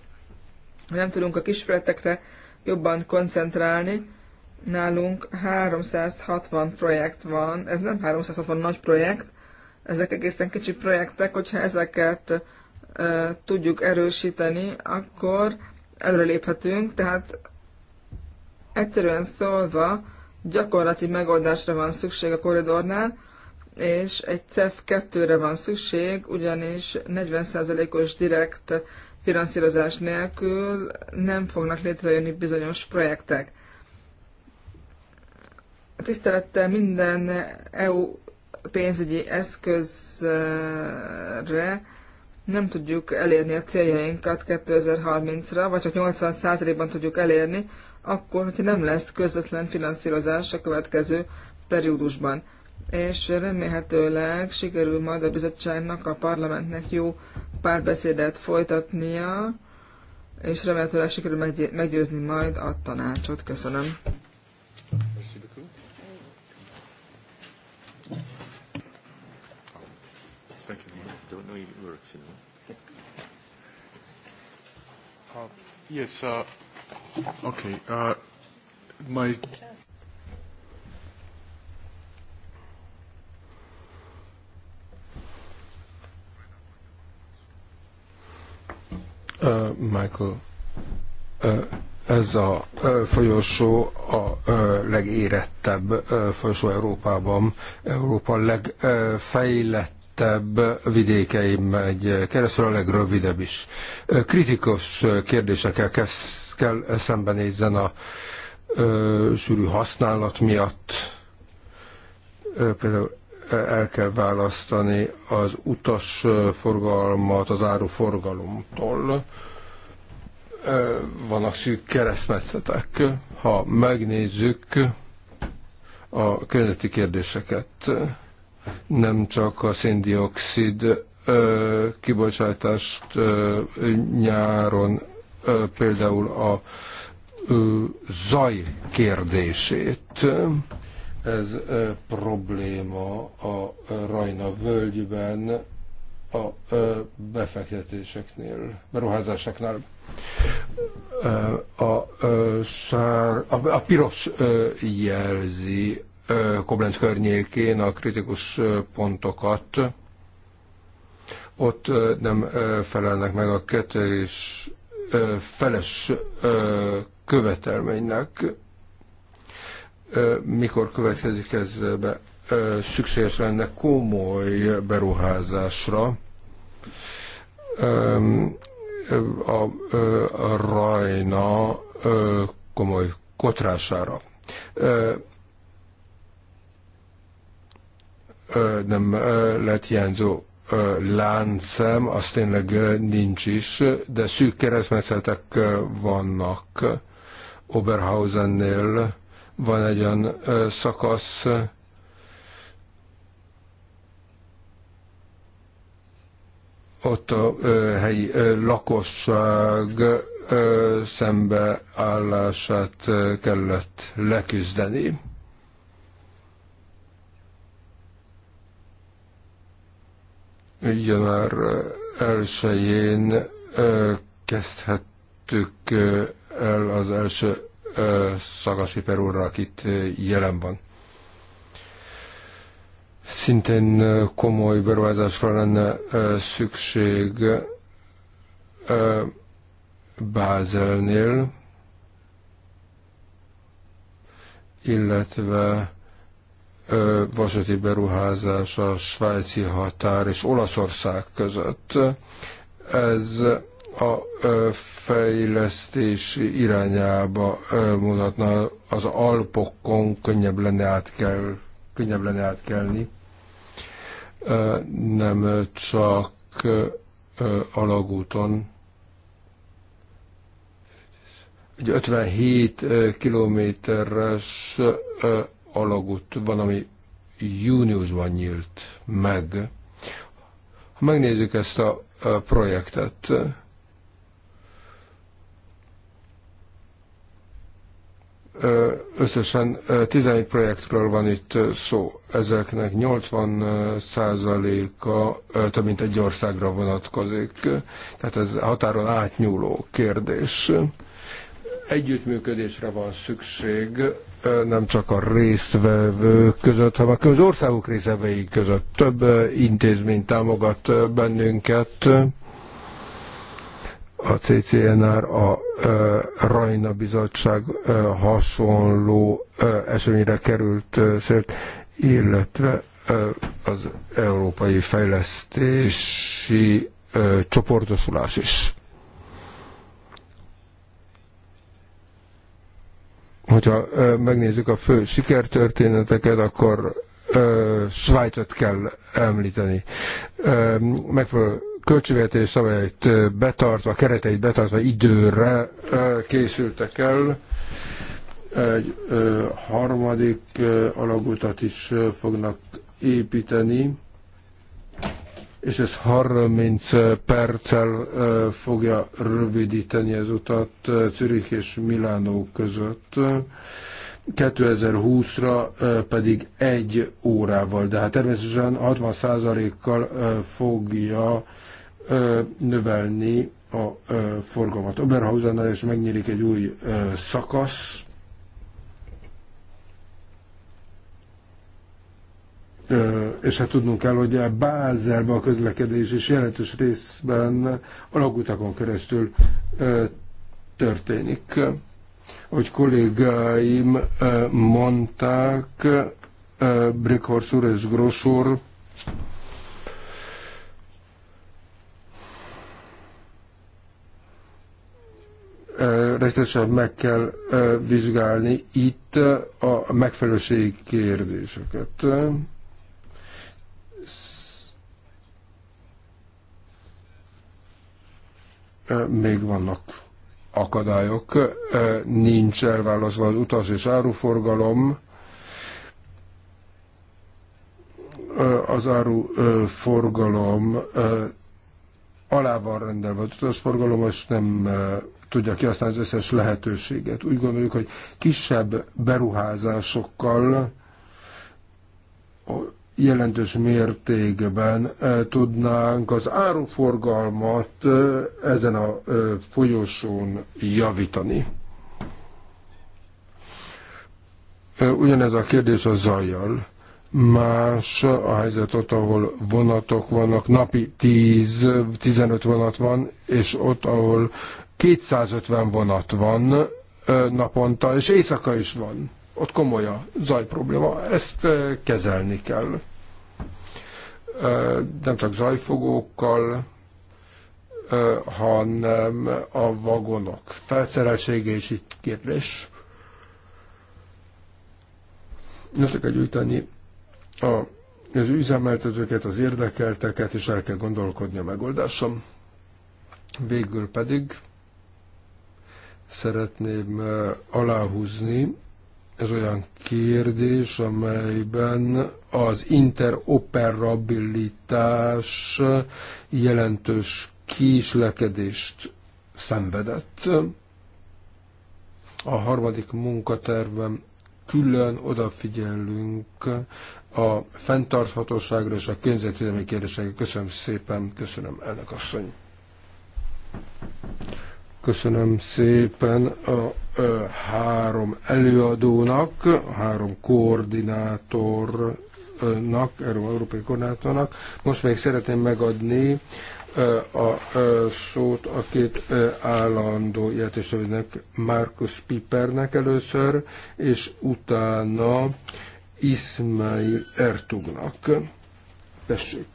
nem tudunk a kisfületekre jobban koncentrálni, nálunk 360 projekt van, ez nem 360 nagy projekt, ezek egészen kicsi projektek, hogyha ezeket e, tudjuk erősíteni, akkor előléphetünk, tehát egyszerűen szólva gyakorlati megoldásra van szükség a koridornál, és egy CEF 2-re van szükség, ugyanis 40%-os direkt finanszírozás nélkül nem fognak létrejönni bizonyos projektek tisztelettel minden EU pénzügyi eszközre nem tudjuk elérni a céljainkat 2030-ra, vagy csak 80%-ban tudjuk elérni, akkor, hogyha nem lesz közvetlen finanszírozás a következő periódusban. És remélhetőleg sikerül majd a bizottságnak, a parlamentnek jó párbeszédet folytatnia, és remélhetőleg sikerül meggyőzni majd a tanácsot. Köszönöm. Köszönöm. Yes, uh, okay. Uh, my... Uh, Michael, uh, ez a uh, folyosó a uh, legérettebb uh, folyosó Európában, Európa legfejlett legrövidebb vidékeim egy keresztül, a legrövidebb is. Kritikus kérdésekkel kezd, kell szembenézzen a ö, sűrű használat miatt. Ö, például el kell választani az utas forgalmat az áruforgalomtól. vannak szűk keresztmetszetek. Ha megnézzük a környezeti kérdéseket, nem csak a széndiokszid kibocsátást nyáron, például a zaj kérdését. Ez probléma a Rajna völgyben, a befektetéseknél, beruházásoknál. A, sár, a, a piros jelzi Koblenz környékén a kritikus pontokat. Ott nem felelnek meg a kettős feles követelménynek. Mikor következik ez be? Szükséges lenne komoly beruházásra a, a rajna komoly kotrására. nem lett hiányzó láncem, az tényleg nincs is, de szűk keresztmetszetek vannak. Oberhausennél van egy olyan szakasz, ott a ö, helyi ö, lakosság ö, szembeállását kellett leküzdeni. január 1-én kezdhettük el az első szagaszi Perúrral, akit jelen van. Szintén komoly beruházásra lenne szükség Bázelnél, illetve vasúti beruházás a svájci határ és Olaszország között. Ez a fejlesztés irányába mutatna, az Alpokon könnyebb lenne, átkel, könnyebb lenne átkelni, nem csak alagúton. Egy 57 kilométeres alagút van, ami júniusban nyílt meg. Ha megnézzük ezt a projektet, összesen 11 projektről van itt szó. Ezeknek 80 százaléka több mint egy országra vonatkozik. Tehát ez határon átnyúló kérdés. Együttműködésre van szükség nem csak a résztvevők között, hanem a országok részvevői között. Több intézmény támogat bennünket, a CCNR, a Rajna Bizottság hasonló eseményre került szert, illetve az Európai Fejlesztési Csoportosulás is. Hogyha megnézzük a fő sikertörténeteket, akkor Svájcot kell említeni. Megfelelő költségvetés szabályait betartva, kereteit betartva időre készültek el. Egy harmadik alagutat is fognak építeni és ez 30 perccel fogja rövidíteni az utat Zürich és Milánó között. 2020-ra pedig egy órával, de hát természetesen 60%-kal fogja növelni a forgalmat. Oberhausennel is megnyílik egy új szakasz, és hát tudnunk kell, hogy a Bázelben a közlekedés is jelentős részben lagutakon keresztül történik. Ahogy kollégáim mondták, Brickhorst úr és Gross úr, részletesen meg kell vizsgálni itt a megfelelőségi kérdéseket. még vannak akadályok, nincs elválaszva az utas és áruforgalom, az áruforgalom alá van rendelve az utasforgalom, és nem tudja kihasználni az összes lehetőséget. Úgy gondoljuk, hogy kisebb beruházásokkal jelentős mértékben eh, tudnánk az áruforgalmat eh, ezen a eh, folyosón javítani. Ugyanez a kérdés a zajjal. Más a helyzet ott, ahol vonatok vannak, napi 10-15 vonat van, és ott, ahol 250 vonat van naponta, és éjszaka is van ott komoly a zaj probléma, ezt eh, kezelni kell. Eh, nem csak zajfogókkal, eh, hanem a vagonok felszereltsége is itt kérdés. Össze kell gyűjteni a, az üzemeltetőket, az érdekelteket, és el kell gondolkodni a megoldásom. Végül pedig szeretném aláhúzni ez olyan kérdés, amelyben az interoperabilitás jelentős kislekedést szenvedett. A harmadik munkatervem külön odafigyelünk a fenntarthatóságra és a környezetvédelmi kérdésekre. Köszönöm szépen, köszönöm elnök asszony. Köszönöm szépen a három előadónak, a három koordinátornak, három európai koordinátornak. Most még szeretném megadni a szót a két állandó jelentéstevőnek, Markus Pipernek először, és utána Ismail Ertugnak. Tessék!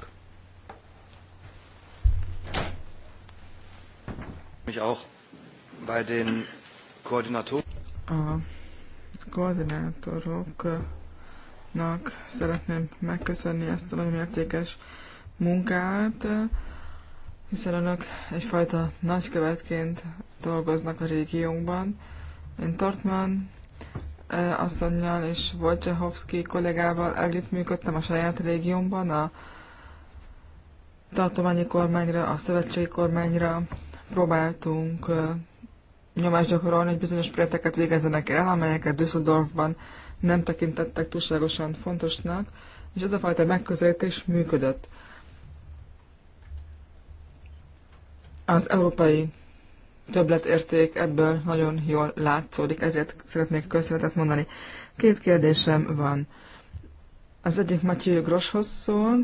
Ich auch bei den Koordinatoren. A koordinátoroknak szeretném megköszönni ezt a nagyon értékes munkát, hiszen önök egyfajta nagykövetként dolgoznak a régiónkban. Én Tartman eh, asszonynal és Wojciechowski kollégával együttműködtem a saját régiómban, a tartományi kormányra, a szövetségi kormányra próbáltunk eh, nyomást gyakorolni, hogy bizonyos projekteket végezzenek el, amelyeket Düsseldorfban nem tekintettek túlságosan fontosnak, és ez a fajta megközelítés működött. Az európai többletérték ebből nagyon jól látszódik, ezért szeretnék köszönetet mondani. Két kérdésem van. Az egyik Matyi Groshoz szól,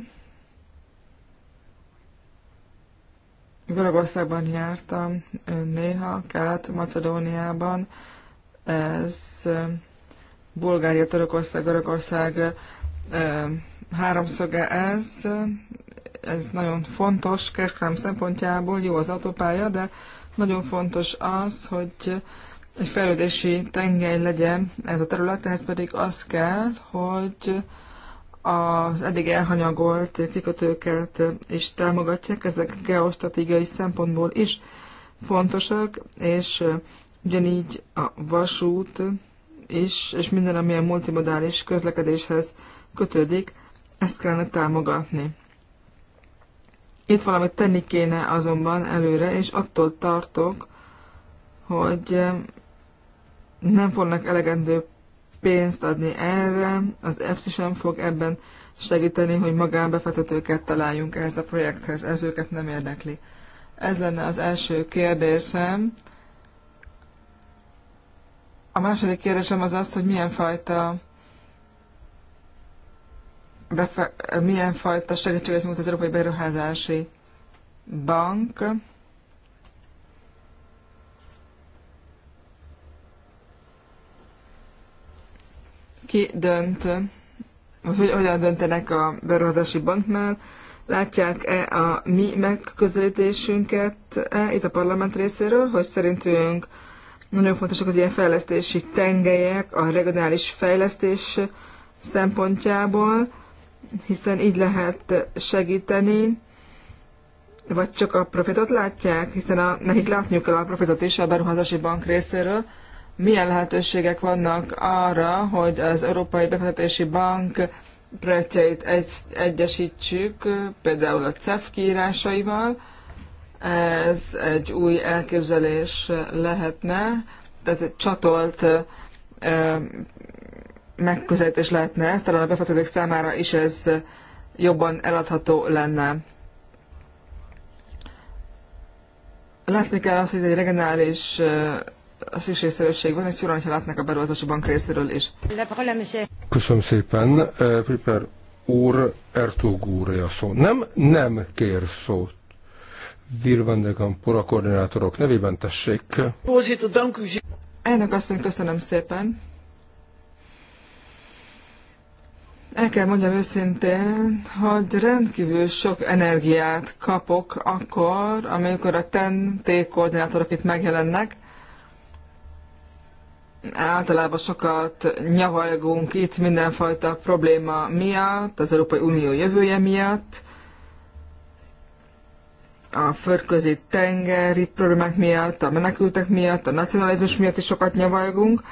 Görögországban jártam néha, Kelet-Macedóniában, ez Bulgária, Törökország, Görögország háromszöge ez, ez nagyon fontos kereskedelem szempontjából, jó az autópálya, de nagyon fontos az, hogy egy fejlődési tengely legyen ez a terület, ehhez pedig az kell, hogy az eddig elhanyagolt kikötőket is támogatják, ezek geostratégiai szempontból is fontosak, és ugyanígy a vasút is, és minden, ami a multimodális közlekedéshez kötődik, ezt kellene támogatni. Itt valamit tenni kéne azonban előre, és attól tartok, hogy nem fognak elegendő pénzt adni erre, az EFSI sem fog ebben segíteni, hogy magánbefektetőket találjunk ehhez a projekthez, ez őket nem érdekli. Ez lenne az első kérdésem. A második kérdésem az az, hogy milyen fajta milyen fajta segítséget nyújt az Európai Beruházási Bank ki dönt, hogy hogyan döntenek a beruházási banknál, látják-e a mi megközelítésünket -e itt a parlament részéről, hogy szerintünk nagyon fontosak az ilyen fejlesztési tengelyek a regionális fejlesztés szempontjából, hiszen így lehet segíteni, vagy csak a profitot látják, hiszen a, nekik látniuk kell a profitot is a beruházási bank részéről, milyen lehetőségek vannak arra, hogy az Európai Befektetési Bank projektjeit egy, egyesítsük, például a CEF kiírásaival. Ez egy új elképzelés lehetne, tehát egy csatolt megközelítés lehetne ez, talán a befektetők számára is ez jobban eladható lenne. Látni kell azt, hogy egy regionális a szükségszerűség van, és jó lenne, látnak a beruházási bank részéről is. Köszönöm szépen. Eh, Piper úr, Ertug úr a szó. Nem, nem kér szót. Virvendegan Pura koordinátorok nevében tessék. Elnök asszony, köszönöm szépen. El kell mondjam őszintén, hogy rendkívül sok energiát kapok akkor, amikor a TEN-T koordinátorok itt megjelennek, általában sokat nyavalgunk itt mindenfajta probléma miatt, az Európai Unió jövője miatt, a földközi tengeri problémák miatt, a menekültek miatt, a nacionalizmus miatt is sokat nyavalgunk,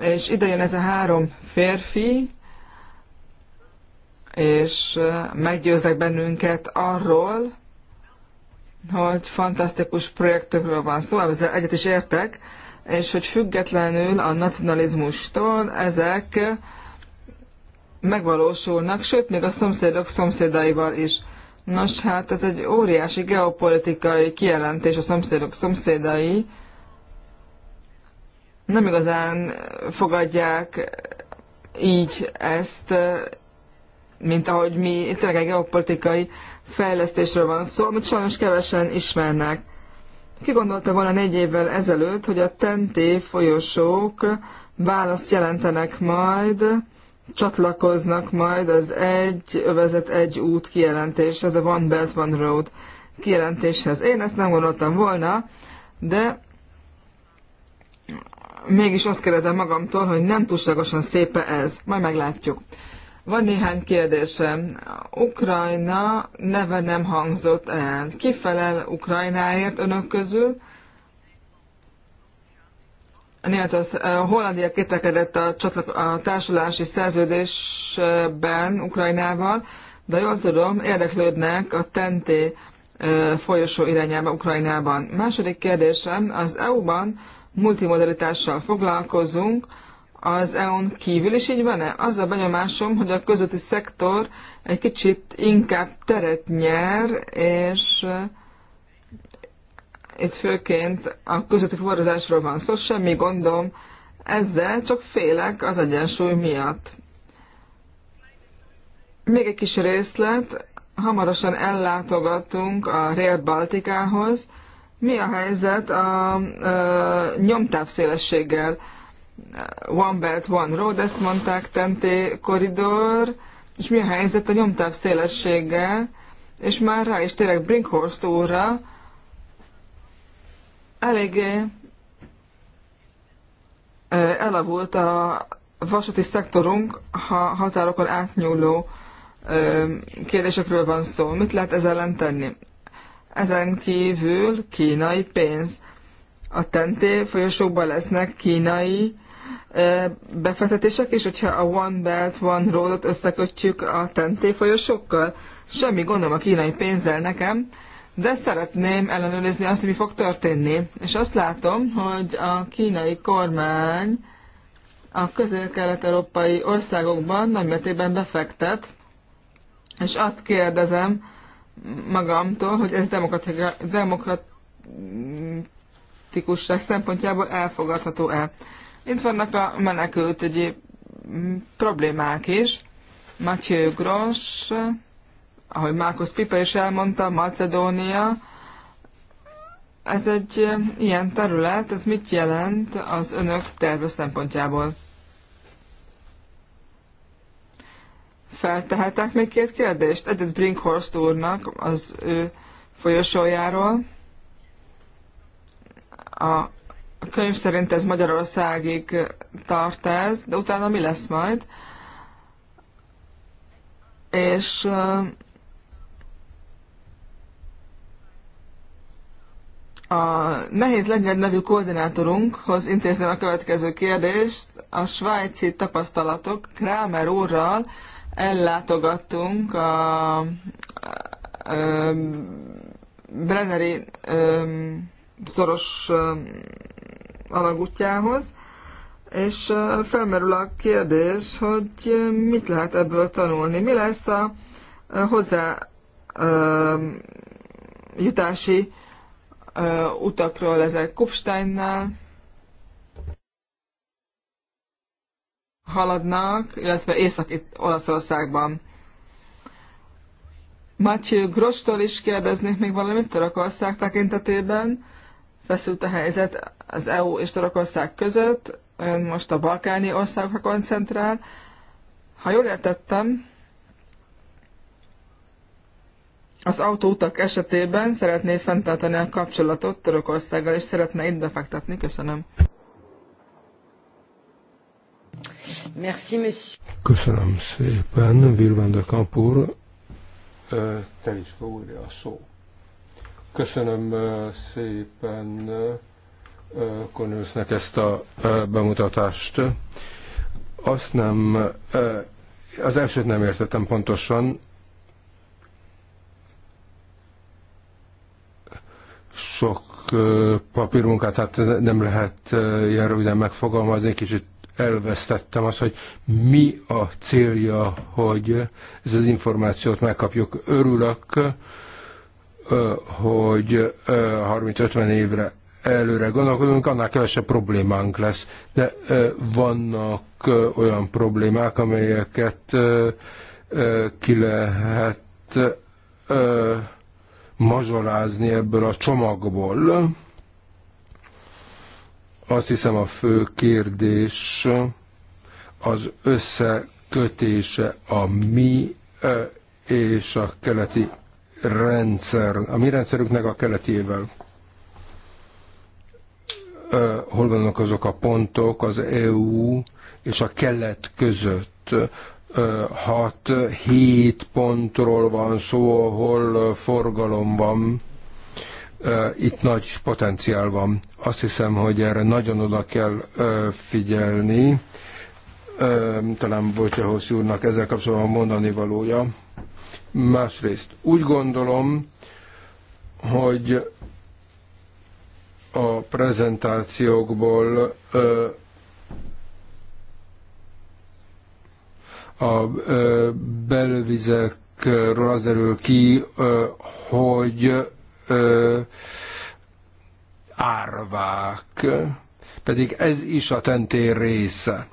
és ide jön ez a három férfi, és meggyőznek bennünket arról, hogy fantasztikus projektekről van szó, ezzel egyet is értek, és hogy függetlenül a nacionalizmustól ezek megvalósulnak, sőt, még a szomszédok szomszédaival is. Nos, hát ez egy óriási geopolitikai kijelentés a szomszédok szomszédai. Nem igazán fogadják így ezt, mint ahogy mi, tényleg egy geopolitikai fejlesztésről van szó, amit sajnos kevesen ismernek. Ki gondolta volna négy évvel ezelőtt, hogy a tenté folyosók választ jelentenek majd, csatlakoznak majd az egy övezet egy út kijelentés, ez a One Belt One Road kijelentéshez. Én ezt nem gondoltam volna, de mégis azt kérdezem magamtól, hogy nem túlságosan szépe ez. Majd meglátjuk. Van néhány kérdésem. Ukrajna neve nem hangzott el. Ki felel Ukrajnáért önök közül? az eh, Hollandia kételkedett a, csatlak, a társulási szerződésben Ukrajnával, de jól tudom, érdeklődnek a tenté eh, folyosó irányába Ukrajnában. Második kérdésem, az EU-ban multimodalitással foglalkozunk, az EU-n kívül is így van-e? Az a benyomásom, hogy a közötti szektor egy kicsit inkább teret nyer, és eh, itt főként a közötti forrozásról van szó, szóval semmi gondom ezzel, csak félek az egyensúly miatt. Még egy kis részlet, hamarosan ellátogatunk a Rail Baltikához. Mi a helyzet a, a, eh, a nyomtávszélességgel? One Belt, One Road, ezt mondták, Tenté koridor, és mi a helyzet a nyomtáv szélességgel, és már rá is tényleg Brinkhorst úrra, eléggé elavult a vasúti szektorunk, ha határokon átnyúló kérdésekről van szó. Mit lehet ezzel ellen tenni? Ezen kívül kínai pénz. A tenté folyosókban lesznek kínai befektetések, és hogyha a One Belt, One Road-ot összekötjük a tenté folyosokkal, semmi gondom a kínai pénzzel nekem, de szeretném ellenőrizni azt, hogy mi fog történni. És azt látom, hogy a kínai kormány a közel kelet európai országokban nagymértékben befektet, és azt kérdezem magamtól, hogy ez demokratikusság szempontjából elfogadható-e. Itt vannak a egy mm, problémák is. Mathieu Gross, ahogy Márkusz Pipa is elmondta, Macedónia, ez egy mm, ilyen terület, ez mit jelent az önök terve szempontjából? Feltehetek még két kérdést? Edith Brinkhorst úrnak az ő folyosójáról. A a könyv szerint ez Magyarországig tart ez, de utána mi lesz majd? És a nehéz lengyel nevű koordinátorunkhoz intézném a következő kérdést. A svájci tapasztalatok Krámer úrral ellátogattunk a, a, a, Brenneri szoros alagútjához, és felmerül a kérdés, hogy mit lehet ebből tanulni. Mi lesz a hozzá jutási utakról ezek Kupsteinnál haladnak, illetve Észak-Olaszországban. Matthew Grostól is kérdeznék még valamit Törökország tekintetében feszült a helyzet az EU és Törökország között, ön most a balkáni országokra koncentrál. Ha jól értettem, az autóutak esetében szeretné fenntartani a kapcsolatot Törökországgal, és szeretne itt befektetni. Köszönöm. Merci, monsieur. Köszönöm szépen, Vilvanda Kapur. Te is a szó. Köszönöm szépen Konősznek ezt a bemutatást. Azt nem, az elsőt nem értettem pontosan. Sok papírmunkát hát nem lehet ilyen röviden megfogalmazni, kicsit elvesztettem azt, hogy mi a célja, hogy ez az információt megkapjuk. Örülök, hogy 30-50 évre előre gondolkodunk, annál kevesebb problémánk lesz. De vannak olyan problémák, amelyeket ki lehet mazsolázni ebből a csomagból. Azt hiszem a fő kérdés az összekötése a mi és a keleti rendszer, a mi rendszerünknek a keletével. Hol vannak azok a pontok az EU és a kelet között? 6-7 pontról van szó, ahol forgalom van itt nagy potenciál van. Azt hiszem, hogy erre nagyon oda kell figyelni. Talán Bocsehosz úrnak ezzel kapcsolatban mondani valója. Másrészt úgy gondolom, hogy a prezentációkból a belővizekről az derül ki, hogy árvák, pedig ez is a tentér része.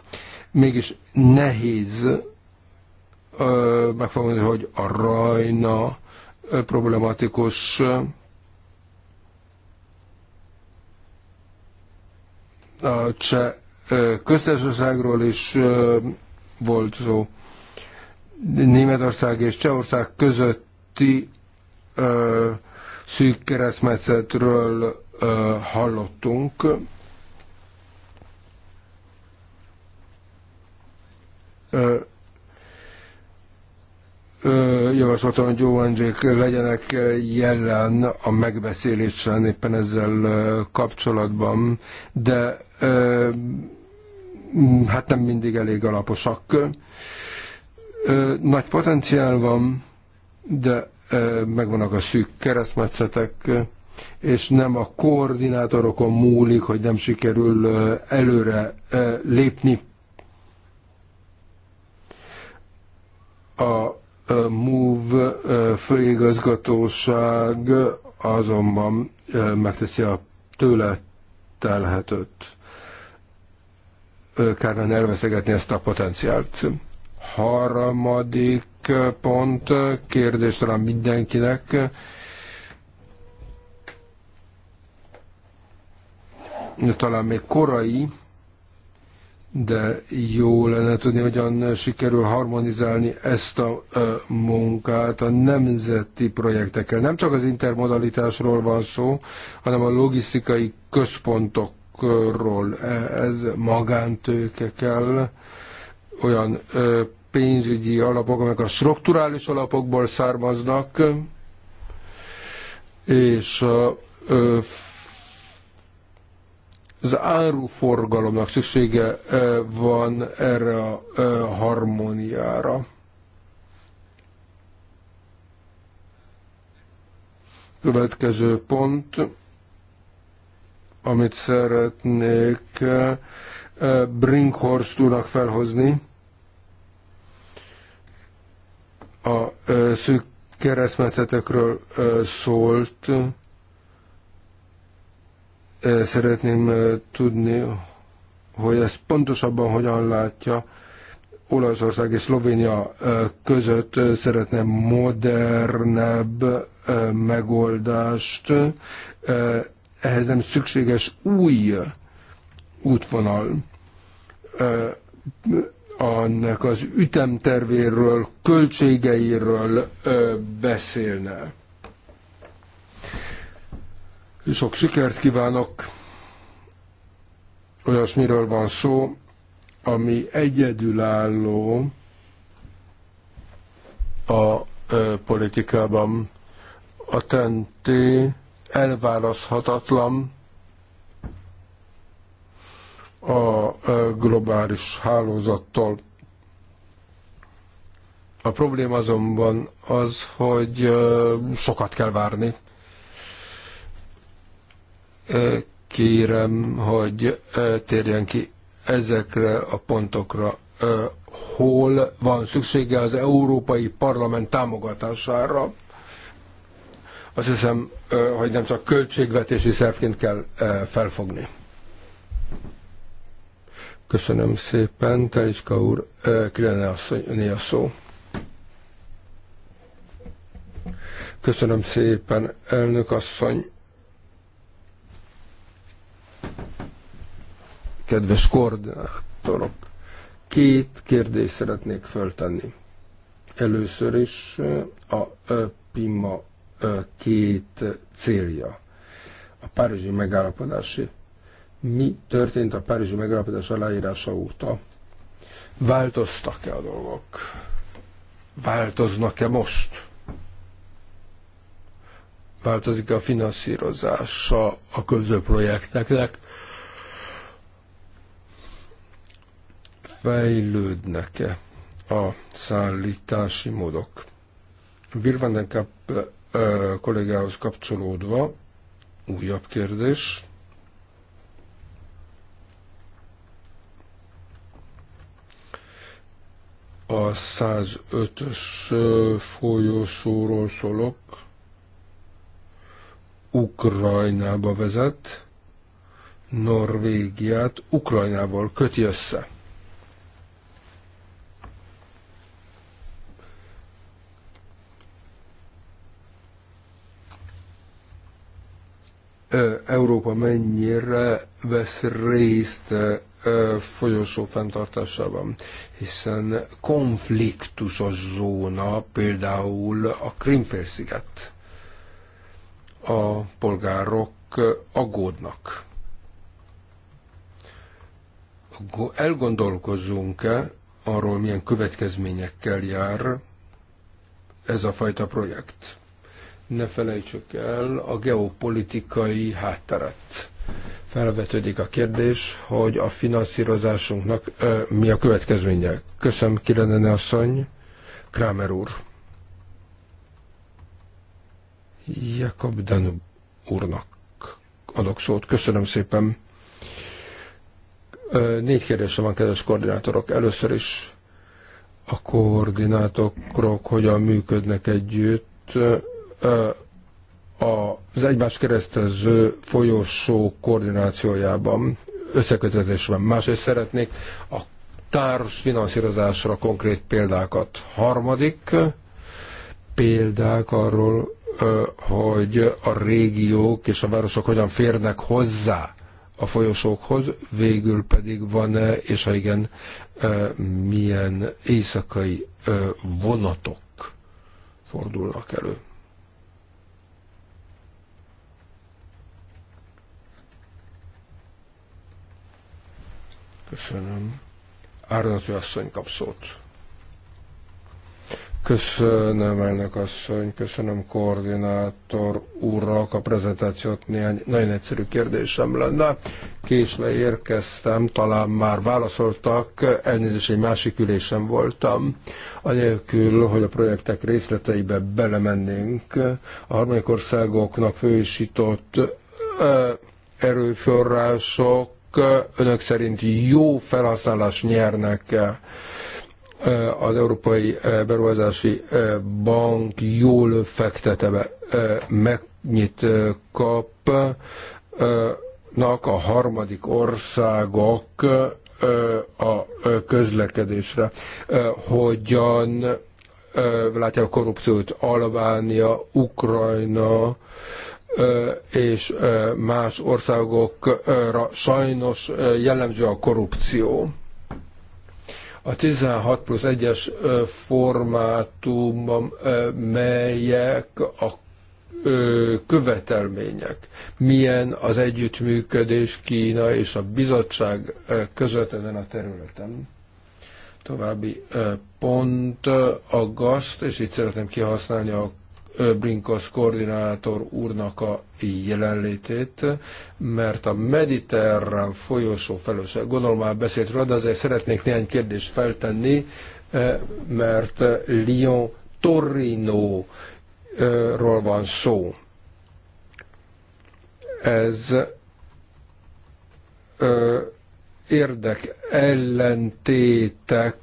Mégis nehéz meg fogom mondani, hogy a rajna problematikus a cseh köztársaságról is volt szó. Németország és Csehország közötti ö, szűk keresztmetszetről ö, hallottunk. Ö, javasoltam, hogy jó k legyenek jelen a megbeszélésen éppen ezzel kapcsolatban, de hát nem mindig elég alaposak. Nagy potenciál van, de megvannak a szűk keresztmetszetek, és nem a koordinátorokon múlik, hogy nem sikerül előre lépni. A MOVE főigazgatóság azonban megteszi a tőle telhetőt. Kárna elveszegetni ezt a potenciált. Harmadik pont, kérdés talán mindenkinek. Talán még korai, de jó lenne tudni, hogyan sikerül harmonizálni ezt a munkát a nemzeti projektekkel. Nem csak az intermodalitásról van szó, hanem a logisztikai központokról. E, ez magántőke kell, olyan pénzügyi alapok, amelyek a strukturális alapokból származnak, és a az áruforgalomnak szüksége van erre a harmóniára. Következő pont, amit szeretnék Brinkhorst úrnak felhozni, a szűk keresztmetszetekről szólt, Szeretném tudni, hogy ez pontosabban hogyan látja Olaszország és Szlovénia között szeretne modernebb megoldást. Ehhez nem szükséges új útvonal annak az ütemtervéről, költségeiről beszélne. Sok sikert kívánok! Olyasmiről van szó, ami egyedülálló a ö, politikában. A tenté elválaszthatatlan a ö, globális hálózattól. A probléma azonban az, hogy sokat kell várni. Kérem, hogy térjen ki ezekre a pontokra, hol van szüksége az Európai Parlament támogatására. Azt hiszem, hogy nem csak költségvetési szervként kell felfogni. Köszönöm szépen, Teliska úr, Kirene a szó. Köszönöm szépen, elnök asszony. kedves koordinátorok, két kérdést szeretnék föltenni. Először is eh, a eh, PIMA eh, két célja. A Párizsi megállapodási. Mi történt a Párizsi megállapodás aláírása óta? Változtak-e a dolgok? Változnak-e most? Változik-e a finanszírozása a közöprojekteknek? fejlődnek-e a szállítási módok. Birvandenkamp kollégához kapcsolódva újabb kérdés. A 105-ös folyosóról szólok. Ukrajnába vezet, Norvégiát Ukrajnával köti össze. Európa mennyire vesz részt folyosó fenntartásában, hiszen konfliktusos zóna például a Krimfélsziget. A polgárok aggódnak. Elgondolkozzunk-e arról, milyen következményekkel jár ez a fajta projekt? ne felejtsük el a geopolitikai hátteret. Felvetődik a kérdés, hogy a finanszírozásunknak ö, mi a következménye. Köszönöm, Kirenene asszony, Kramer úr. Jakob Danu úrnak adok szót. Köszönöm szépen. Négy kérdésem van, kedves koordinátorok. Először is a koordinátorok hogyan működnek együtt az egymás keresztező folyosó koordinációjában, összekötetésben. Másrészt szeretnék a finanszírozásra konkrét példákat. Harmadik példák arról, hogy a régiók és a városok hogyan férnek hozzá a folyosókhoz, végül pedig van-e, és ha igen, milyen éjszakai vonatok fordulnak elő. Köszönöm. Áradatő asszony kap szót. Köszönöm, elnök asszony, köszönöm koordinátor úrnak a prezentációt. Néhány nagyon egyszerű kérdésem lenne. Késve érkeztem, talán már válaszoltak, elnézést egy másik ülésen voltam. Anélkül, hogy a projektek részleteibe belemennénk, a harmadik országoknak fősított erőforrások önök szerint jó felhasználás nyernek -e? az Európai Beruházási Bank jól fektete be, megnyit kapnak a harmadik országok a közlekedésre. Hogyan látja a korrupciót Albánia, Ukrajna, és más országokra sajnos jellemző a korrupció. A 16 plusz 1-es formátumban melyek a követelmények, milyen az együttműködés Kína és a bizottság között ezen a területen. További pont a gazt, és itt szeretném kihasználni a Brinkos koordinátor úrnak a jelenlétét, mert a mediterrán folyosó felelős, gondolom már beszélt róla, de azért szeretnék néhány kérdést feltenni, eh, mert Lyon Torino ról van szó. Ez eh, érdek ellentétek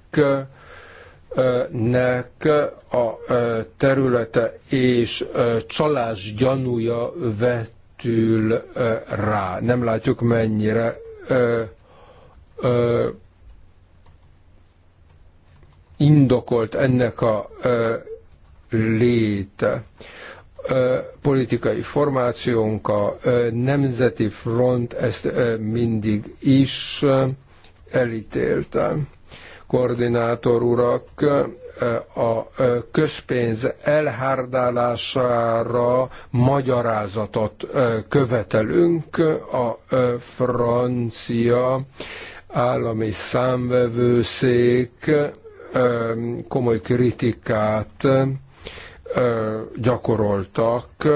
nek a területe és csalás gyanúja vetül rá. Nem látjuk mennyire indokolt ennek a léte politikai formációnk, a Nemzeti Front ezt mindig is elítélte koordinátor urak, a közpénz elhárdálására magyarázatot követelünk a francia állami számvevőszék komoly kritikát gyakoroltak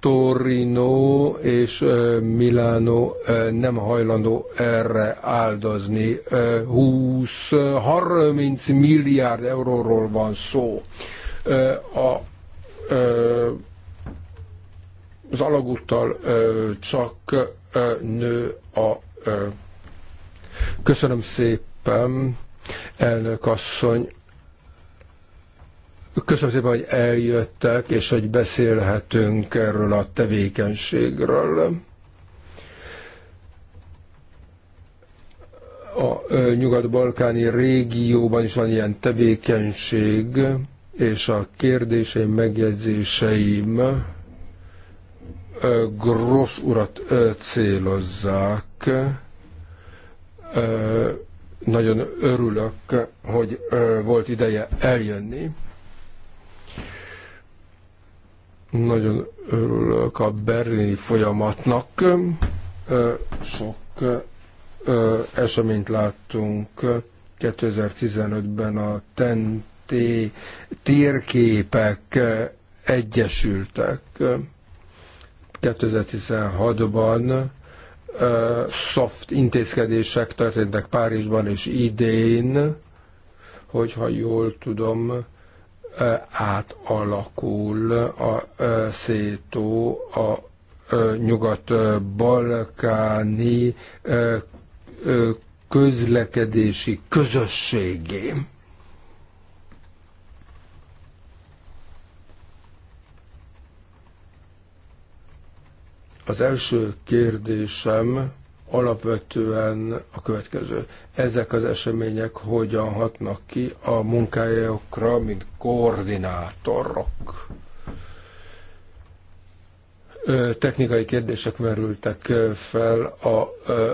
Torino és Milano nem hajlandó erre áldozni. 20-30 milliárd euróról van szó. A az alagúttal csak nő a. Köszönöm szépen, elnök asszony. Köszönöm szépen, hogy eljöttek, és hogy beszélhetünk erről a tevékenységről. A nyugat-balkáni régióban is van ilyen tevékenység, és a kérdéseim, megjegyzéseim Gross urat célozzák. Nagyon örülök, hogy volt ideje eljönni nagyon örülök a berlini folyamatnak. Sok eseményt láttunk 2015-ben a TNT térképek egyesültek. 2016-ban soft intézkedések történtek Párizsban és idén, hogyha jól tudom, átalakul a szétó a nyugat-balkáni közlekedési közösségé. Az első kérdésem alapvetően a következő. Ezek az események hogyan hatnak ki a munkájukra, mint koordinátorok? Technikai kérdések merültek fel a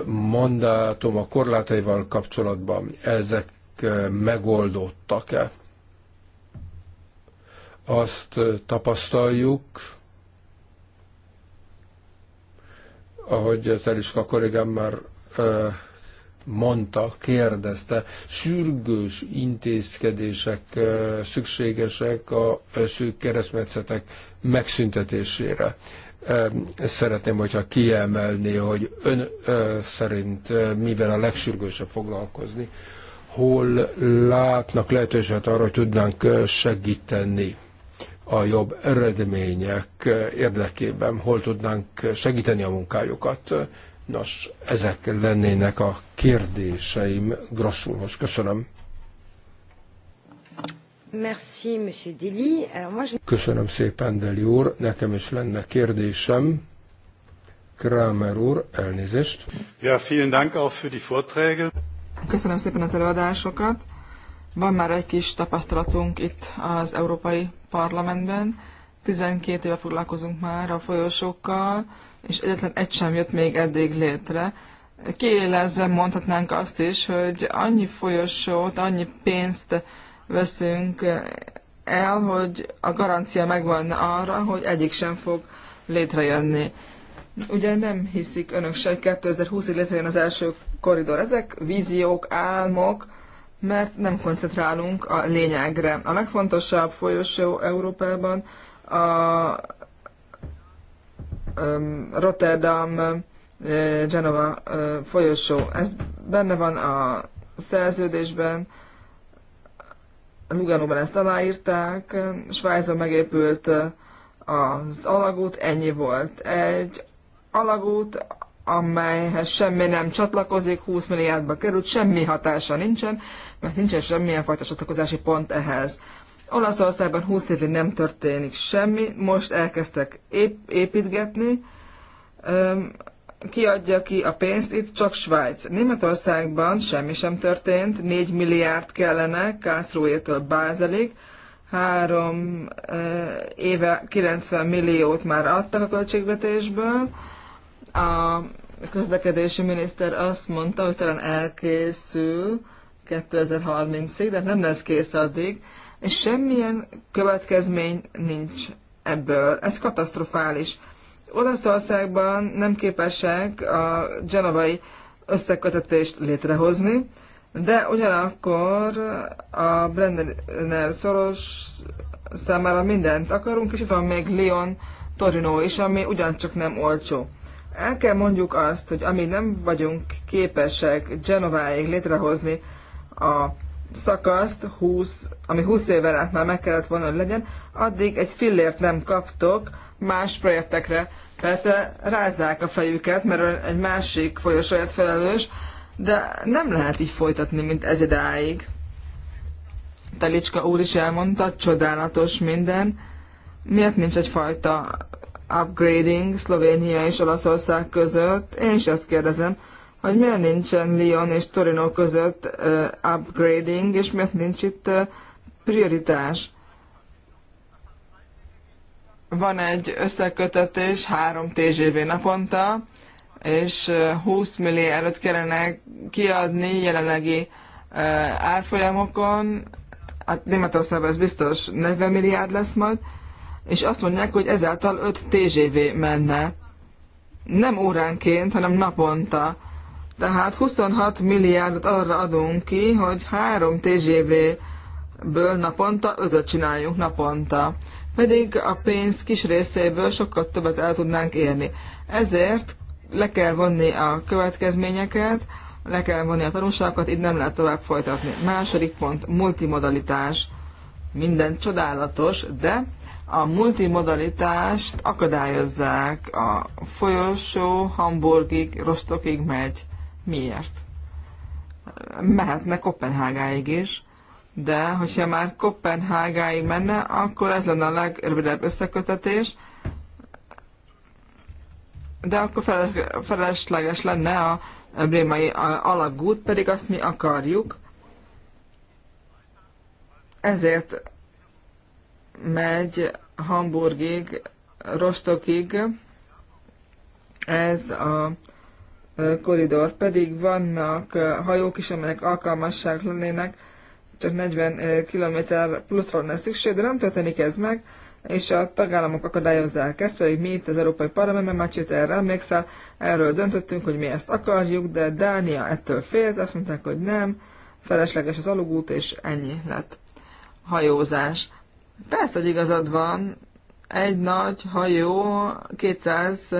mandátum a korlátaival kapcsolatban. Ezek megoldódtak-e? Azt tapasztaljuk, ahogy Teliska kollégám már mondta, kérdezte, sürgős intézkedések szükségesek a szűk keresztmetszetek megszüntetésére. Szeretném, hogyha kiemelné, hogy ön szerint mivel a legsürgősebb foglalkozni, hol látnak lehetőséget arra, hogy tudnánk segíteni a jobb eredmények érdekében, hol tudnánk segíteni a munkájukat. Nos, ezek lennének a kérdéseim Grassulhoz. Köszönöm. Merci, Monsieur Je... Köszönöm szépen, Deli úr. Nekem is lenne kérdésem. Kramer úr, elnézést. Ja, vielen Dank auch für die Vorträge. Köszönöm szépen az előadásokat. Van már egy kis tapasztalatunk itt az Európai Parlamentben. 12 éve foglalkozunk már a folyosókkal, és egyetlen egy sem jött még eddig létre. Kiélezve mondhatnánk azt is, hogy annyi folyosót, annyi pénzt veszünk el, hogy a garancia megvan arra, hogy egyik sem fog létrejönni. Ugye nem hiszik önök se, hogy 2020-ig létrejön az első koridor. Ezek víziók, álmok, mert nem koncentrálunk a lényegre. A legfontosabb folyosó Európában a Rotterdam Genova folyosó. Ez benne van a szerződésben, Luganóban ezt aláírták, Svájzon megépült az alagút, ennyi volt. Egy alagút, amelyhez semmi nem csatlakozik, 20 milliárdba került, semmi hatása nincsen, mert nincsen semmilyen fajta csatlakozási pont ehhez. Olaszországban 20 évig nem történik semmi, most elkezdtek ép- építgetni, ki adja ki a pénzt, itt csak Svájc. Németországban semmi sem történt, 4 milliárd kellene Kászróétől Bázelig, három éve 90 milliót már adtak a költségvetésből, a közlekedési miniszter azt mondta, hogy talán elkészül 2030-ig, de nem lesz kész addig, és semmilyen következmény nincs ebből. Ez katasztrofális. Olaszországban nem képesek a genovai összekötetést létrehozni, de ugyanakkor a Brenner szoros számára mindent akarunk, és itt van még Lyon Torino is, ami ugyancsak nem olcsó. El kell mondjuk azt, hogy amíg nem vagyunk képesek Genováig létrehozni a szakaszt, 20, ami 20 évvel át már meg kellett volna, hogy legyen, addig egy fillért nem kaptok más projektekre. Persze rázzák a fejüket, mert egy másik folyosóját felelős, de nem lehet így folytatni, mint ez idáig. Talicska úr is elmondta, csodálatos minden. Miért nincs egyfajta upgrading Szlovénia és Olaszország között. Én is ezt kérdezem, hogy miért nincsen Lyon és Torino között upgrading, és miért nincs itt prioritás. Van egy összekötetés három TGV naponta, és 20 millió előtt kellene kiadni jelenlegi árfolyamokon, hát Németországban ez biztos 40 milliárd lesz majd, és azt mondják, hogy ezáltal 5 TGV menne. Nem óránként, hanem naponta. Tehát 26 milliárdot arra adunk ki, hogy 3 TGV-ből naponta 5-öt csináljunk naponta. Pedig a pénz kis részéből sokkal többet el tudnánk érni. Ezért le kell vonni a következményeket, le kell vonni a tanulságokat, így nem lehet tovább folytatni. Második pont, multimodalitás. Minden csodálatos, de a multimodalitást akadályozzák. A folyosó Hamburgig, Rostokig megy. Miért? Mehetne Kopenhágáig is, de hogyha már Kopenhágáig menne, akkor ez lenne a legrövidebb összekötetés, de akkor felesleges lenne a brémai alagút, pedig azt mi akarjuk. Ezért megy Hamburgig, Rostokig, ez a koridor. Pedig vannak hajók is, amelyek alkalmasság lennének, csak 40 km pluszra lenne szükség, de nem történik ez meg, és a tagállamok akadályozzák ezt, pedig mi itt az Európai Parlamentben, már csőt erre emlékszel, erről döntöttünk, hogy mi ezt akarjuk, de Dánia ettől félt, azt mondták, hogy nem, felesleges az alugút, és ennyi lett hajózás. Persze, hogy igazad van. Egy nagy hajó 200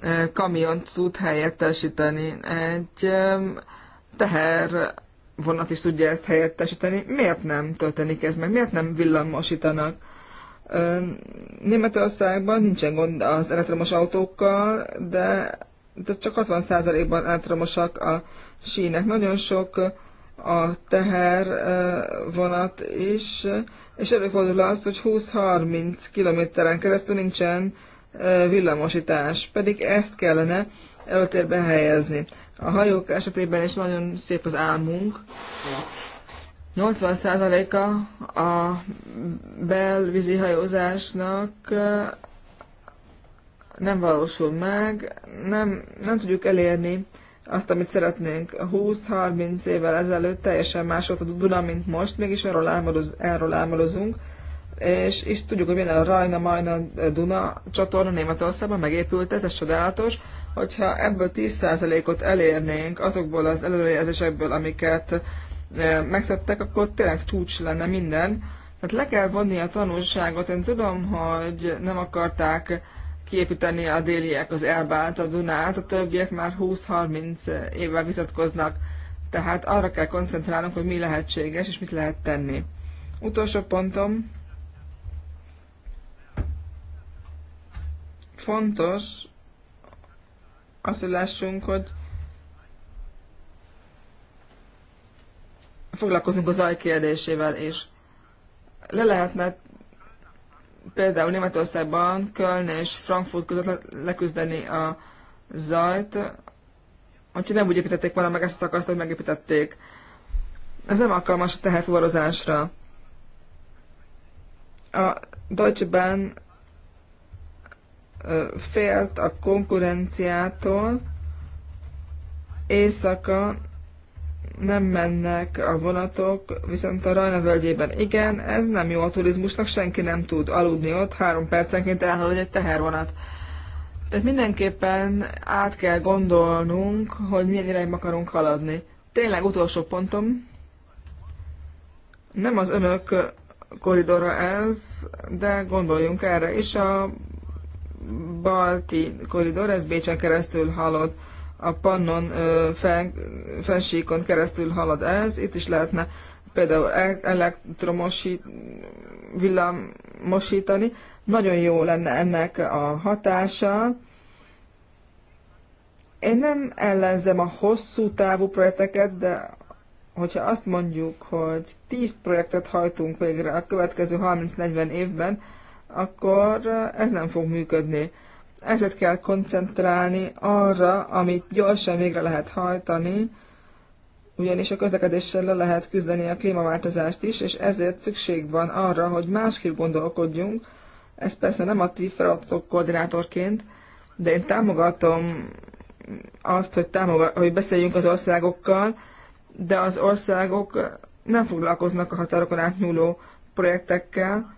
eh, kamiont tud helyettesíteni. Egy teher vonat is tudja ezt helyettesíteni. Miért nem történik ez meg? Miért nem villamosítanak? Németországban nincsen gond az elektromos autókkal, de, de csak 60%-ban elektromosak a sínek. Nagyon sok a teher vonat is, és előfordul az, hogy 20-30 kilométeren keresztül nincsen villamosítás, pedig ezt kellene előtérbe helyezni. A hajók esetében is nagyon szép az álmunk. 80%-a a belvízi hajózásnak nem valósul meg, nem, nem tudjuk elérni azt, amit szeretnénk. 20-30 évvel ezelőtt teljesen más volt a Duna, mint most, mégis arról, álmodoz, erről álmodozunk, és, és tudjuk, hogy milyen a Rajna Majna Duna csatorna Németországban megépült, ez, ez csodálatos, hogyha ebből 10%-ot elérnénk azokból az előrejelzésekből, amiket eh, megtettek, akkor tényleg csúcs lenne minden. Tehát le kell vonni a tanulságot. Én tudom, hogy nem akarták kiépíteni a déliek az Elbát, a Dunát, a többiek már 20-30 évvel vitatkoznak. Tehát arra kell koncentrálnunk, hogy mi lehetséges és mit lehet tenni. Utolsó pontom. Fontos azt, hogy lássunk, hogy foglalkozunk az zaj kérdésével, és le lehetne például Németországban Köln és Frankfurt között le- leküzdeni a zajt, hogyha nem úgy építették volna meg ezt a szakaszt, hogy megépítették. Ez nem alkalmas a teherfuvarozásra. A Deutsche Bahn félt a konkurenciától, éjszaka nem mennek a vonatok, viszont a Rajna völgyében igen, ez nem jó a turizmusnak, senki nem tud aludni ott, három percenként elhalad egy tehervonat. Tehát mindenképpen át kell gondolnunk, hogy milyen irányba akarunk haladni. Tényleg utolsó pontom, nem az önök koridora ez, de gondoljunk erre is, a balti koridor, ez Bécsen keresztül halad a pannon fensíkon keresztül halad ez, itt is lehetne például elektromosít, villamosítani. Nagyon jó lenne ennek a hatása. Én nem ellenzem a hosszú távú projekteket, de hogyha azt mondjuk, hogy 10 projektet hajtunk végre a következő 30-40 évben, akkor ez nem fog működni ezért kell koncentrálni arra, amit gyorsan végre lehet hajtani, ugyanis a közlekedéssel le lehet küzdeni a klímaváltozást is, és ezért szükség van arra, hogy másképp gondolkodjunk. Ez persze nem a ti feladatok koordinátorként, de én támogatom azt, hogy, támogat, hogy beszéljünk az országokkal, de az országok nem foglalkoznak a határokon átnyúló projektekkel,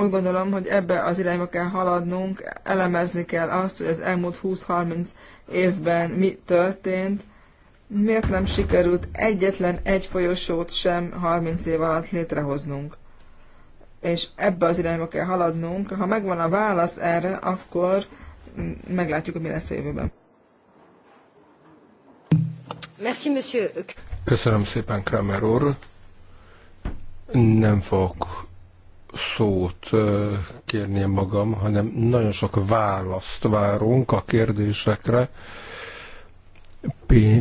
Úgy gondolom, hogy ebbe az irányba kell haladnunk, elemezni kell azt, hogy az elmúlt 20-30 évben mi történt, miért nem sikerült egyetlen egy folyosót sem 30 év alatt létrehoznunk. És ebbe az irányba kell haladnunk. Ha megvan a válasz erre, akkor meglátjuk, hogy mi lesz a jövőben. Merci, monsieur. Köszönöm szépen, Kramer úr. Nem fogok szót kérném magam, hanem nagyon sok választ várunk a kérdésekre.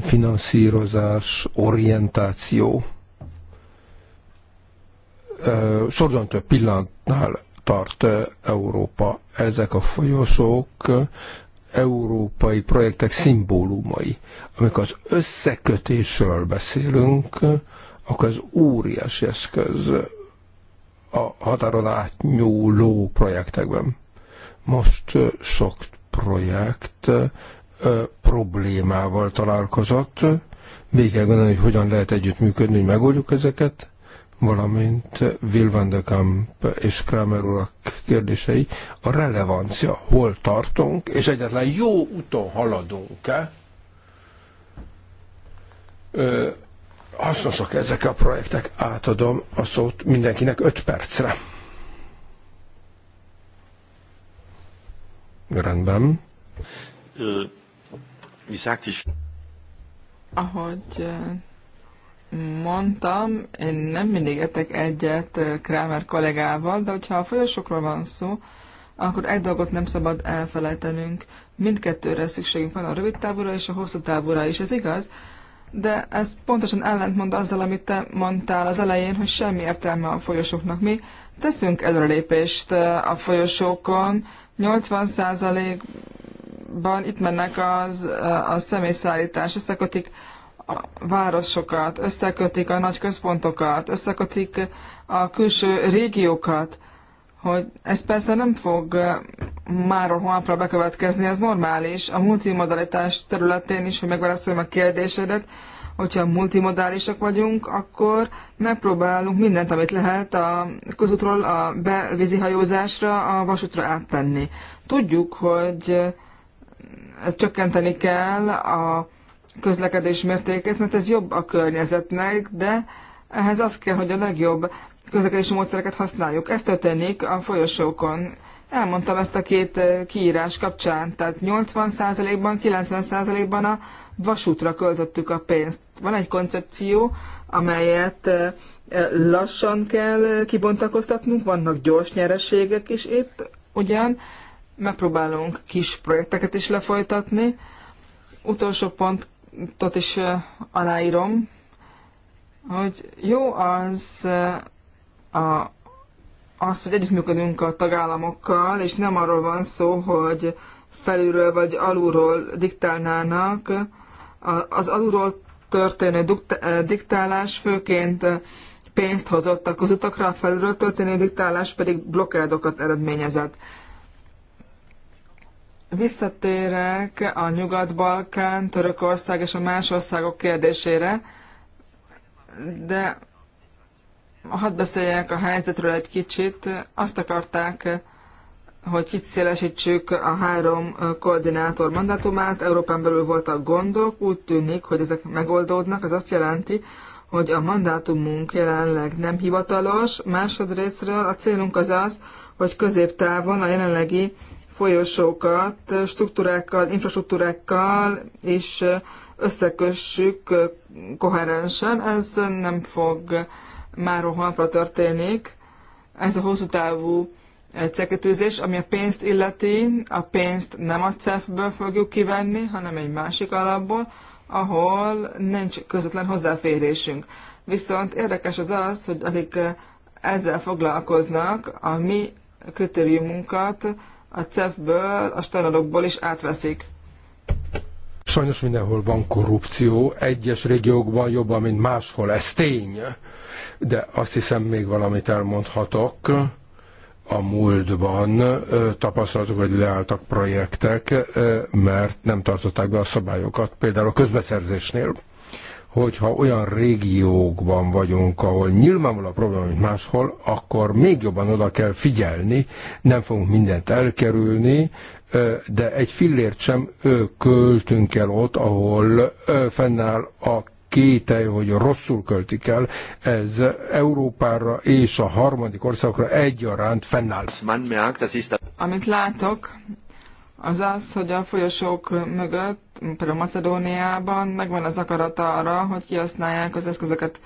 Finanszírozás, orientáció. Sorban több pillanatnál tart Európa. Ezek a folyosók európai projektek szimbólumai. Amikor az összekötésről beszélünk, akkor az óriási eszköz a határon átnyúló projektekben. Most sok projekt problémával találkozott, még kell gondolni, hogy hogyan lehet együttműködni, hogy megoldjuk ezeket, valamint Will van de Kamp és Kramer urak kérdései, a relevancia, hol tartunk, és egyetlen jó úton haladunk-e, hasznosak ezek a projektek. Átadom a szót mindenkinek 5 percre. Rendben. Ahogy mondtam, én nem mindig etek egyet Kramer kollégával, de hogyha a folyosokról van szó, akkor egy dolgot nem szabad elfelejtenünk. Mindkettőre szükségünk van a rövid távúra és a hosszú távúra is. Ez igaz, de ez pontosan ellentmond azzal, amit te mondtál az elején, hogy semmi értelme a folyosóknak. Mi teszünk előrelépést eh, a folyosókon, 80%-ban itt mennek az, eh, a személyszállítás, összekötik a városokat, összekötik a nagy központokat, összekötik a külső régiókat hogy ez persze nem fog már holnapra bekövetkezni, ez normális. A multimodalitás területén is, hogy megválaszoljam a kérdésedet, hogyha multimodálisak vagyunk, akkor megpróbálunk mindent, amit lehet a közútról a bevízi hajózásra, a vasútra áttenni. Tudjuk, hogy csökkenteni kell a közlekedés mértékét, mert ez jobb a környezetnek, de ehhez az kell, hogy a legjobb közlekedési módszereket használjuk. Ezt történik a folyosókon. Elmondtam ezt a két eh, kiírás kapcsán, tehát 80%-ban, 90%-ban a vasútra költöttük a pénzt. Van egy koncepció, amelyet eh, lassan kell eh, kibontakoztatnunk, vannak gyors nyereségek is itt, ugyan megpróbálunk kis projekteket is lefolytatni. Utolsó pontot is aláírom, hogy jó az, a, az, hogy együttműködünk a tagállamokkal, és nem arról van szó, hogy felülről vagy alulról diktálnának. Az alulról történő eh, diktálás főként pénzt hozott a közutakra, a felülről történő diktálás pedig blokkádokat eredményezett. Visszatérek a Nyugat-Balkán, Törökország és a más országok kérdésére, de hadd beszéljek a helyzetről egy kicsit. Azt akarták, hogy szélesítsük a három koordinátor mandátumát. Európán belül voltak gondok, úgy tűnik, hogy ezek megoldódnak. Ez azt jelenti, hogy a mandátumunk jelenleg nem hivatalos. Másodrésztről a célunk az az, hogy középtávon a jelenlegi folyosókat struktúrákkal, infrastruktúrákkal is összekössük koherensen. Ez nem fog már holnapra történik. Ez a hosszú távú eh, célkötőzés, ami a pénzt illeti, a pénzt nem a CEF-ből fogjuk kivenni, hanem egy másik alapból, ahol nincs közvetlen hozzáférésünk. Viszont érdekes az az, hogy akik eh, ezzel foglalkoznak, a mi kritériumunkat a CEF-ből, a standardokból is átveszik. Sajnos mindenhol van korrupció, egyes régiókban jobban, mint máshol, ez tény. De azt hiszem még valamit elmondhatok. A múltban tapasztaltuk, hogy leálltak projektek, mert nem tartották be a szabályokat, például a közbeszerzésnél hogyha olyan régiókban vagyunk, ahol nyilvánvaló a probléma, mint máshol, akkor még jobban oda kell figyelni, nem fogunk mindent elkerülni, de egy fillért sem költünk el ott, ahol fennáll a kételj, hogy rosszul költik el, ez Európára és a harmadik országokra egyaránt fennáll. Amit látok, az az, hogy a folyosók mögött, például Macedóniában megvan az akarat arra, hogy kihasználják az eszközöket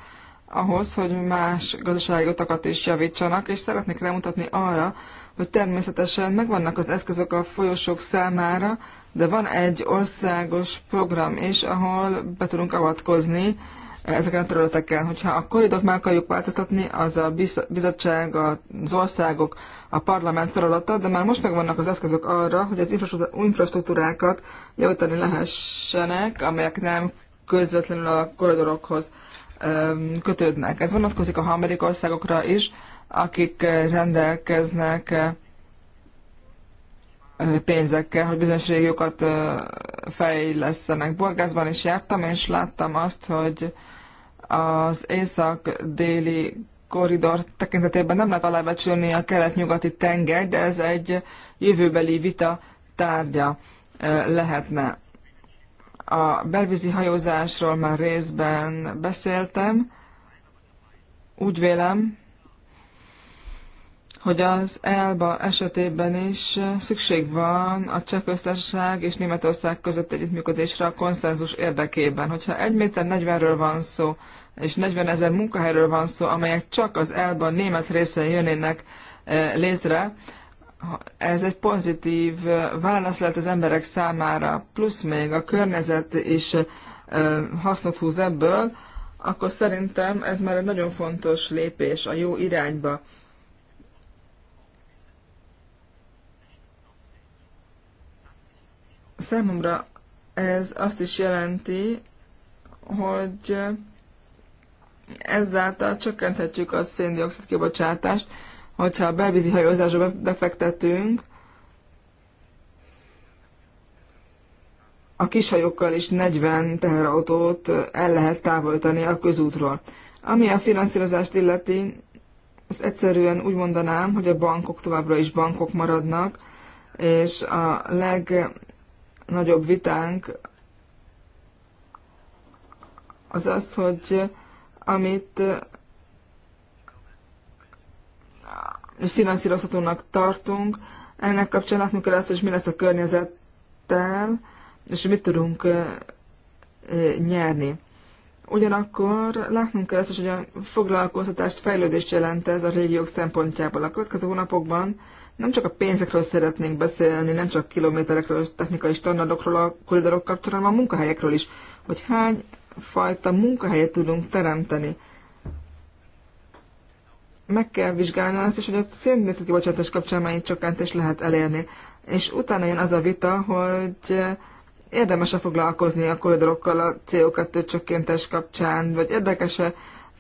ahhoz, hogy más gazdasági utakat is javítsanak, és szeretnék rámutatni arra, hogy természetesen megvannak az eszközök a folyosók számára, de van egy országos program is, ahol be tudunk avatkozni ezeken a területeken. Hogyha a koridort meg akarjuk változtatni, az a bizottság, az országok, a parlament feladata, de már most megvannak az eszközök arra, hogy az infrastruktúrákat javítani lehessenek, amelyek nem közvetlenül a koridorokhoz kötődnek. Ez vonatkozik a harmadik országokra is, akik eh, rendelkeznek eh, eh, pénzekkel, hogy bizonyos régiókat fejlesztenek. Borgászban is jártam, és láttam azt, hogy az észak-déli korridor tekintetében nem lehet alábecsülni a kelet-nyugati tenger, de ez egy jövőbeli vita tárgya lehetne. A belvízi hajózásról már részben beszéltem. Úgy vélem, hogy az ELBA esetében is szükség van a Csehköztársaság és Németország között együttműködésre a konszenzus érdekében. Hogyha 1 méter 40-ről van szó, és 40 ezer munkahelyről van szó, amelyek csak az ELBA német részén jönnének eh, létre, ez egy pozitív eh, válasz lehet az emberek számára, plusz még a környezet is eh, hasznot húz ebből, akkor szerintem ez már egy nagyon fontos lépés a jó irányba. Számomra ez azt is jelenti, hogy ezáltal csökkenthetjük a széndiokszid kibocsátást, hogyha a belvízi hajózásra befektetünk, a kishajókkal is 40 teherautót el lehet távolítani a közútról. Ami a finanszírozást illeti, ezt egyszerűen úgy mondanám, hogy a bankok továbbra is bankok maradnak, és a leg nagyobb vitánk az az, hogy amit eh, finanszírozhatónak tartunk, ennek kapcsán látnunk kell azt, hogy mi lesz a környezettel, és mit tudunk eh, eh, nyerni. Ugyanakkor látnunk kell azt, hogy a foglalkoztatást fejlődést jelent ez a régiók szempontjából. A következő hónapokban nem csak a pénzekről szeretnénk beszélni, nem csak kilométerekről, technikai standardokról, a koridorok kapcsolatban, hanem a munkahelyekről is, hogy hány fajta munkahelyet tudunk teremteni. Meg kell vizsgálni azt is, hogy a széndiokszid kibocsátás kapcsán mennyi csökkentést lehet elérni. És utána jön az a vita, hogy érdemes-e foglalkozni a koridorokkal a CO2 csökkentés kapcsán, vagy érdekes-e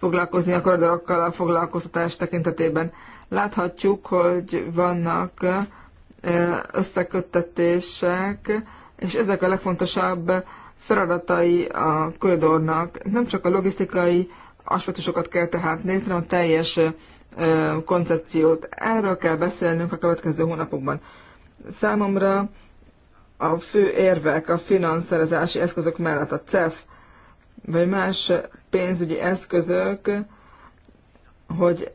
foglalkozni akar a dolgokkal a foglalkoztatás tekintetében. Láthatjuk, hogy vannak összeköttetések, és ezek a legfontosabb feladatai a koridornak. Nem csak a logisztikai aspektusokat kell tehát nézni, hanem a teljes koncepciót. Erről kell beszélnünk a következő hónapokban. Számomra a fő érvek a finanszírozási eszközök mellett a CEF, vagy más pénzügyi eszközök, hogy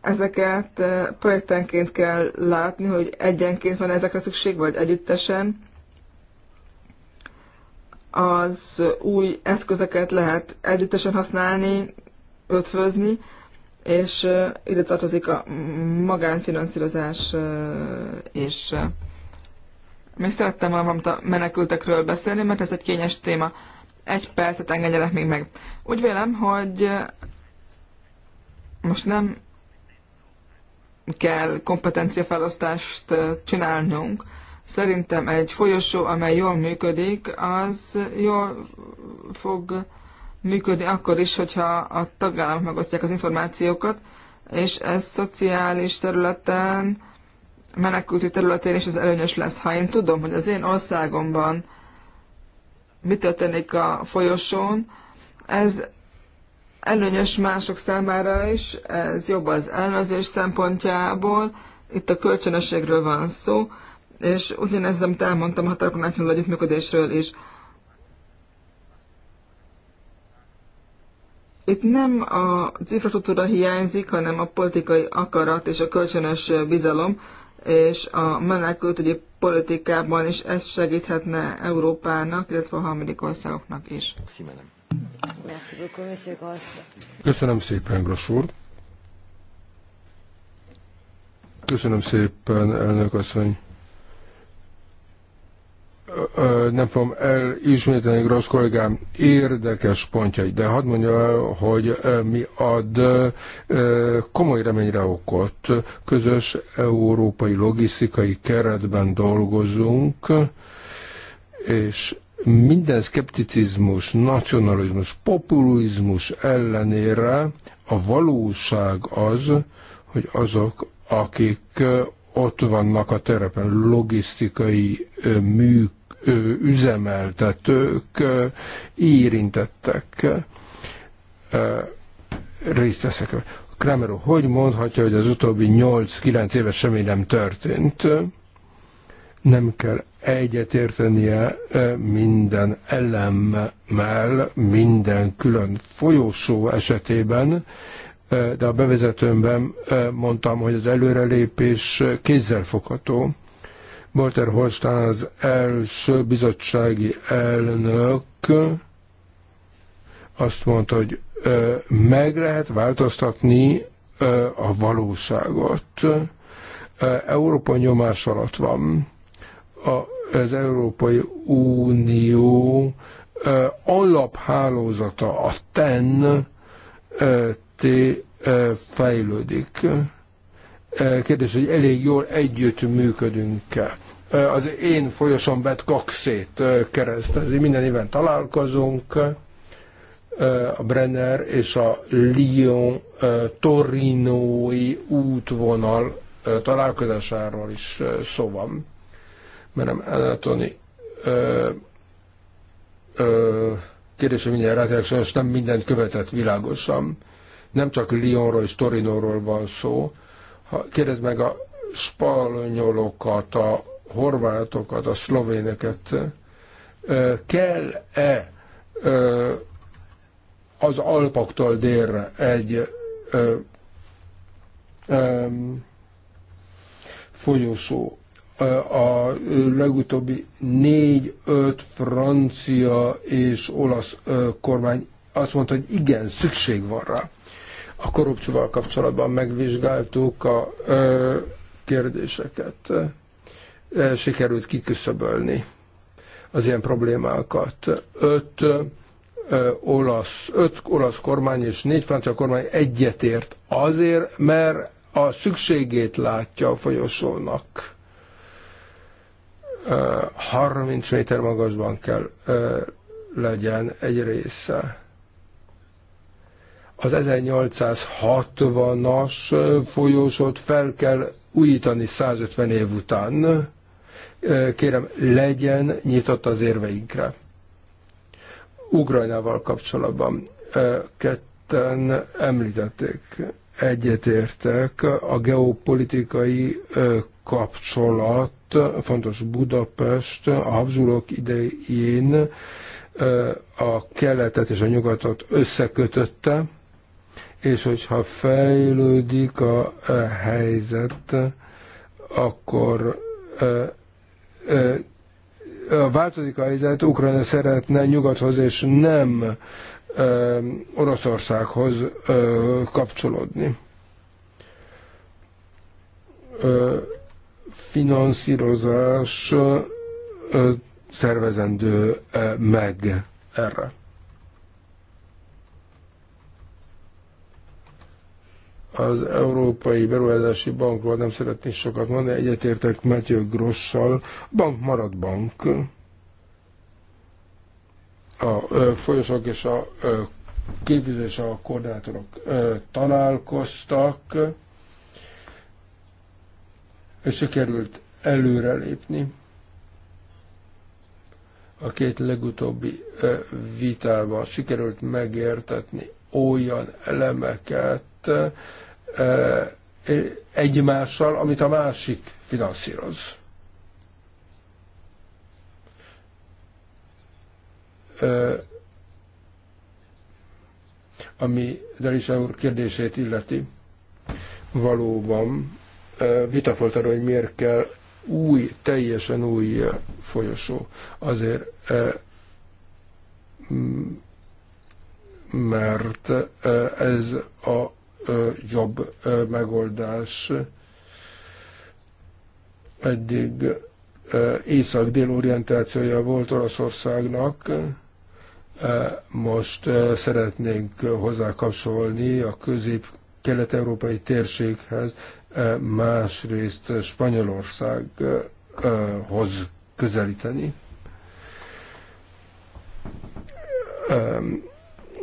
ezeket eh, projektenként kell látni, hogy egyenként van ezekre szükség, vagy együttesen. Az új eszközeket lehet együttesen használni, ötvözni, és eh, ide tartozik a magánfinanszírozás és eh, Még szerettem volna valamit a menekültekről beszélni, mert ez egy kényes téma. Egy percet engedjenek még meg. Úgy vélem, hogy most nem kell kompetenciafelosztást csinálnunk. Szerintem egy folyosó, amely jól működik, az jól fog működni akkor is, hogyha a tagállamok megosztják az információkat, és ez szociális területen, menekültű területén is az előnyös lesz. Ha én tudom, hogy az én országomban mi történik a folyosón. Ez előnyös mások számára is, ez jobb az ellenőrzés szempontjából, itt a kölcsönösségről van szó, és ugyanezzel, amit elmondtam, a határokon átnyúló együttműködésről is. Itt nem az infrastruktúra hiányzik, hanem a politikai akarat és a kölcsönös bizalom, és a menekültügyi politikában is ez segíthetne Európának, illetve a harmadik országoknak is. Köszönöm szépen, Gross úr. Köszönöm szépen, elnök asszony nem fogom elismételni rossz kollégám érdekes pontjai, de hadd mondja el, hogy mi ad komoly reményre okot. Közös európai logisztikai keretben dolgozunk, és minden szkepticizmus, nacionalizmus, populizmus ellenére a valóság az, hogy azok, akik ott vannak a terepen, logisztikai műk üzemeltetők érintettek részt veszek. Kramer hogy mondhatja, hogy az utóbbi 8-9 éves semmi nem történt? Nem kell egyetértenie minden elemmel, minden külön folyósó esetében, de a bevezetőmben mondtam, hogy az előrelépés kézzelfogható. Walter Holstein az első bizottsági elnök azt mondta, hogy meg lehet változtatni a valóságot. Európa nyomás alatt van. Az Európai Unió alaphálózata, a TEN, T fejlődik Kérdés, hogy elég jól együtt működünk-e. Az én folyosom bet kakszét keresztezi. Minden éven találkozunk. A Brenner és a Lyon-Torinói útvonal találkozásáról is szó van. Merem Anatoni kérdés, hogy mindjárt rátérek, nem mindent követett világosan. Nem csak Lyonról és Torinóról van szó, ha kérdezd meg a spanyolokat, a horvátokat, a szlovéneket, kell-e az Alpaktól délre egy folyosó. A legutóbbi négy-öt francia és olasz kormány azt mondta, hogy igen, szükség van rá. A korrupcióval kapcsolatban megvizsgáltuk a ö, kérdéseket. Sikerült kiküszöbölni az ilyen problémákat. Öt ö, olasz, öt olasz kormány és négy francia kormány egyetért azért, mert a szükségét látja a folyosónak. 30 méter magasban kell legyen egy része az 1860-as folyósot fel kell újítani 150 év után. Kérem, legyen nyitott az érveinkre. Ukrajnával kapcsolatban ketten említették, egyetértek a geopolitikai kapcsolat, fontos Budapest, a Habsburgok idején a keletet és a nyugatot összekötötte, és hogyha fejlődik a e, helyzet, akkor e, e, változik a helyzet, Ukrajna szeretne nyugathoz és nem Oroszországhoz kapcsolódni finanszírozás szervezendő meg erre. az Európai Beruházási Bankról nem szeretnék sokat mondani, egyetértek Matthew Grossal, bank marad bank. A folyosok és a képviselő és a koordinátorok találkoztak, és sikerült előrelépni a két legutóbbi vitában sikerült megértetni olyan elemeket, egymással, amit a másik finanszíroz. Ami Delisa úr kérdését illeti, valóban vita volt arra, hogy miért kell új, teljesen új folyosó. Azért mert ez a jobb megoldás. Eddig észak-dél orientációja volt Oroszországnak, most szeretnénk hozzá kapcsolni a közép-kelet-európai térséghez, másrészt Spanyolországhoz közelíteni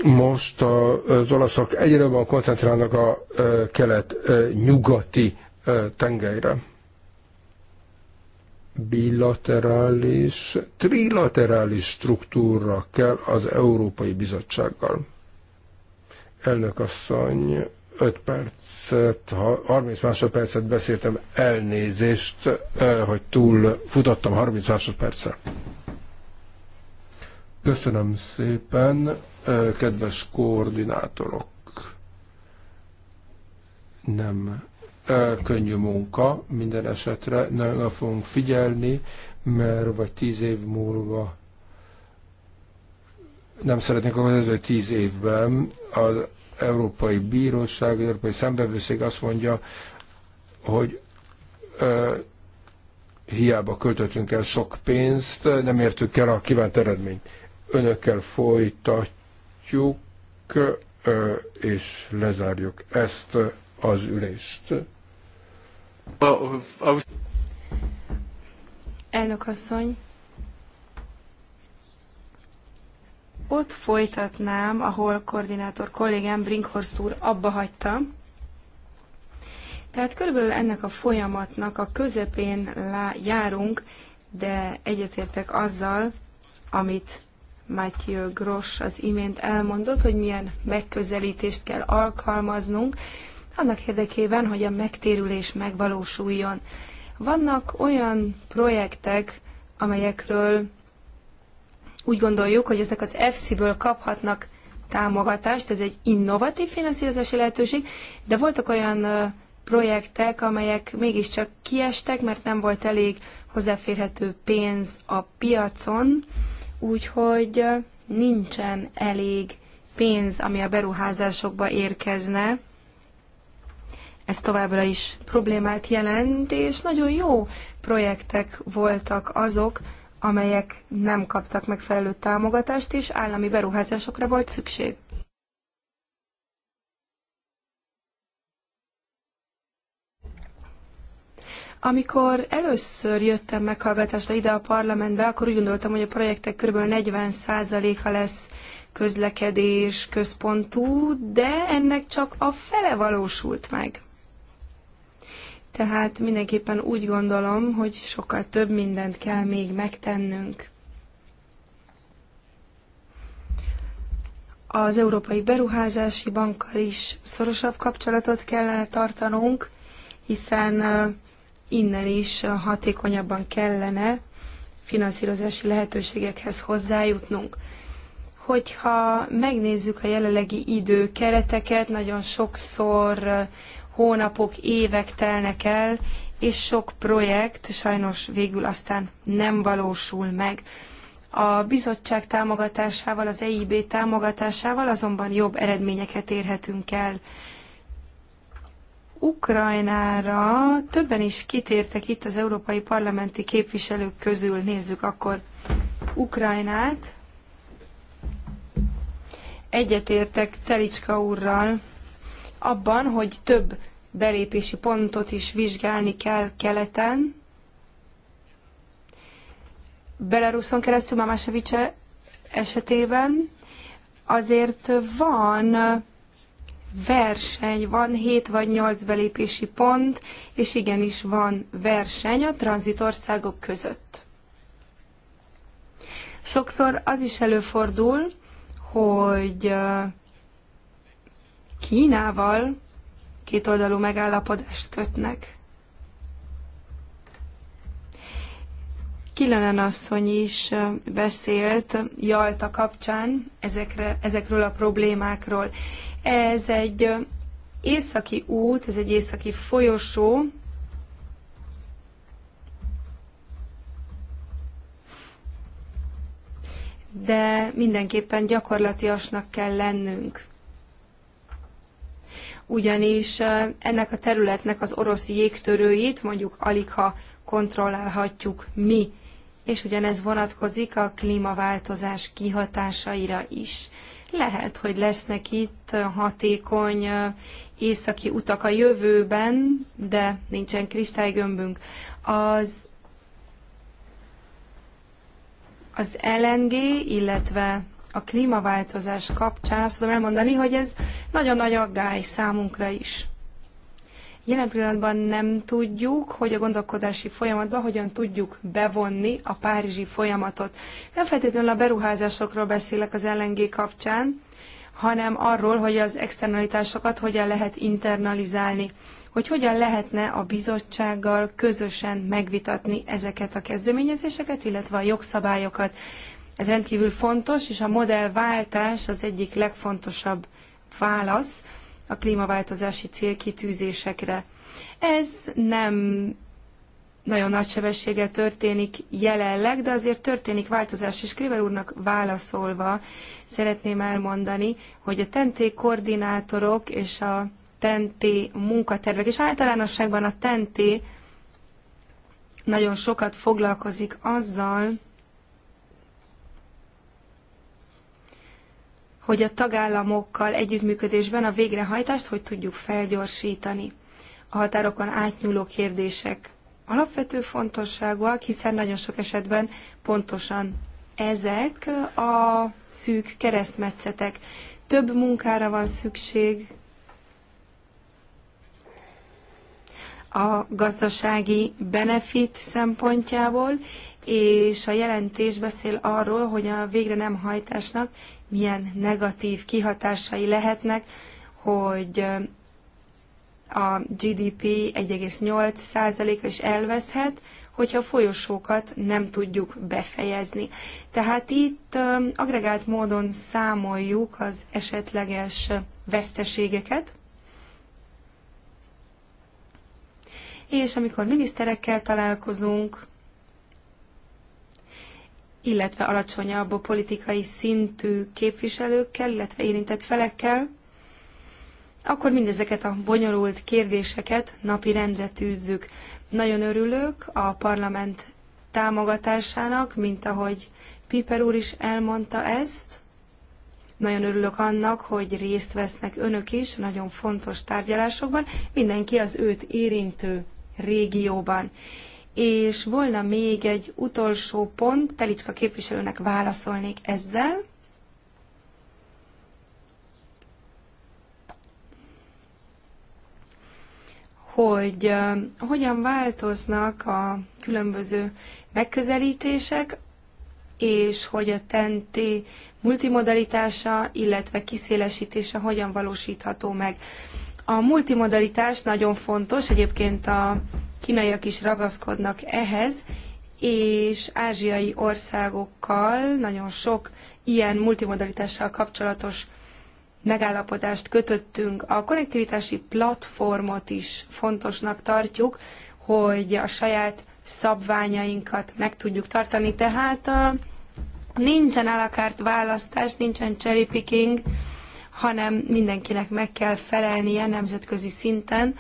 most az olaszok egyre jobban koncentrálnak a kelet-nyugati tengelyre. Bilaterális, trilaterális struktúra kell az Európai Bizottsággal. Elnök asszony, 5 percet, 30 másodpercet beszéltem, elnézést, hogy túl futottam 30 másodperccel. Köszönöm szépen. Kedves koordinátorok, nem könnyű munka, minden esetre nagyon fogunk figyelni, mert vagy tíz év múlva nem szeretnék a hogy tíz évben az Európai Bíróság, az Európai Szembevőszék azt mondja, hogy ö, hiába költöttünk el sok pénzt, nem értük el a kívánt eredményt. Önökkel folytatjuk folytatjuk és lezárjuk ezt az ülést. Elnök asszony, ott folytatnám, ahol koordinátor kollégám Brinkhorst úr abba hagyta. Tehát körülbelül ennek a folyamatnak a közepén járunk, de egyetértek azzal, amit Mathieu Gros az imént elmondott, hogy milyen megközelítést kell alkalmaznunk, annak érdekében, hogy a megtérülés megvalósuljon. Vannak olyan projektek, amelyekről úgy gondoljuk, hogy ezek az EFSI-ből kaphatnak támogatást, ez egy innovatív finanszírozási lehetőség, de voltak olyan projektek, amelyek mégiscsak kiestek, mert nem volt elég hozzáférhető pénz a piacon, úgyhogy eh, nincsen elég pénz, ami a beruházásokba érkezne. Ez továbbra is problémát jelent, és nagyon jó projektek voltak azok, amelyek nem kaptak megfelelő támogatást, és állami beruházásokra volt szükség. Amikor először jöttem meghallgatásra ide a parlamentbe, akkor úgy gondoltam, hogy a projektek kb. 40%-a lesz közlekedés központú, de ennek csak a fele valósult meg. Tehát mindenképpen úgy gondolom, hogy sokkal több mindent kell még megtennünk. Az Európai Beruházási Bankkal is szorosabb kapcsolatot kellene tartanunk, hiszen innen is hatékonyabban kellene finanszírozási lehetőségekhez hozzájutnunk. Hogyha megnézzük a jelenlegi időkereteket, nagyon sokszor hónapok, évek telnek el, és sok projekt sajnos végül aztán nem valósul meg. A bizottság támogatásával, az EIB támogatásával azonban jobb eredményeket érhetünk el. Ukrajnára többen is kitértek itt az európai parlamenti képviselők közül. Nézzük akkor Ukrajnát. Egyetértek Telicska úrral abban, hogy több belépési pontot is vizsgálni kell keleten. Belaruson keresztül Mamasevice esetében azért van verseny, van 7 vagy 8 belépési pont, és igenis van verseny a tranzitországok között. Sokszor az is előfordul, hogy Kínával kétoldalú megállapodást kötnek. Kilenen asszony is beszélt Jalta kapcsán ezekre, ezekről a problémákról. Ez egy északi út, ez egy északi folyosó, de mindenképpen gyakorlatiasnak kell lennünk. Ugyanis ennek a területnek az orosz jégtörőit mondjuk ha kontrollálhatjuk mi, és ugyanez vonatkozik a klímaváltozás kihatásaira is. Lehet, hogy lesznek itt hatékony északi utak a jövőben, de nincsen kristálygömbünk. Az az LNG, illetve a klímaváltozás kapcsán azt tudom elmondani, hogy ez nagyon nagy aggály számunkra is. Jelen pillanatban nem tudjuk, hogy a gondolkodási folyamatban hogyan tudjuk bevonni a párizsi folyamatot. Nem feltétlenül a beruházásokról beszélek az LNG kapcsán, hanem arról, hogy az externalitásokat hogyan lehet internalizálni, hogy hogyan lehetne a bizottsággal közösen megvitatni ezeket a kezdeményezéseket, illetve a jogszabályokat. Ez rendkívül fontos, és a modellváltás az egyik legfontosabb válasz, a klímaváltozási célkitűzésekre. Ez nem nagyon nagy sebességgel történik jelenleg, de azért történik változás, és Krivel úrnak válaszolva szeretném elmondani, hogy a TNT koordinátorok és a TNT munkatervek, és általánosságban a TNT nagyon sokat foglalkozik azzal, hogy a tagállamokkal együttműködésben a végrehajtást hogy tudjuk felgyorsítani. A határokon átnyúló kérdések alapvető fontosságúak, hiszen nagyon sok esetben pontosan ezek a szűk keresztmetszetek. Több munkára van szükség, a gazdasági benefit szempontjából, és a jelentés beszél arról, hogy a végre nem hajtásnak milyen negatív kihatásai lehetnek, hogy a GDP 1,8%-a is elveszhet, hogyha a folyosókat nem tudjuk befejezni. Tehát itt agregált módon számoljuk az esetleges veszteségeket, és amikor miniszterekkel találkozunk, illetve alacsonyabb a politikai szintű képviselőkkel, illetve érintett felekkel, akkor mindezeket a bonyolult kérdéseket rendre tűzzük. Nagyon örülök a parlament támogatásának, mint ahogy Piper úr is elmondta ezt. Nagyon örülök annak, hogy részt vesznek önök is nagyon fontos tárgyalásokban, mindenki az őt érintő régióban. És volna még egy utolsó pont, Telicska képviselőnek válaszolnék ezzel. hogy hogyan változnak a különböző megközelítések, és hogy a TNT multimodalitása, illetve kiszélesítése hogyan valósítható meg. A multimodalitás nagyon fontos, egyébként a kínaiak is ragaszkodnak ehhez, és ázsiai országokkal nagyon sok ilyen multimodalitással kapcsolatos megállapodást kötöttünk. A konnektivitási platformot is fontosnak tartjuk, hogy a saját szabványainkat meg tudjuk tartani. Tehát nincsen alakárt választás, nincsen cherry picking, hanem mindenkinek meg kell felelnie nemzetközi szinten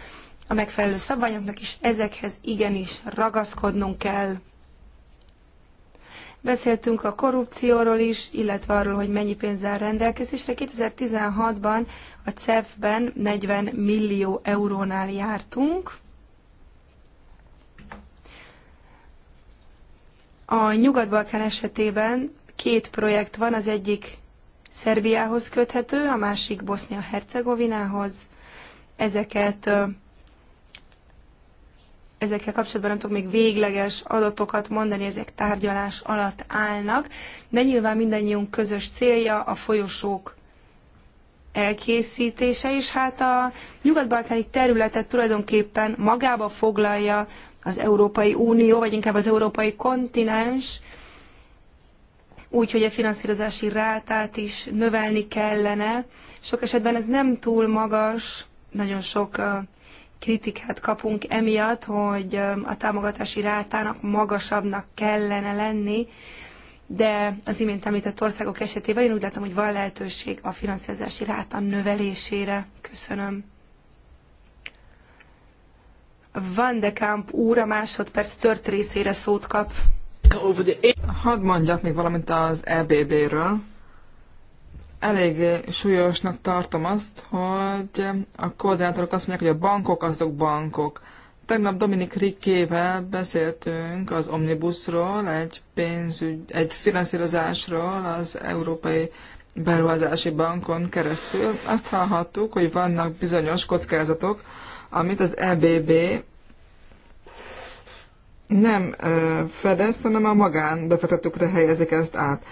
a megfelelő szabványoknak, és ezekhez igenis ragaszkodnunk kell. Beszéltünk a korrupcióról is, illetve arról, hogy mennyi pénz áll rendelkezésre. 2016-ban a CEF-ben 40 millió eurónál jártunk. A Nyugat-Balkán esetében két projekt van, az egyik Szerbiához köthető, a másik Bosznia-Hercegovinához. Ezeket ezekkel kapcsolatban nem tudok még végleges adatokat mondani, ezek tárgyalás alatt állnak, de nyilván mindannyiunk közös célja a folyosók elkészítése, és hát a nyugat-balkáni területet tulajdonképpen magába foglalja az Európai Unió, vagy inkább az Európai Kontinens, úgyhogy a finanszírozási rátát is növelni kellene. Sok esetben ez nem túl magas, nagyon sok kritikát kapunk emiatt, hogy a támogatási rátának magasabbnak kellene lenni, de az imént említett országok esetében én úgy látom, hogy van lehetőség a finanszírozási ráta növelésére. Köszönöm. Van de Kamp úr a másodperc tört részére szót kap. Hadd mondjak még valamit az EBB-ről elég súlyosnak tartom azt, hogy a koordinátorok azt mondják, hogy a bankok azok bankok. Tegnap Dominik Rikével beszéltünk az Omnibusról, egy pénzügy, egy finanszírozásról az Európai Beruházási Bankon keresztül. Azt hallhattuk, hogy vannak bizonyos kockázatok, amit az EBB nem fedez, hanem a magánbefektetőkre helyezik ezt át.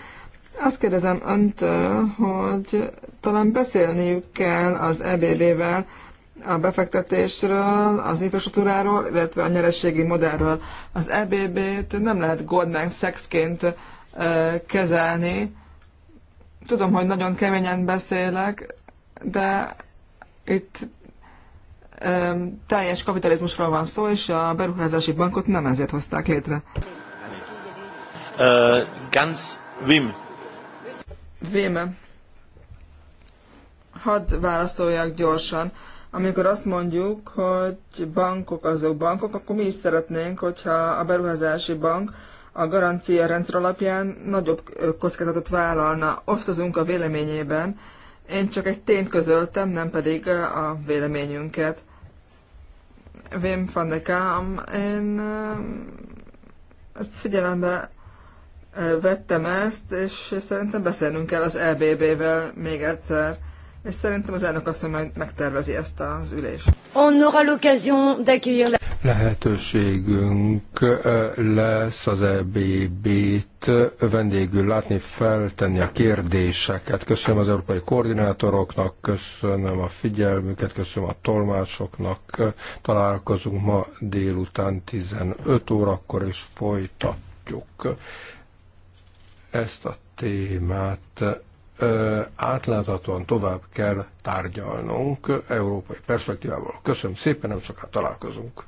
Azt kérdezem öntől, hogy talán beszélniük kell az EBB-vel a befektetésről, az infrastruktúráról, illetve a nyerességi modellről. Az EBB-t nem lehet Goldman Sachsként kezelni. Tudom, hogy nagyon keményen beszélek, de itt teljes kapitalizmusról van szó, és a beruházási bankot nem ezért hozták létre. Uh, ganz Wim, Véme, hadd válaszoljak gyorsan. Amikor azt mondjuk, hogy bankok azok bankok, akkor mi is szeretnénk, hogyha a beruházási bank a garancia rendszer alapján nagyobb kockázatot vállalna. Osztozunk a véleményében. Én csak egy tényt közöltem, nem pedig a véleményünket. vém van nekem, én ezt figyelembe vettem ezt, és szerintem beszélnünk kell az EBB-vel még egyszer. És szerintem az elnök azt majd megtervezi ezt az ülést. On aura l'occasion d'accueillir Lehetőségünk lesz az EBB-t vendégül látni, feltenni a kérdéseket. Köszönöm az európai koordinátoroknak, köszönöm a figyelmüket, köszönöm a tolmácsoknak. Találkozunk ma délután 15 órakor, és folytatjuk. Ezt a témát átláthatóan tovább kell tárgyalnunk európai perspektívával. Köszönöm szépen, nem soká találkozunk.